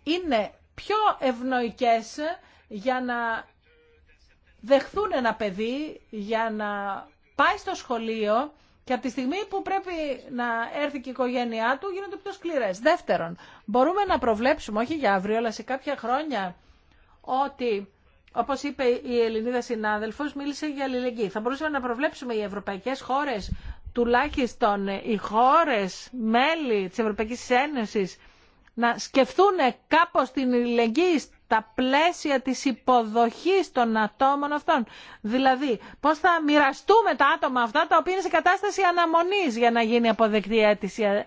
είναι πιο ευνοϊκές για να δεχθούν ένα παιδί, για να πάει στο σχολείο και από τη στιγμή που πρέπει να έρθει και η οικογένειά του γίνονται πιο σκληρέ. Δεύτερον, μπορούμε να προβλέψουμε, όχι για αύριο, αλλά σε κάποια χρόνια, ότι όπως είπε η Ελληνίδα συνάδελφος, μίλησε για αλληλεγγύη. Θα μπορούσαμε να προβλέψουμε οι ευρωπαϊκές χώρες, τουλάχιστον οι χώρε μέλη τη Ευρωπαϊκή Ένωση να σκεφτούν κάπω την αλληλεγγύη τα πλαίσια της υποδοχής των ατόμων αυτών. Δηλαδή, πώς θα μοιραστούμε τα άτομα αυτά τα οποία είναι σε κατάσταση αναμονής για να γίνει αποδεκτή αίτηση ε,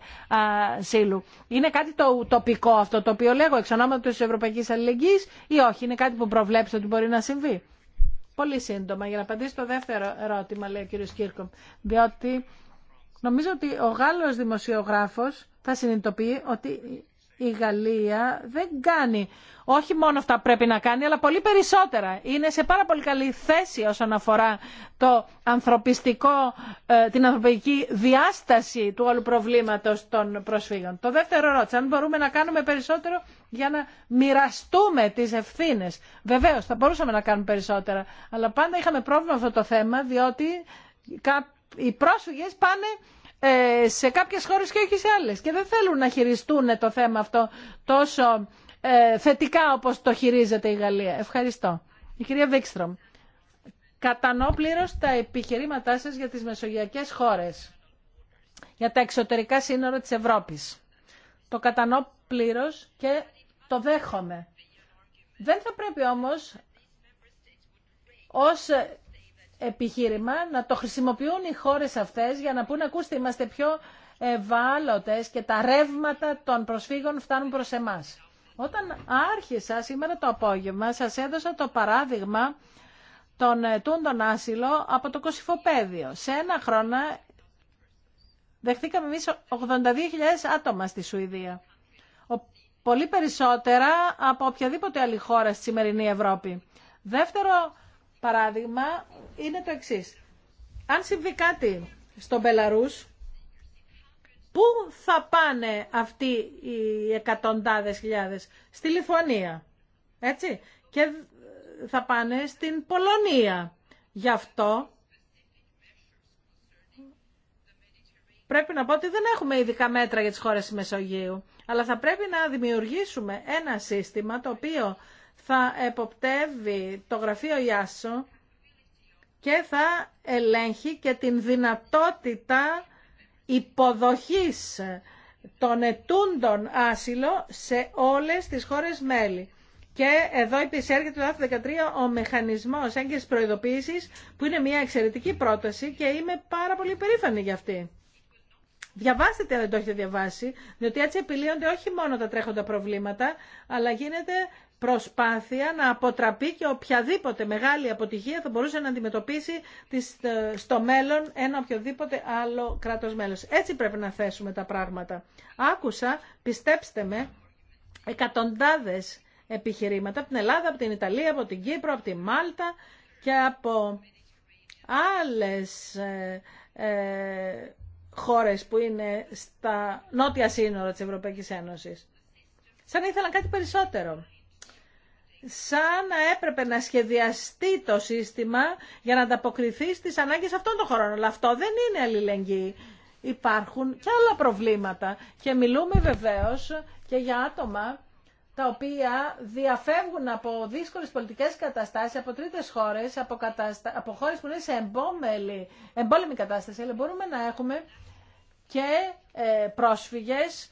ασύλου. Είναι κάτι το τοπικό αυτό το οποίο λέγω εξ ονόματος της Ευρωπαϊκής Αλληλεγγύης ή όχι, είναι κάτι που προβλέψει ότι μπορεί να συμβεί. Πολύ σύντομα, για να απαντήσω το δεύτερο ερώτημα, λέει ο κ. Κύρκο. διότι νομίζω ότι ο Γάλλος δημοσιογράφος θα συνειδητοποιεί ότι η Γαλλία δεν κάνει όχι μόνο αυτά πρέπει να κάνει, αλλά πολύ περισσότερα. Είναι σε πάρα πολύ καλή θέση όσον αφορά το ανθρωπιστικό, ε, την ανθρωπική διάσταση του όλου προβλήματος των προσφύγων. Το δεύτερο ρώτησε, αν μπορούμε να κάνουμε περισσότερο για να μοιραστούμε τις ευθύνες. Βεβαίως, θα μπορούσαμε να κάνουμε περισσότερα, αλλά πάντα είχαμε πρόβλημα αυτό το θέμα, διότι οι πρόσφυγες πάνε ε, σε κάποιες χώρες και όχι σε άλλες. Και δεν θέλουν να χειριστούν το θέμα αυτό τόσο ε, θετικά όπως το χειρίζεται η Γαλλία. Ευχαριστώ. Η κυρία Βίξτρομ. Κατανοώ τα επιχειρήματά σας για τις μεσογειακές χώρες, για τα εξωτερικά σύνορα της Ευρώπης. Το κατανοώ πλήρω και το δέχομαι. Δεν θα πρέπει όμως ως επιχείρημα να το χρησιμοποιούν οι χώρες αυτές για να πούν ακούστε είμαστε πιο ευάλωτες και τα ρεύματα των προσφύγων φτάνουν προς εμάς. Όταν άρχισα σήμερα το απόγευμα σας έδωσα το παράδειγμα των ε, τον άσυλο από το Κωσυφοπαίδιο. Σε ένα χρόνο δεχτήκαμε εμείς 82.000 άτομα στη Σουηδία. Πολύ περισσότερα από οποιαδήποτε άλλη χώρα στη σημερινή Ευρώπη. Δεύτερο παράδειγμα είναι το εξής. Αν συμβεί κάτι στον Πελαρούς, πού θα πάνε αυτοί οι εκατοντάδες χιλιάδες. Στη Λιθουανία, έτσι. Και θα πάνε στην Πολωνία. Γι' αυτό πρέπει να πω ότι δεν έχουμε ειδικά μέτρα για τις χώρες της Μεσογείου, αλλά θα πρέπει να δημιουργήσουμε ένα σύστημα το οποίο θα εποπτεύει το γραφείο Ιάσο και θα ελέγχει και την δυνατότητα υποδοχής των ετούντων άσυλο σε όλες τις χώρες μέλη. Και εδώ επίσης έρχεται το 2013 13 ο μηχανισμός έγκαιρη Προειδοποίησης που είναι μια εξαιρετική πρόταση και είμαι πάρα πολύ περήφανη για αυτή. Διαβάστε αν δεν το έχετε διαβάσει, διότι έτσι επιλύονται όχι μόνο τα τρέχοντα προβλήματα, αλλά γίνεται προσπάθεια να αποτραπεί και οποιαδήποτε μεγάλη αποτυχία θα μπορούσε να αντιμετωπίσει ε, στο μέλλον ένα οποιοδήποτε άλλο κράτος μέλος. Έτσι πρέπει να θέσουμε τα πράγματα. Άκουσα, πιστέψτε με, εκατοντάδες επιχειρήματα από την Ελλάδα, από την Ιταλία, από την Κύπρο, από τη Μάλτα και από άλλες ε, ε χώρες που είναι στα νότια σύνορα της Ευρωπαϊκής Ένωσης. Σαν να ήθελαν κάτι περισσότερο σαν να έπρεπε να σχεδιαστεί το σύστημα για να ανταποκριθεί στις ανάγκες αυτών των χωρών. Αλλά αυτό δεν είναι αλληλεγγύη. Υπάρχουν και άλλα προβλήματα και μιλούμε βεβαίως και για άτομα τα οποία διαφεύγουν από δύσκολες πολιτικές καταστάσεις, από τρίτες χώρες, από, καταστα... χώρες που είναι σε εμπόλεμη κατάσταση, αλλά μπορούμε να έχουμε και ε, πρόσφυγες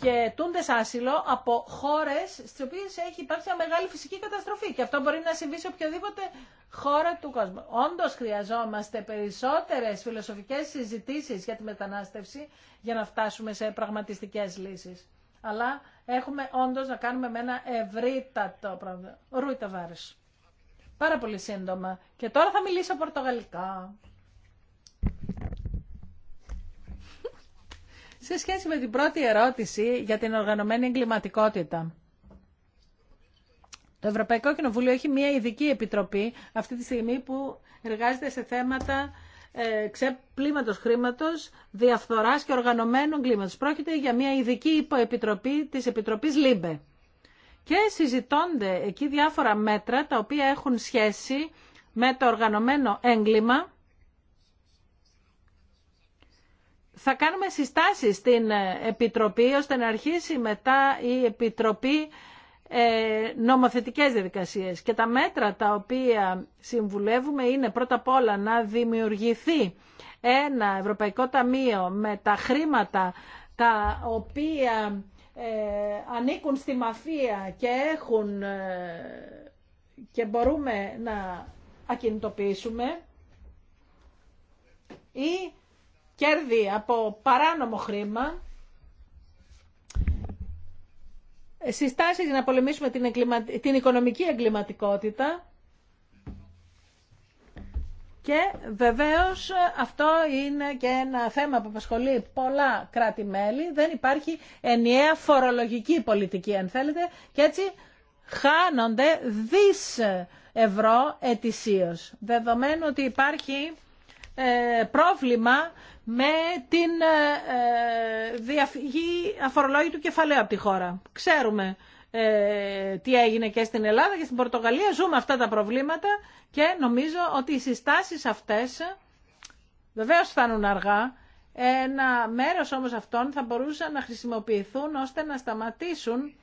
και τούντε άσυλο από χώρε στι οποίε έχει υπάρξει μια μεγάλη φυσική καταστροφή και αυτό μπορεί να συμβεί σε οποιοδήποτε χώρα του κόσμου. Όντω χρειαζόμαστε περισσότερε φιλοσοφικέ συζητήσει για τη μετανάστευση για να φτάσουμε σε πραγματιστικέ λύσει. Αλλά έχουμε όντω να κάνουμε με ένα ευρύτατο πρόβλημα. Ρούι Πάρα πολύ σύντομα. Και τώρα θα μιλήσω πορτογαλικά. Σε σχέση με την πρώτη ερώτηση για την οργανωμένη εγκληματικότητα. Το Ευρωπαϊκό Κοινοβούλιο έχει μια ειδική επιτροπή αυτή τη στιγμή που εργάζεται σε θέματα ε, ξεπλήματος χρήματος, διαφθοράς και οργανωμένου κλίματος. Πρόκειται για μια ειδική υποεπιτροπή της Επιτροπής ΛΥΜΠΕ. Και συζητώνται εκεί διάφορα μέτρα τα οποία έχουν σχέση με το οργανωμένο έγκλημα θα κάνουμε συστάσεις στην ε, Επιτροπή ώστε να αρχίσει μετά η Επιτροπή ε, νομοθετικές διαδικασίες. Και τα μέτρα τα οποία συμβουλεύουμε είναι πρώτα απ' όλα να δημιουργηθεί ένα Ευρωπαϊκό Ταμείο με τα χρήματα τα οποία ε, ανήκουν στη μαφία και έχουν και μπορούμε να ακινητοποιήσουμε ή κέρδη από παράνομο χρήμα, συστάσεις για να πολεμήσουμε την, οικονομική εγκληματικότητα και βεβαίως αυτό είναι και ένα θέμα που απασχολεί πολλά κράτη-μέλη. Δεν υπάρχει ενιαία φορολογική πολιτική, αν θέλετε, και έτσι χάνονται δις ευρώ ετησίως. Δεδομένου ότι υπάρχει ε, πρόβλημα με την ε, ε, διαφυγή του κεφαλαίου από τη χώρα. Ξέρουμε ε, τι έγινε και στην Ελλάδα και στην Πορτογαλία. Ζούμε αυτά τα προβλήματα και νομίζω ότι οι συστάσεις αυτές βεβαίως φτάνουν αργά. Ένα μέρος όμως αυτών θα μπορούσαν να χρησιμοποιηθούν ώστε να σταματήσουν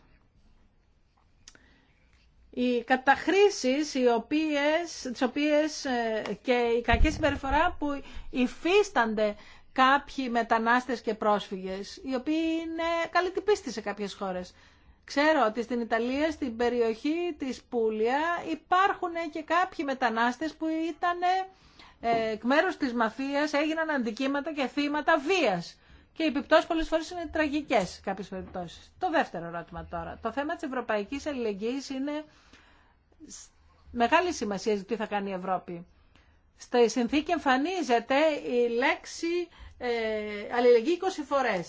οι καταχρήσεις οι οποίες, τις ε, και η κακή συμπεριφορά που υφίστανται κάποιοι μετανάστες και πρόσφυγες, οι οποίοι είναι καλλιτυπίστοι σε κάποιες χώρες. Ξέρω ότι στην Ιταλία, στην περιοχή της Πούλια, υπάρχουν και κάποιοι μετανάστες που ήταν ε, εκ μέρους της μαφίας, έγιναν αντικείμενα και θύματα βίας και οι επιπτώσει πολλές φορές είναι τραγικές σε κάποιες Το δεύτερο ερώτημα τώρα. Το θέμα της ευρωπαϊκής αλληλεγγύη είναι μεγάλη σημασία τι θα κάνει η Ευρώπη. Στη συνθήκη εμφανίζεται η λέξη ε, αλληλεγγύη 20 φορέ.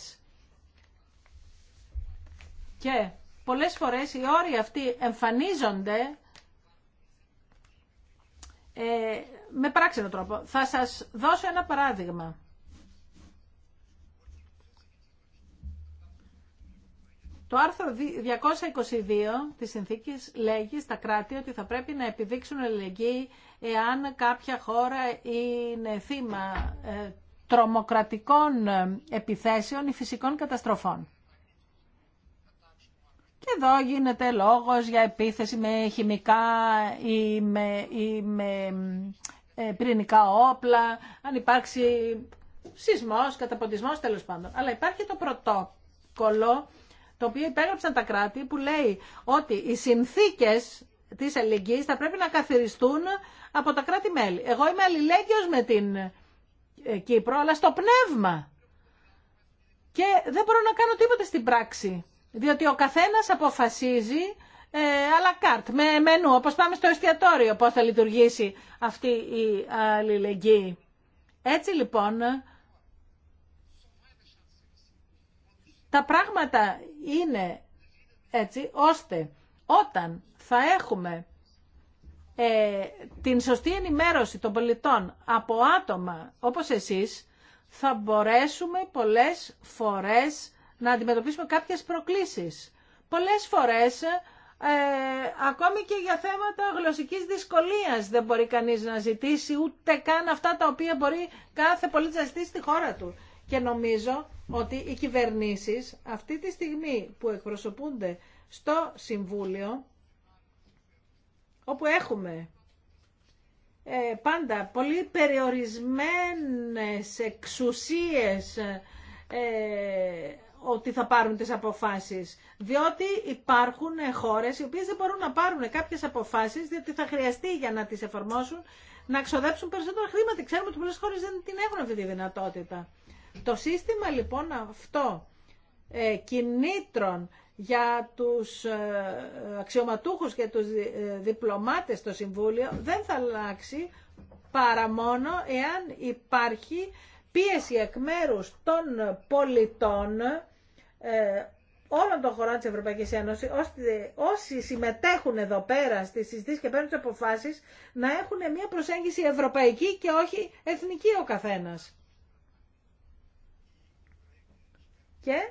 Και πολλές φορές οι όροι αυτοί εμφανίζονται ε, με πράξενο τρόπο. Θα σας δώσω ένα παράδειγμα. Το άρθρο 222 της συνθήκης λέγει στα κράτη ότι θα πρέπει να επιδείξουν ελεγγύη εάν κάποια χώρα είναι θύμα ε, τρομοκρατικών ε, επιθέσεων ή φυσικών καταστροφών. Και εδώ γίνεται λόγος για επίθεση με χημικά ή με, με ε, πυρηνικά όπλα, αν υπάρξει σεισμός, καταποντισμός τέλος πάντων. Αλλά υπάρχει το πρωτόκολλο το οποίο υπέγραψαν τα κράτη που λέει ότι οι συνθήκες της αλληλεγγύης θα πρέπει να καθιστούν από τα κράτη-μέλη. Εγώ είμαι αλληλέγγυος με την ε, Κύπρο, αλλά στο πνεύμα. Και δεν μπορώ να κάνω τίποτα στην πράξη. Διότι ο καθένας αποφασίζει ε, à με μενού, όπως πάμε στο εστιατόριο, πώς θα λειτουργήσει αυτή η αλληλεγγύη. Έτσι λοιπόν Τα πράγματα είναι έτσι ώστε όταν θα έχουμε ε, την σωστή ενημέρωση των πολιτών από άτομα όπως εσείς, θα μπορέσουμε πολλές φορές να αντιμετωπίσουμε κάποιες προκλήσεις. Πολλές φορές, ε, ακόμη και για θέματα γλωσσικής δυσκολίας δεν μπορεί κανείς να ζητήσει ούτε καν αυτά τα οποία μπορεί κάθε πολίτης να ζητήσει στη χώρα του. Και νομίζω ότι οι κυβερνήσεις αυτή τη στιγμή που εκπροσωπούνται στο Συμβούλιο, όπου έχουμε ε, πάντα πολύ περιορισμένες εξουσίες ε, ότι θα πάρουν τις αποφάσεις. Διότι υπάρχουν χώρες οι οποίες δεν μπορούν να πάρουν κάποιες αποφάσεις διότι θα χρειαστεί για να τις εφαρμόσουν να ξοδέψουν περισσότερα χρήματα. Ξέρουμε ότι πολλές χώρες δεν την έχουν αυτή τη δυνατότητα. Το σύστημα λοιπόν αυτό ε, κινήτρων για τους ε, αξιωματούχους και τους ε, διπλωμάτες στο Συμβούλιο δεν θα αλλάξει παρά μόνο εάν υπάρχει πίεση εκ μέρους των πολιτών ε, όλων των χωρών της Ευρωπαϊκής Ένωσης, ώστε όσοι συμμετέχουν εδώ πέρα στις συζητήσεις και παίρνουν τις αποφάσεις, να έχουν μια προσέγγιση ευρωπαϊκή και όχι εθνική ο καθένας. και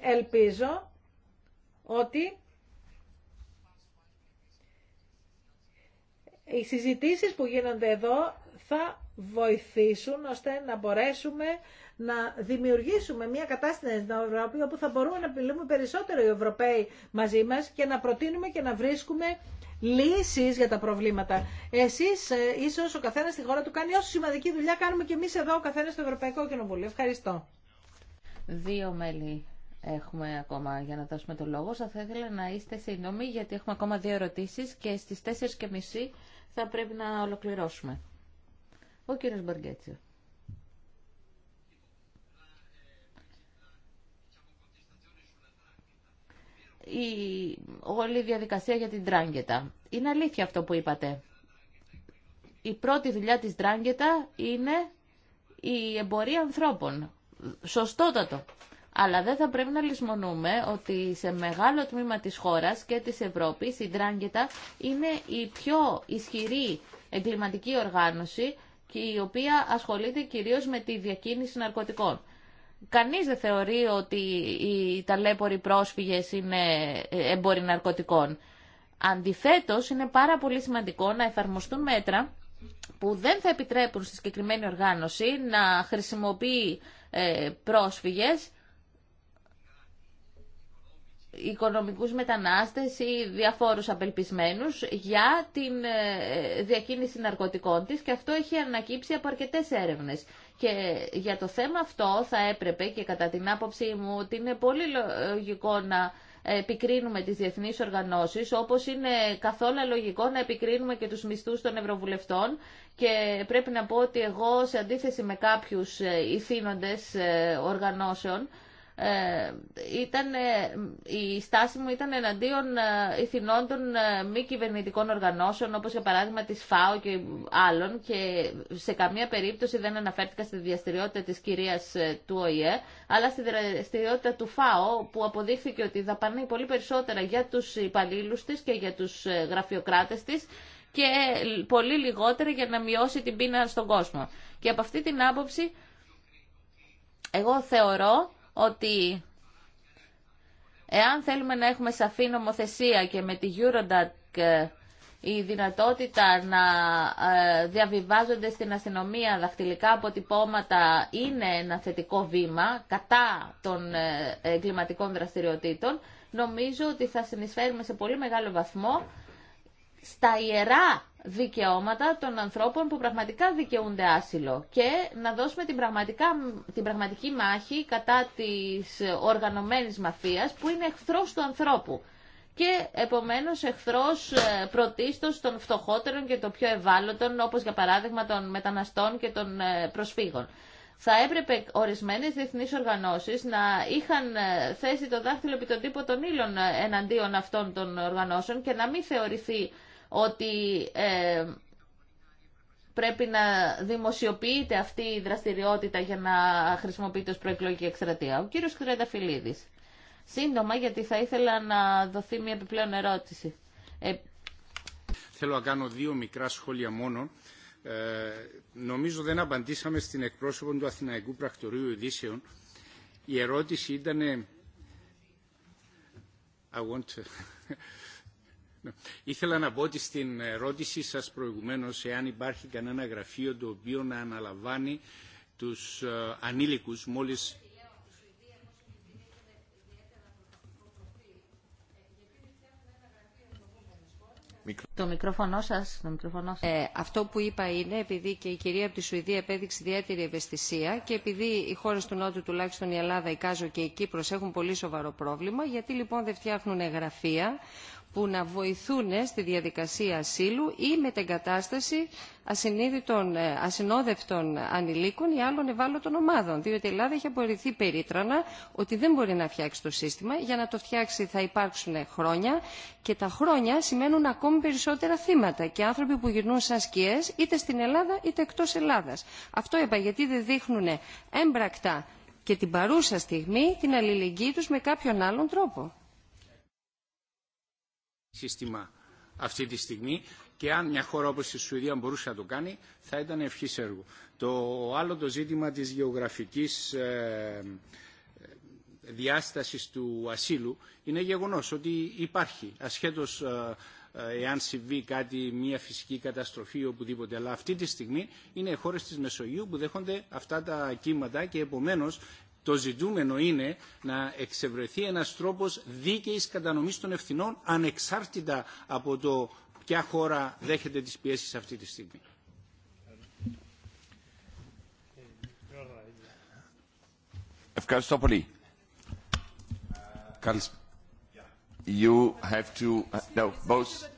ελπίζω ότι οι συζητήσεις που γίνονται εδώ θα βοηθήσουν ώστε να μπορέσουμε να δημιουργήσουμε μια κατάσταση στην Ευρώπη όπου θα μπορούμε να μιλούμε περισσότερο οι Ευρωπαίοι μαζί μας και να προτείνουμε και να βρίσκουμε λύσεις για τα προβλήματα. Εσείς, ε, ίσως ο καθένας στη χώρα του κάνει όσο σημαντική δουλειά κάνουμε και εμείς εδώ ο καθένας στο Ευρωπαϊκό Κοινοβούλιο. Ευχαριστώ. Δύο μέλη έχουμε ακόμα για να δώσουμε το λόγο. Θα ήθελα να είστε σύντομοι γιατί έχουμε ακόμα δύο ερωτήσεις και στις 4.30 θα πρέπει να ολοκληρώσουμε. Ο κύριος Μπαργκέτσιο. η όλη η διαδικασία για την τράγκετα. Είναι αλήθεια αυτό που είπατε. Η πρώτη δουλειά της τράγκετα είναι η εμπορία ανθρώπων σωστότατο. Αλλά δεν θα πρέπει να λησμονούμε ότι σε μεγάλο τμήμα της χώρας και της Ευρώπης η Ντράγκετα είναι η πιο ισχυρή εγκληματική οργάνωση και η οποία ασχολείται κυρίως με τη διακίνηση ναρκωτικών. Κανείς δεν θεωρεί ότι οι ταλέποροι πρόσφυγες είναι εμπόροι ναρκωτικών. Αντιθέτως, είναι πάρα πολύ σημαντικό να εφαρμοστούν μέτρα που δεν θα επιτρέπουν στη συγκεκριμένη οργάνωση να χρησιμοποιεί ε, πρόσφυγες, οικονομικούς μετανάστες ή διαφόρους απελπισμένους για την ε, διακίνηση ναρκωτικών της και αυτό έχει ανακύψει από αρκετές έρευνες. Και για το θέμα αυτό θα έπρεπε και κατά την άποψή μου ότι είναι πολύ λογικό να επικρίνουμε τις διεθνείς οργανώσεις, όπως είναι καθόλου λογικό να επικρίνουμε και τους μισθούς των ευρωβουλευτών και πρέπει να πω ότι εγώ σε αντίθεση με κάποιους ε, ηθήνοντες ε, οργανώσεων ε, ήταν, ε, η στάση μου ήταν εναντίον ε, ηθινών των ε, μη κυβερνητικών οργανώσεων όπως για παράδειγμα της ΦΑΟ και άλλων και σε καμία περίπτωση δεν αναφέρθηκα στη διαστηριότητα της κυρίας του ΟΗΕ αλλά στη διαστηριότητα του ΦΑΟ που αποδείχθηκε ότι δαπανεί πολύ περισσότερα για τους υπαλλήλους της και για τους γραφειοκράτες της και πολύ λιγότερα για να μειώσει την πείνα στον κόσμο. Και από αυτή την άποψη εγώ θεωρώ ότι εάν θέλουμε να έχουμε σαφή νομοθεσία και με τη Eurodac ε, η δυνατότητα να ε, διαβιβάζονται στην αστυνομία δαχτυλικά αποτυπώματα είναι ένα θετικό βήμα κατά των ε, εγκληματικών δραστηριοτήτων, νομίζω ότι θα συνεισφέρουμε σε πολύ μεγάλο βαθμό στα ιερά δικαιώματα των ανθρώπων που πραγματικά δικαιούνται άσυλο και να δώσουμε την, πραγματικά, την πραγματική μάχη κατά της οργανωμένης μαφίας που είναι εχθρός του ανθρώπου και επομένως εχθρός ε, πρωτίστως των φτωχότερων και των πιο ευάλωτων όπως για παράδειγμα των μεταναστών και των ε, προσφύγων. Θα έπρεπε ορισμένες διεθνείς οργανώσεις να είχαν ε, θέσει το δάχτυλο επί τον τύπο των ήλων εναντίον αυτών των οργανώσεων και να μην θεωρηθεί ότι ε, πρέπει να δημοσιοποιείται αυτή η δραστηριότητα για να χρησιμοποιείται ως προεκλογική εκστρατεία. Ο κύριος Κρεταφυλίδης. Σύντομα, γιατί θα ήθελα να δοθεί μια επιπλέον ερώτηση. Ε, Θέλω να κάνω δύο μικρά σχόλια μόνο. Ε, νομίζω δεν απαντήσαμε στην εκπρόσωπο του Αθηναϊκού Πρακτορείου Ειδήσεων. Η ερώτηση ήταν... I want to... Ήθελα να πω ότι στην ερώτησή σας προηγουμένως εάν υπάρχει κανένα γραφείο το οποίο να αναλαμβάνει τους ε, ανήλικους μόλις... Το μικρόφωνο σα. Ε, αυτό που είπα είναι επειδή και η κυρία από τη Σουηδία επέδειξε ιδιαίτερη ευαισθησία και επειδή οι χώρε του Νότου, τουλάχιστον η Ελλάδα, η Κάζο και η Κύπρος έχουν πολύ σοβαρό πρόβλημα, γιατί λοιπόν δεν φτιάχνουν γραφεία που να βοηθούν στη διαδικασία ασύλου ή μετεγκατάσταση ασυνείδητων, ε, ασυνόδευτων ανηλίκων ή άλλων ευάλωτων ομάδων. Διότι η Ελλάδα έχει απορριφθεί περίτρανα ότι δεν μπορεί να φτιάξει το σύστημα. Για να το φτιάξει θα υπάρξουν χρόνια και τα χρόνια σημαίνουν ακόμη περισσότερα θύματα και άνθρωποι που γυρνούν σαν σκιέ είτε στην Ελλάδα είτε εκτό Ελλάδα. Αυτό είπα γιατί δεν δείχνουν έμπρακτα και την παρούσα στιγμή την αλληλεγγύη τους με κάποιον άλλον τρόπο σύστημα αυτή τη στιγμή και αν μια χώρα όπως η Σουηδία μπορούσε να το κάνει θα ήταν ευχή έργο. Το άλλο το ζήτημα της γεωγραφικής ε, ε, διάστασης του ασύλου είναι γεγονός ότι υπάρχει ασχέτως ε, ε, εάν συμβεί κάτι, μια φυσική καταστροφή ή οπουδήποτε. Αλλά αυτή τη στιγμή είναι οι χώρε της Μεσογείου που δέχονται αυτά τα κύματα και επομένως το ζητούμενο είναι να εξευρεθεί ένας τρόπος δίκαιης κατανομής των ευθυνών ανεξάρτητα από το ποια χώρα δέχεται τις πιέσεις αυτή τη στιγμή. Ευχαριστώ πολύ. You have to... No, both.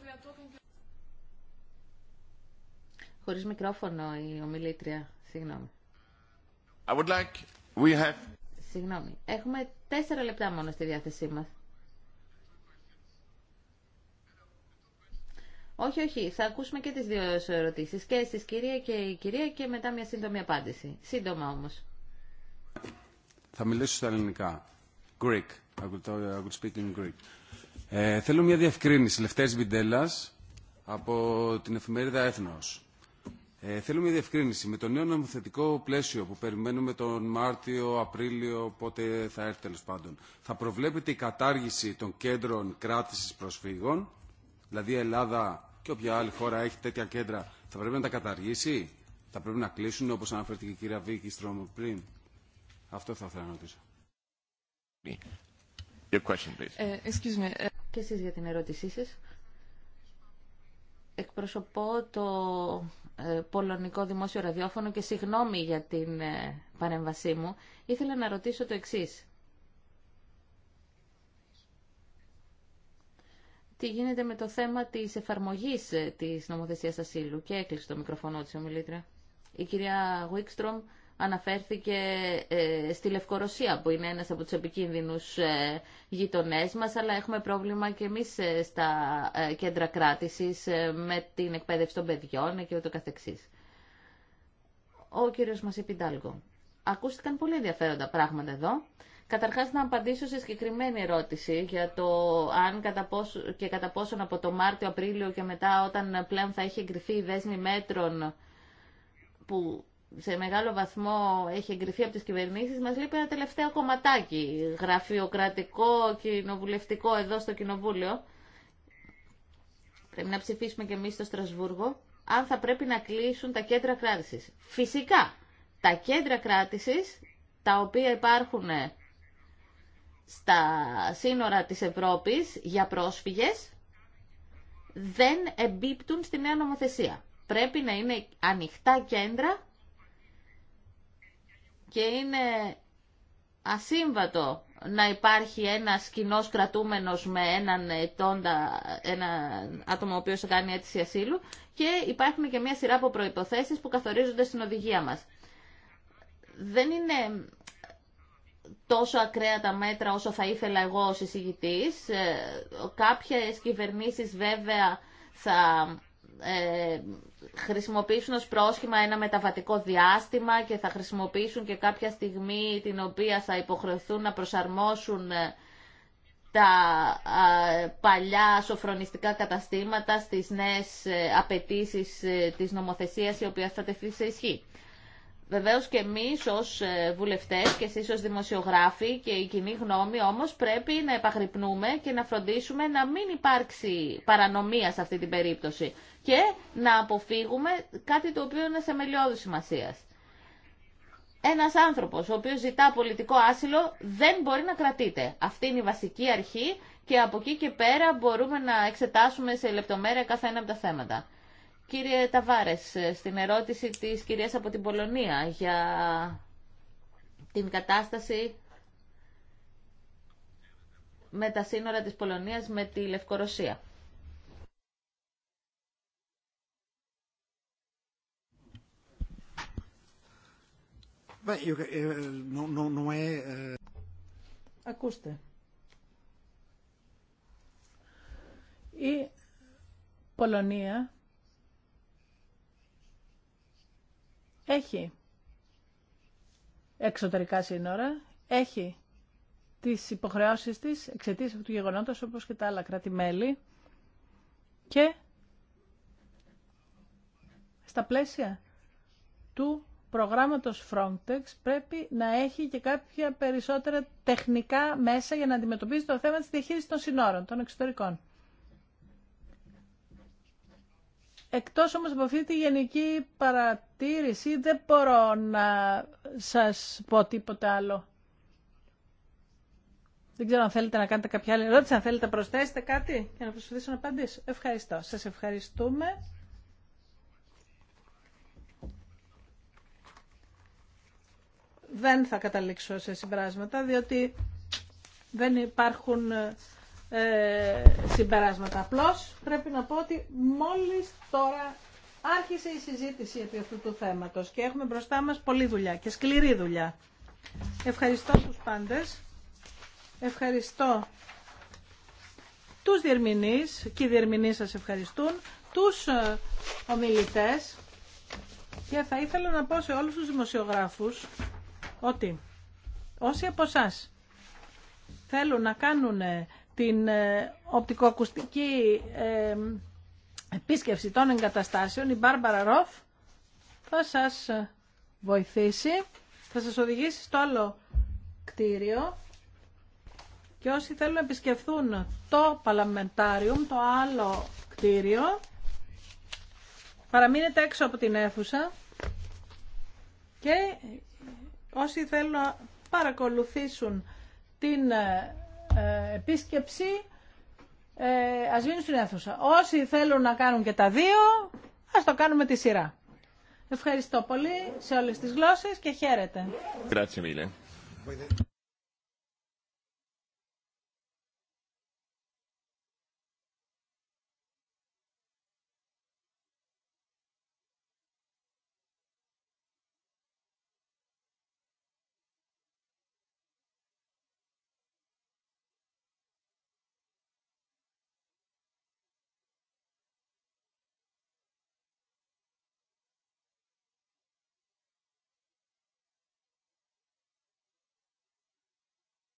Χωρίς μικρόφωνο η ομιλήτρια. Συγγνώμη. I would like Συγγνώμη. Έχουμε τέσσερα λεπτά μόνο στη διάθεσή μας. Όχι, όχι. Θα ακούσουμε και τις δύο ερωτήσεις. Και εσείς κυρία και η κυρία και μετά μια σύντομη απάντηση. Σύντομα όμως. Θα μιλήσω στα ελληνικά. Greek. I Greek. Ε, θέλω μια διευκρίνηση. Λευτέρης Βιντέλλας από την εφημερίδα Έθνος. Ε, μια διευκρίνηση. Με το νέο νομοθετικό πλαίσιο που περιμένουμε τον Μάρτιο, Απρίλιο, πότε θα έρθει τέλο πάντων, θα προβλέπεται η κατάργηση των κέντρων κράτηση προσφύγων, δηλαδή η Ελλάδα και όποια άλλη χώρα έχει τέτοια κέντρα, θα πρέπει να τα καταργήσει, θα πρέπει να κλείσουν όπω αναφέρθηκε η κυρία Βίκη Στρόμου πριν. Αυτό θα ήθελα να ρωτήσω. Ε, ε, και εσείς για την ερώτησή σας. Εκπροσωπώ το ε, πολωνικό Δημόσιο Ραδιόφωνο και συγγνώμη για την ε, παρέμβασή μου. Ήθελα να ρωτήσω το εξής. Τι γίνεται με το θέμα της εφαρμογής ε, της νομοθεσίας ασύλου και έκλεισε το μικροφωνό της ομιλήτρια. Η κυρία Γουίκστρομ αναφέρθηκε ε, στη Λευκορωσία που είναι ένας από τους επικίνδυνους ε, γειτονές μας αλλά έχουμε πρόβλημα και εμείς ε, στα κέντρα κράτησης με την εκπαίδευση των παιδιών και ούτω καθεξής. Ο κύριος μας Επιντάλγο. Ακούστηκαν πολύ ενδιαφέροντα πράγματα εδώ. Καταρχάς να απαντήσω σε συγκεκριμένη ερώτηση για το αν κατά πόσο, και κατά πόσον από το Μάρτιο, Απρίλιο και μετά όταν πλέον θα έχει εγκριθεί η δέσμη μέτρων που σε μεγάλο βαθμό έχει εγκριθεί από τις κυβερνήσεις, μας λείπει ένα τελευταίο κομματάκι, γραφειοκρατικό, κοινοβουλευτικό εδώ στο Κοινοβούλιο. Πρέπει να ψηφίσουμε και εμείς στο Στρασβούργο, αν θα πρέπει να κλείσουν τα κέντρα κράτησης. Φυσικά, τα κέντρα κράτησης, τα οποία υπάρχουν στα σύνορα της Ευρώπης για πρόσφυγες, δεν εμπίπτουν στη νέα νομοθεσία. Πρέπει να είναι ανοιχτά κέντρα και είναι ασύμβατο να υπάρχει ένα κοινό κρατούμενος με έναν ετώντα, ένα άτομο ο οποίος κάνει αίτηση ασύλου και υπάρχουν και μια σειρά από προϋποθέσεις που καθορίζονται στην οδηγία μας. Δεν είναι τόσο ακραία τα μέτρα όσο θα ήθελα εγώ ως εισηγητής. Ε, κάποιες κυβερνήσεις βέβαια θα ε, χρησιμοποιήσουν ως πρόσχημα ένα μεταβατικό διάστημα και θα χρησιμοποιήσουν και κάποια στιγμή την οποία θα υποχρεωθούν να προσαρμόσουν ε, τα παλιά σοφρονιστικά καταστήματα στις νέες ε, απαιτήσει ε, της νομοθεσίας η οποία θα τεθεί σε ισχύ. Βεβαίως και εμείς ως βουλευτές και εσείς ως δημοσιογράφοι και η κοινή γνώμη όμως πρέπει να επαγρυπνούμε και να φροντίσουμε να μην υπάρξει παρανομία σε αυτή την περίπτωση και να αποφύγουμε κάτι το οποίο είναι θεμελιώδη σημασία. Ένας άνθρωπος ο οποίος ζητά πολιτικό άσυλο δεν μπορεί να κρατείται. Αυτή είναι η βασική αρχή και από εκεί και πέρα μπορούμε να εξετάσουμε σε λεπτομέρεια κάθε ένα από τα θέματα. Κύριε Ταβάρες, στην ερώτηση της κυρίας από την Πολωνία για την κατάσταση με τα σύνορα της Πολωνίας με τη Λευκορωσία. Eh, eh. Ακούστε. Η Πολωνία έχει εξωτερικά σύνορα, έχει τις υποχρεώσεις της εξαιτίας αυτού του γεγονότος όπως και τα άλλα κράτη-μέλη και στα πλαίσια του προγράμματος Frontex πρέπει να έχει και κάποια περισσότερα τεχνικά μέσα για να αντιμετωπίζει το θέμα της διαχείρισης των συνόρων, των εξωτερικών. Εκτός όμως από αυτή τη γενική παρατήρηση δεν μπορώ να σας πω τίποτα άλλο. Δεν ξέρω αν θέλετε να κάνετε κάποια άλλη ερώτηση, αν θέλετε να προσθέσετε κάτι για να προσπαθήσω να απαντήσω. Ευχαριστώ. Σας ευχαριστούμε. δεν θα καταλήξω σε συμπεράσματα, διότι δεν υπάρχουν ε, συμπεράσματα. Απλώς πρέπει να πω ότι μόλις τώρα άρχισε η συζήτηση επί αυτού του θέματος και έχουμε μπροστά μας πολλή δουλειά και σκληρή δουλειά. Ευχαριστώ τους πάντες. Ευχαριστώ τους διερμηνείς και οι διερμηνείς σας ευχαριστούν, τους ε, ομιλητές και θα ήθελα να πω σε όλους τους δημοσιογράφους ότι όσοι από εσά θέλουν να κάνουν ε, την ε, οπτικοακουστική ε, επίσκεψη των εγκαταστάσεων, η Μπάρμπαρα Ροφ θα σας βοηθήσει, θα σας οδηγήσει στο άλλο κτίριο και όσοι θέλουν να επισκεφθούν το Παλαμεντάριουμ, το άλλο κτίριο, παραμείνετε έξω από την αίθουσα και όσοι θέλουν να παρακολουθήσουν την ε, ε, επίσκεψη, ε, ας μείνουν στην αίθουσα. Όσοι θέλουν να κάνουν και τα δύο, ας το κάνουμε τη σειρά. Ευχαριστώ πολύ σε όλες τις γλώσσες και χαίρετε.